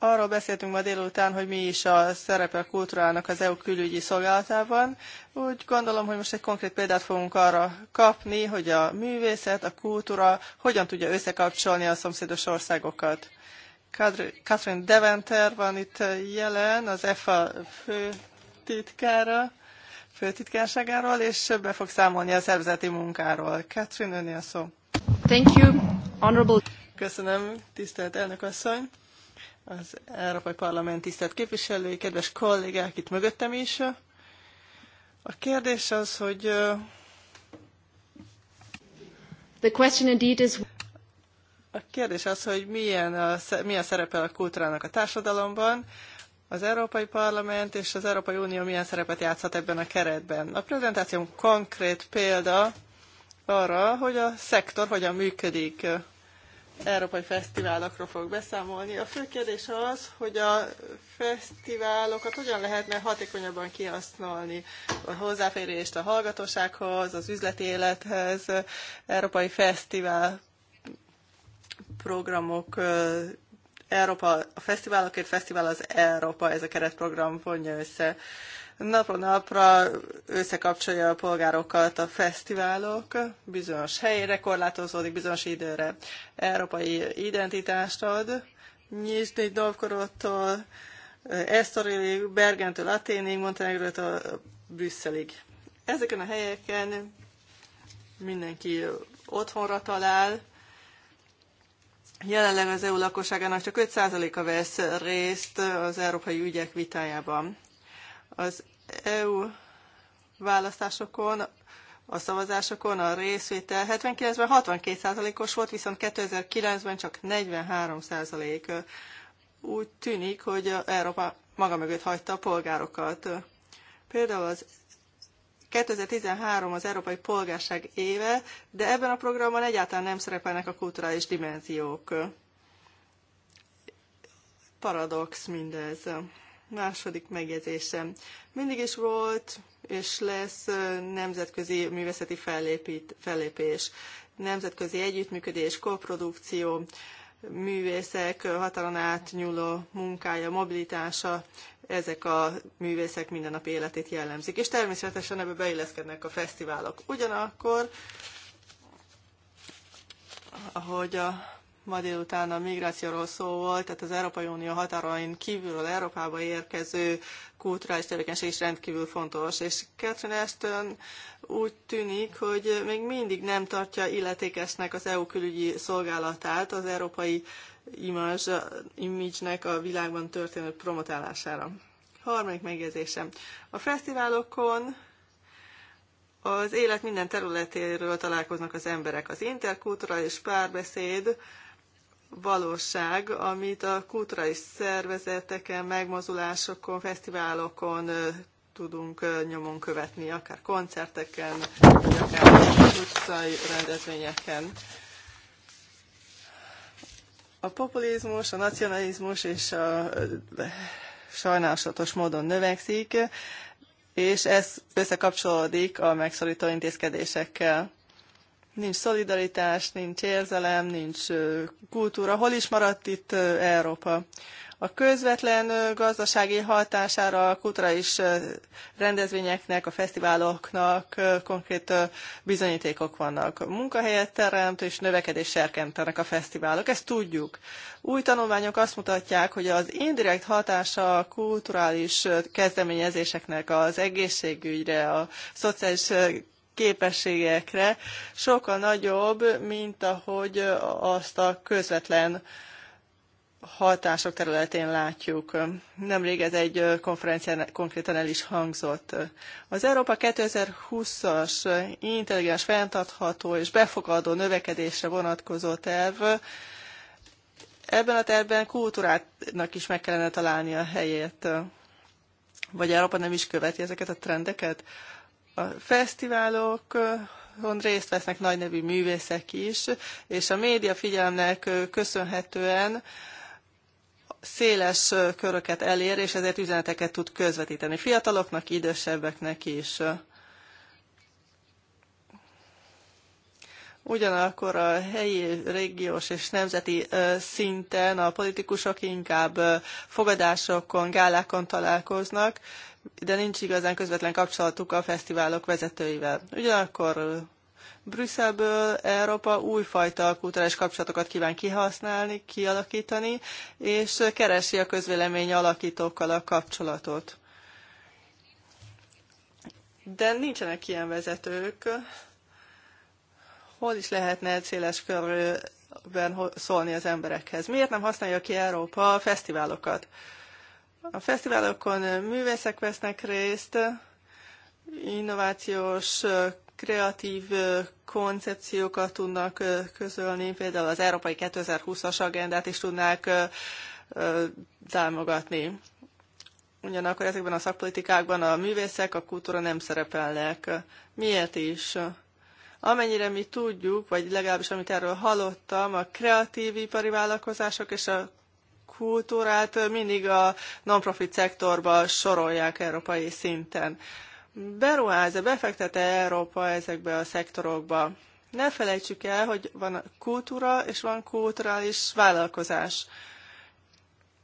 Arról beszéltünk ma délután, hogy mi is a szerepe a kultúrának az EU külügyi szolgálatában. Úgy gondolom, hogy most egy konkrét példát fogunk arra kapni, hogy a művészet, a kultúra hogyan tudja összekapcsolni a szomszédos országokat. Catherine Deventer van itt jelen, az EFA főtitkára, főtitkárságáról, és be fog számolni a szervezeti munkáról. Catherine, önni a szó. Thank you, honorable. Köszönöm, tisztelt elnök asszony az Európai Parlament tisztelt képviselői, kedves kollégák itt mögöttem is. A kérdés az, hogy
The question indeed is...
A kérdés az, hogy milyen, a, milyen szerepel a kultúrának a társadalomban, az Európai Parlament és az Európai Unió milyen szerepet játszhat ebben a keretben. A prezentációm konkrét példa arra, hogy a szektor hogyan működik európai fesztiválokról fog beszámolni. A fő kérdés az, hogy a fesztiválokat hogyan lehetne hatékonyabban kihasználni a hozzáférést a hallgatósághoz, az üzleti élethez, európai fesztivál programok, Európa, a fesztiválokért fesztivál az Európa, ez a keretprogram vonja össze napról napra összekapcsolja a polgárokat a fesztiválok, bizonyos helyre korlátozódik, bizonyos időre európai identitást ad, egy Dovkorottól, Esztorilig, Bergentől, Aténig, Montenegrótól, Brüsszelig. Ezeken a helyeken mindenki otthonra talál, Jelenleg az EU lakosságának csak 5%-a vesz részt az európai ügyek vitájában. Az EU választásokon, a szavazásokon a részvétel 79-ben 62%-os volt, viszont 2009-ben csak 43%. Úgy tűnik, hogy Európa maga mögött hagyta a polgárokat. Például az 2013 az Európai Polgárság éve, de ebben a programban egyáltalán nem szerepelnek a kulturális dimenziók. Paradox mindez. Második megjegyzésem. Mindig is volt és lesz nemzetközi művészeti fellépít, fellépés, nemzetközi együttműködés, koprodukció, művészek határon átnyúló munkája, mobilitása, ezek a művészek mindennapi életét jellemzik. És természetesen ebbe beilleszkednek a fesztiválok. Ugyanakkor, ahogy a Ma délután a migrációról szó volt, tehát az Európai Unió határain kívülről Európába érkező kulturális tevékenység is rendkívül fontos. És Catherine Ashton úgy tűnik, hogy még mindig nem tartja illetékesnek az EU külügyi szolgálatát az európai image-nek a világban történő promotálására. Harmadik megjegyzésem. A fesztiválokon az élet minden területéről találkoznak az emberek. Az interkulturális párbeszéd valóság, amit a kulturális szervezeteken, megmozulásokon, fesztiválokon tudunk nyomon követni, akár koncerteken, vagy akár utcai rendezvényeken. A populizmus, a nacionalizmus és a sajnálatos módon növekszik, és ez összekapcsolódik a megszorító intézkedésekkel. Nincs szolidaritás, nincs érzelem, nincs kultúra. Hol is maradt itt Európa? A közvetlen gazdasági hatására a kulturális rendezvényeknek, a fesztiváloknak konkrét bizonyítékok vannak. Munkahelyet teremt és növekedés serkentenek a fesztiválok, ezt tudjuk. Új tanulmányok azt mutatják, hogy az indirekt hatása a kulturális kezdeményezéseknek az egészségügyre, a szociális képességekre sokkal nagyobb, mint ahogy azt a közvetlen hatások területén látjuk. Nemrég ez egy konferencián konkrétan el is hangzott. Az Európa 2020-as intelligens, fenntartható és befogadó növekedésre vonatkozó terv ebben a tervben kultúrának is meg kellene találni a helyét. Vagy Európa nem is követi ezeket a trendeket? A fesztiválok részt vesznek nagynevű művészek is, és a média figyelemnek köszönhetően széles köröket elér, és ezért üzeneteket tud közvetíteni fiataloknak, idősebbeknek is. Ugyanakkor a helyi, régiós és nemzeti szinten a politikusok inkább fogadásokon, gálákon találkoznak, de nincs igazán közvetlen kapcsolatuk a fesztiválok vezetőivel. Ugyanakkor Brüsszelből Európa újfajta kulturális kapcsolatokat kíván kihasználni, kialakítani, és keresi a közvélemény alakítókkal a kapcsolatot. De nincsenek ilyen vezetők. Hol is lehetne széles körben szólni az emberekhez? Miért nem használja ki Európa a fesztiválokat? A fesztiválokon művészek vesznek részt, innovációs, kreatív koncepciókat tudnak közölni, például az Európai 2020-as agendát is tudnák támogatni. Ugyanakkor ezekben a szakpolitikákban a művészek, a kultúra nem szerepelnek. Miért is? Amennyire mi tudjuk, vagy legalábbis amit erről hallottam, a kreatív ipari vállalkozások és a kultúrát mindig a non-profit szektorba sorolják európai szinten. Beruház, befektete Európa ezekbe a szektorokba. Ne felejtsük el, hogy van kultúra és van kulturális vállalkozás.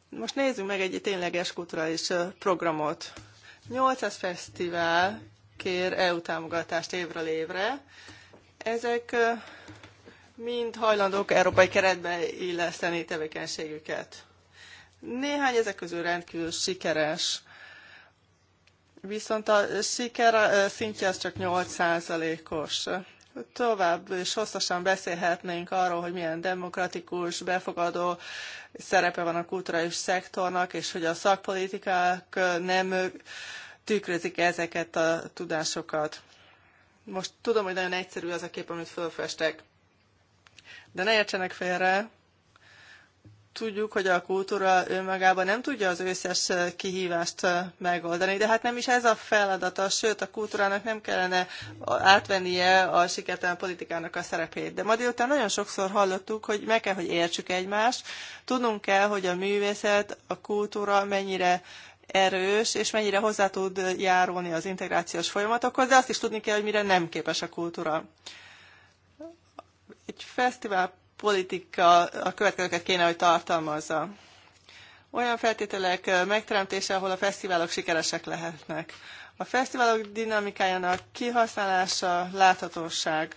Most nézzük meg egy tényleges kulturális programot. 800 fesztivál kér EU támogatást évről évre. Ezek mind hajlandók európai keretbe illeszteni tevékenységüket. Néhány ezek közül rendkívül sikeres. Viszont a siker szintje az csak 8%-os. Tovább és hosszasan beszélhetnénk arról, hogy milyen demokratikus, befogadó szerepe van a kulturális szektornak, és hogy a szakpolitikák nem tükrözik ezeket a tudásokat. Most tudom, hogy nagyon egyszerű az a kép, amit fölfestek. De ne értsenek félre, tudjuk, hogy a kultúra önmagában nem tudja az összes eh, kihívást eh, megoldani, de hát nem is ez a feladata, sőt a kultúrának nem kellene átvennie a sikertelen politikának a szerepét. De ma délután nagyon sokszor hallottuk, hogy meg kell, hogy értsük egymást, tudnunk kell, hogy a művészet, a kultúra mennyire erős, és mennyire hozzá tud járulni az integrációs folyamatokhoz, de azt is tudni kell, hogy mire nem képes a kultúra. Egy fesztivál politika a következőket kéne, hogy tartalmazza. Olyan feltételek megteremtése, ahol a fesztiválok sikeresek lehetnek. A fesztiválok dinamikájának kihasználása, láthatóság.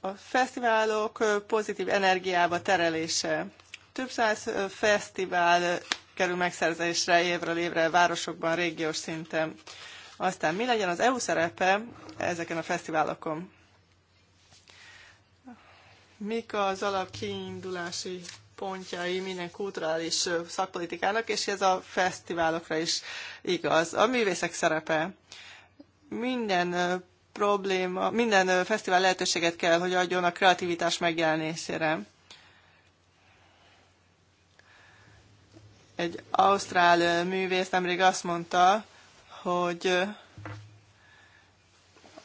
A fesztiválok pozitív energiába terelése. Több száz fesztivál kerül megszerzésre évről évre városokban, régiós szinten. Aztán mi legyen az EU szerepe ezeken a fesztiválokon? mik az alap kiindulási pontjai minden kulturális szakpolitikának, és ez a fesztiválokra is igaz. A művészek szerepe. Minden probléma, minden fesztivál lehetőséget kell, hogy adjon a kreativitás megjelenésére. Egy ausztrál művész nemrég azt mondta, hogy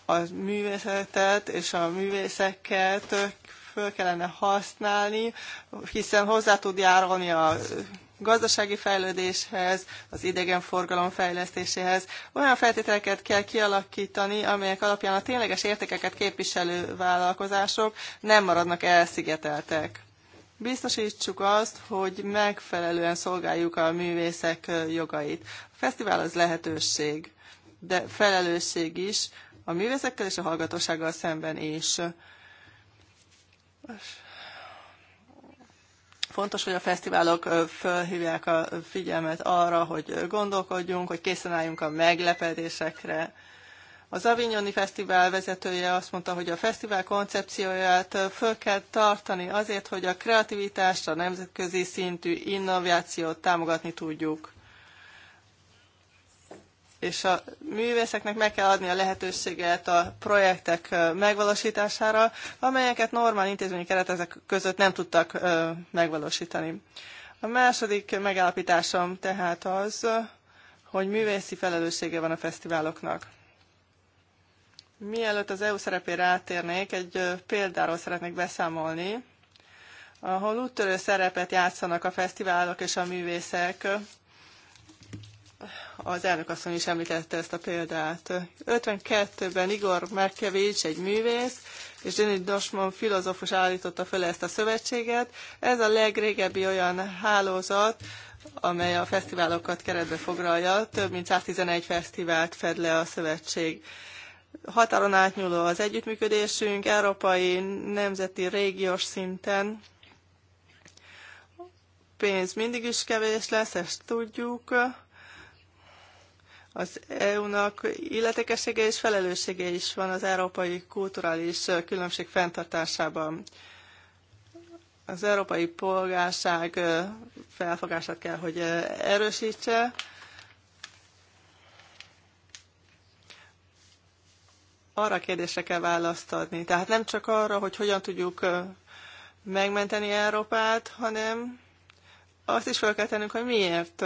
a művészetet és a művészeket föl kellene használni, hiszen hozzá tud járulni a gazdasági fejlődéshez, az idegenforgalom fejlesztéséhez. Olyan feltételeket kell kialakítani, amelyek alapján a tényleges értékeket képviselő vállalkozások nem maradnak elszigeteltek. Biztosítsuk azt, hogy megfelelően szolgáljuk a művészek jogait. A fesztivál az lehetőség, de felelősség is a művészekkel és a hallgatósággal szemben is. Fontos, hogy a fesztiválok felhívják a figyelmet arra, hogy gondolkodjunk, hogy készen álljunk a meglepetésekre. Az Avignoni Fesztivál vezetője azt mondta, hogy a fesztivál koncepcióját föl kell tartani azért, hogy a kreativitást, a nemzetközi szintű innovációt támogatni tudjuk és a művészeknek meg kell adni a lehetőséget a projektek megvalósítására, amelyeket normál intézményi keretek között nem tudtak megvalósítani. A második megállapításom tehát az, hogy művészi felelőssége van a fesztiváloknak. Mielőtt az EU szerepére átérnék, egy példáról szeretnék beszámolni, ahol úttörő szerepet játszanak a fesztiválok és a művészek az asszony is említette ezt a példát. 52-ben Igor Merkevics, egy művész, és Jenny Dosman filozófus állította fel ezt a szövetséget. Ez a legrégebbi olyan hálózat, amely a fesztiválokat keretbe foglalja. Több mint 111 fesztivált fed le a szövetség. Határon átnyúló az együttműködésünk, európai, nemzeti, régiós szinten. Pénz mindig is kevés lesz, ezt tudjuk az EU-nak illetékessége és felelőssége is van az európai kulturális különbség fenntartásában. Az európai polgárság felfogását kell, hogy erősítse, arra a kérdésre kell választ adni. Tehát nem csak arra, hogy hogyan tudjuk megmenteni Európát, hanem azt is fel kell tennünk, hogy miért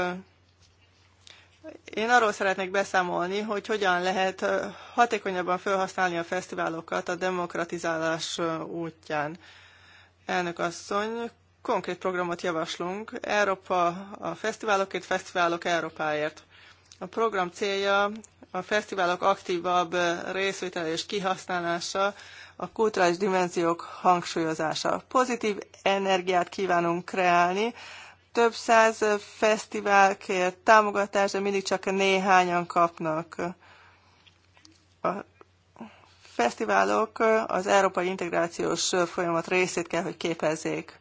én arról szeretnék beszámolni, hogy hogyan lehet hatékonyabban felhasználni a fesztiválokat a demokratizálás útján. Elnök asszony, konkrét programot javaslunk, Európa a fesztiválokért, fesztiválok Európáért. A program célja a fesztiválok aktívabb részvétel és kihasználása, a kulturális dimenziók hangsúlyozása. Pozitív energiát kívánunk kreálni több száz fesztivál kér támogatást, de mindig csak néhányan kapnak. A fesztiválok az európai integrációs folyamat részét kell, hogy képezzék.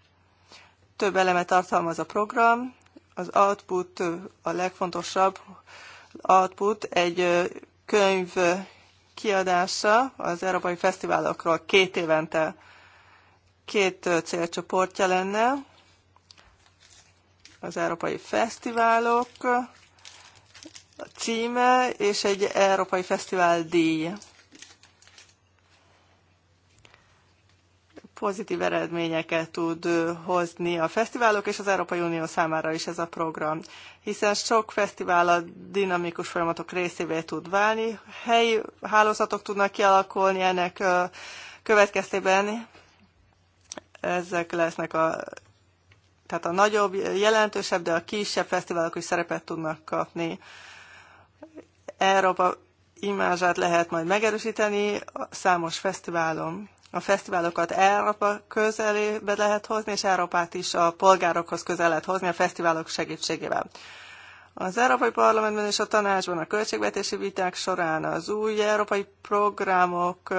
Több eleme tartalmaz a program, az output a legfontosabb output, egy könyv kiadása az európai fesztiválokról két évente két célcsoportja lenne, az európai fesztiválok a címe és egy európai fesztivál díj. Pozitív eredményeket tud hozni a fesztiválok és az Európai Unió számára is ez a program, hiszen sok fesztivál a dinamikus folyamatok részévé tud válni, helyi hálózatok tudnak kialakulni ennek következtében ezek lesznek a tehát a nagyobb, jelentősebb, de a kisebb fesztiválok is szerepet tudnak kapni. Európa imázsát lehet majd megerősíteni számos fesztiválon. A fesztiválokat Európa közelébe lehet hozni, és Európát is a polgárokhoz közel lehet hozni a fesztiválok segítségével. Az Európai Parlamentben és a tanácsban a költségvetési viták során az új európai programok,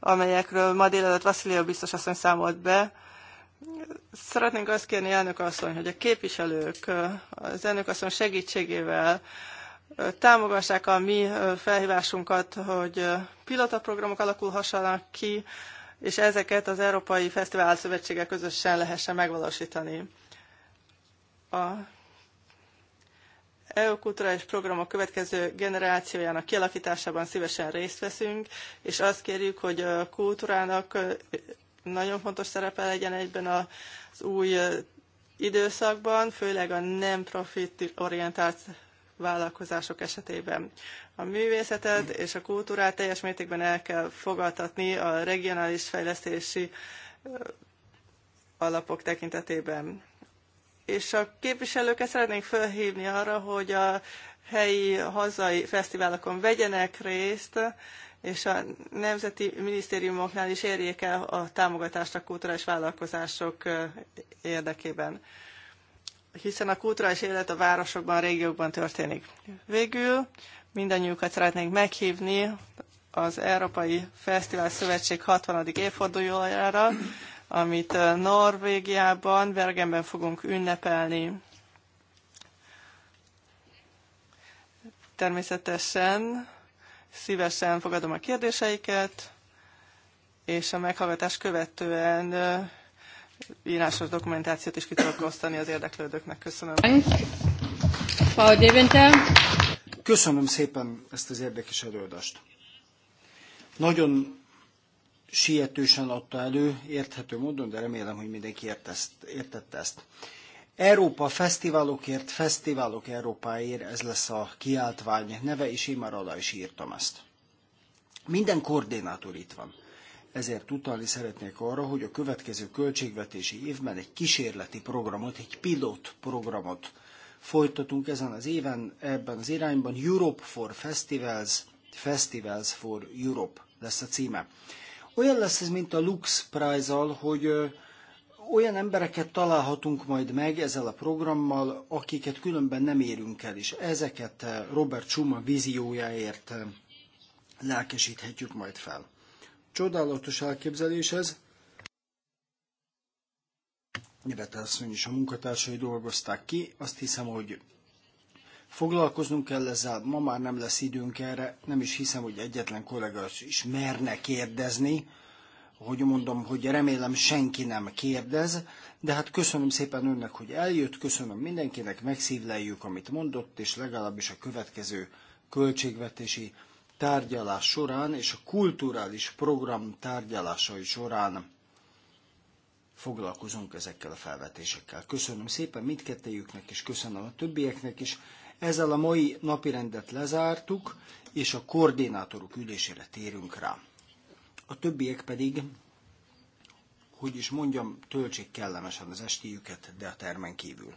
amelyekről ma délelőtt Vasszilió biztos asszony számolt be, Szeretnénk azt kérni elnök asszony, hogy a képviselők az elnök asszony segítségével támogassák a mi felhívásunkat, hogy pilotaprogramok alakulhassanak ki, és ezeket az Európai Fesztivál Szövetsége közösen lehessen megvalósítani. A EU kulturális programok következő generációjának kialakításában szívesen részt veszünk, és azt kérjük, hogy a kultúrának nagyon fontos szerepe legyen egyben az új időszakban, főleg a nem profit orientált vállalkozások esetében. A művészetet és a kultúrát teljes mértékben el kell fogadtatni a regionális fejlesztési alapok tekintetében. És a képviselőket szeretnénk felhívni arra, hogy a helyi, hazai fesztiválokon vegyenek részt, és a nemzeti minisztériumoknál is érjék el a támogatást a kulturális vállalkozások érdekében, hiszen a kulturális élet a városokban, a régiókban történik. Végül mindannyiukat szeretnénk meghívni az Európai Fesztivál Szövetség 60. évfordulójára, amit Norvégiában, Bergenben fogunk ünnepelni. Természetesen Szívesen fogadom a kérdéseiket, és a meghallgatás követően írásos dokumentációt is ki tudok osztani az érdeklődőknek. Köszönöm.
Köszönöm szépen ezt az érdekes előadást. Nagyon sietősen adta elő, érthető módon, de remélem, hogy mindenki ért ezt, értette ezt. Európa fesztiválokért, fesztiválok Európáért, ez lesz a kiáltvány neve, és én már alá is írtam ezt. Minden koordinátor itt van. Ezért utalni szeretnék arra, hogy a következő költségvetési évben egy kísérleti programot, egy pilot programot folytatunk ezen az éven, ebben az irányban Europe for Festivals, Festivals for Europe lesz a címe. Olyan lesz ez, mint a Lux prize hogy olyan embereket találhatunk majd meg ezzel a programmal, akiket különben nem érünk el, és ezeket eh, Robert Schumann víziójáért eh, lelkesíthetjük majd fel. Csodálatos elképzelés ez. Nyilvetelszony is a munkatársai dolgozták ki, azt hiszem, hogy foglalkoznunk kell ezzel, ma már nem lesz időnk erre, nem is hiszem, hogy egyetlen kollega is merne kérdezni, hogy mondom, hogy remélem senki nem kérdez, de hát köszönöm szépen önnek, hogy eljött, köszönöm mindenkinek, megszívleljük, amit mondott, és legalábbis a következő költségvetési tárgyalás során és a kulturális program tárgyalásai során foglalkozunk ezekkel a felvetésekkel. Köszönöm szépen mindkettejüknek, és köszönöm a többieknek is. Ezzel a mai napirendet lezártuk, és a koordinátorok ülésére térünk rá a többiek pedig, hogy is mondjam, töltsék kellemesen az estéjüket, de a termen kívül.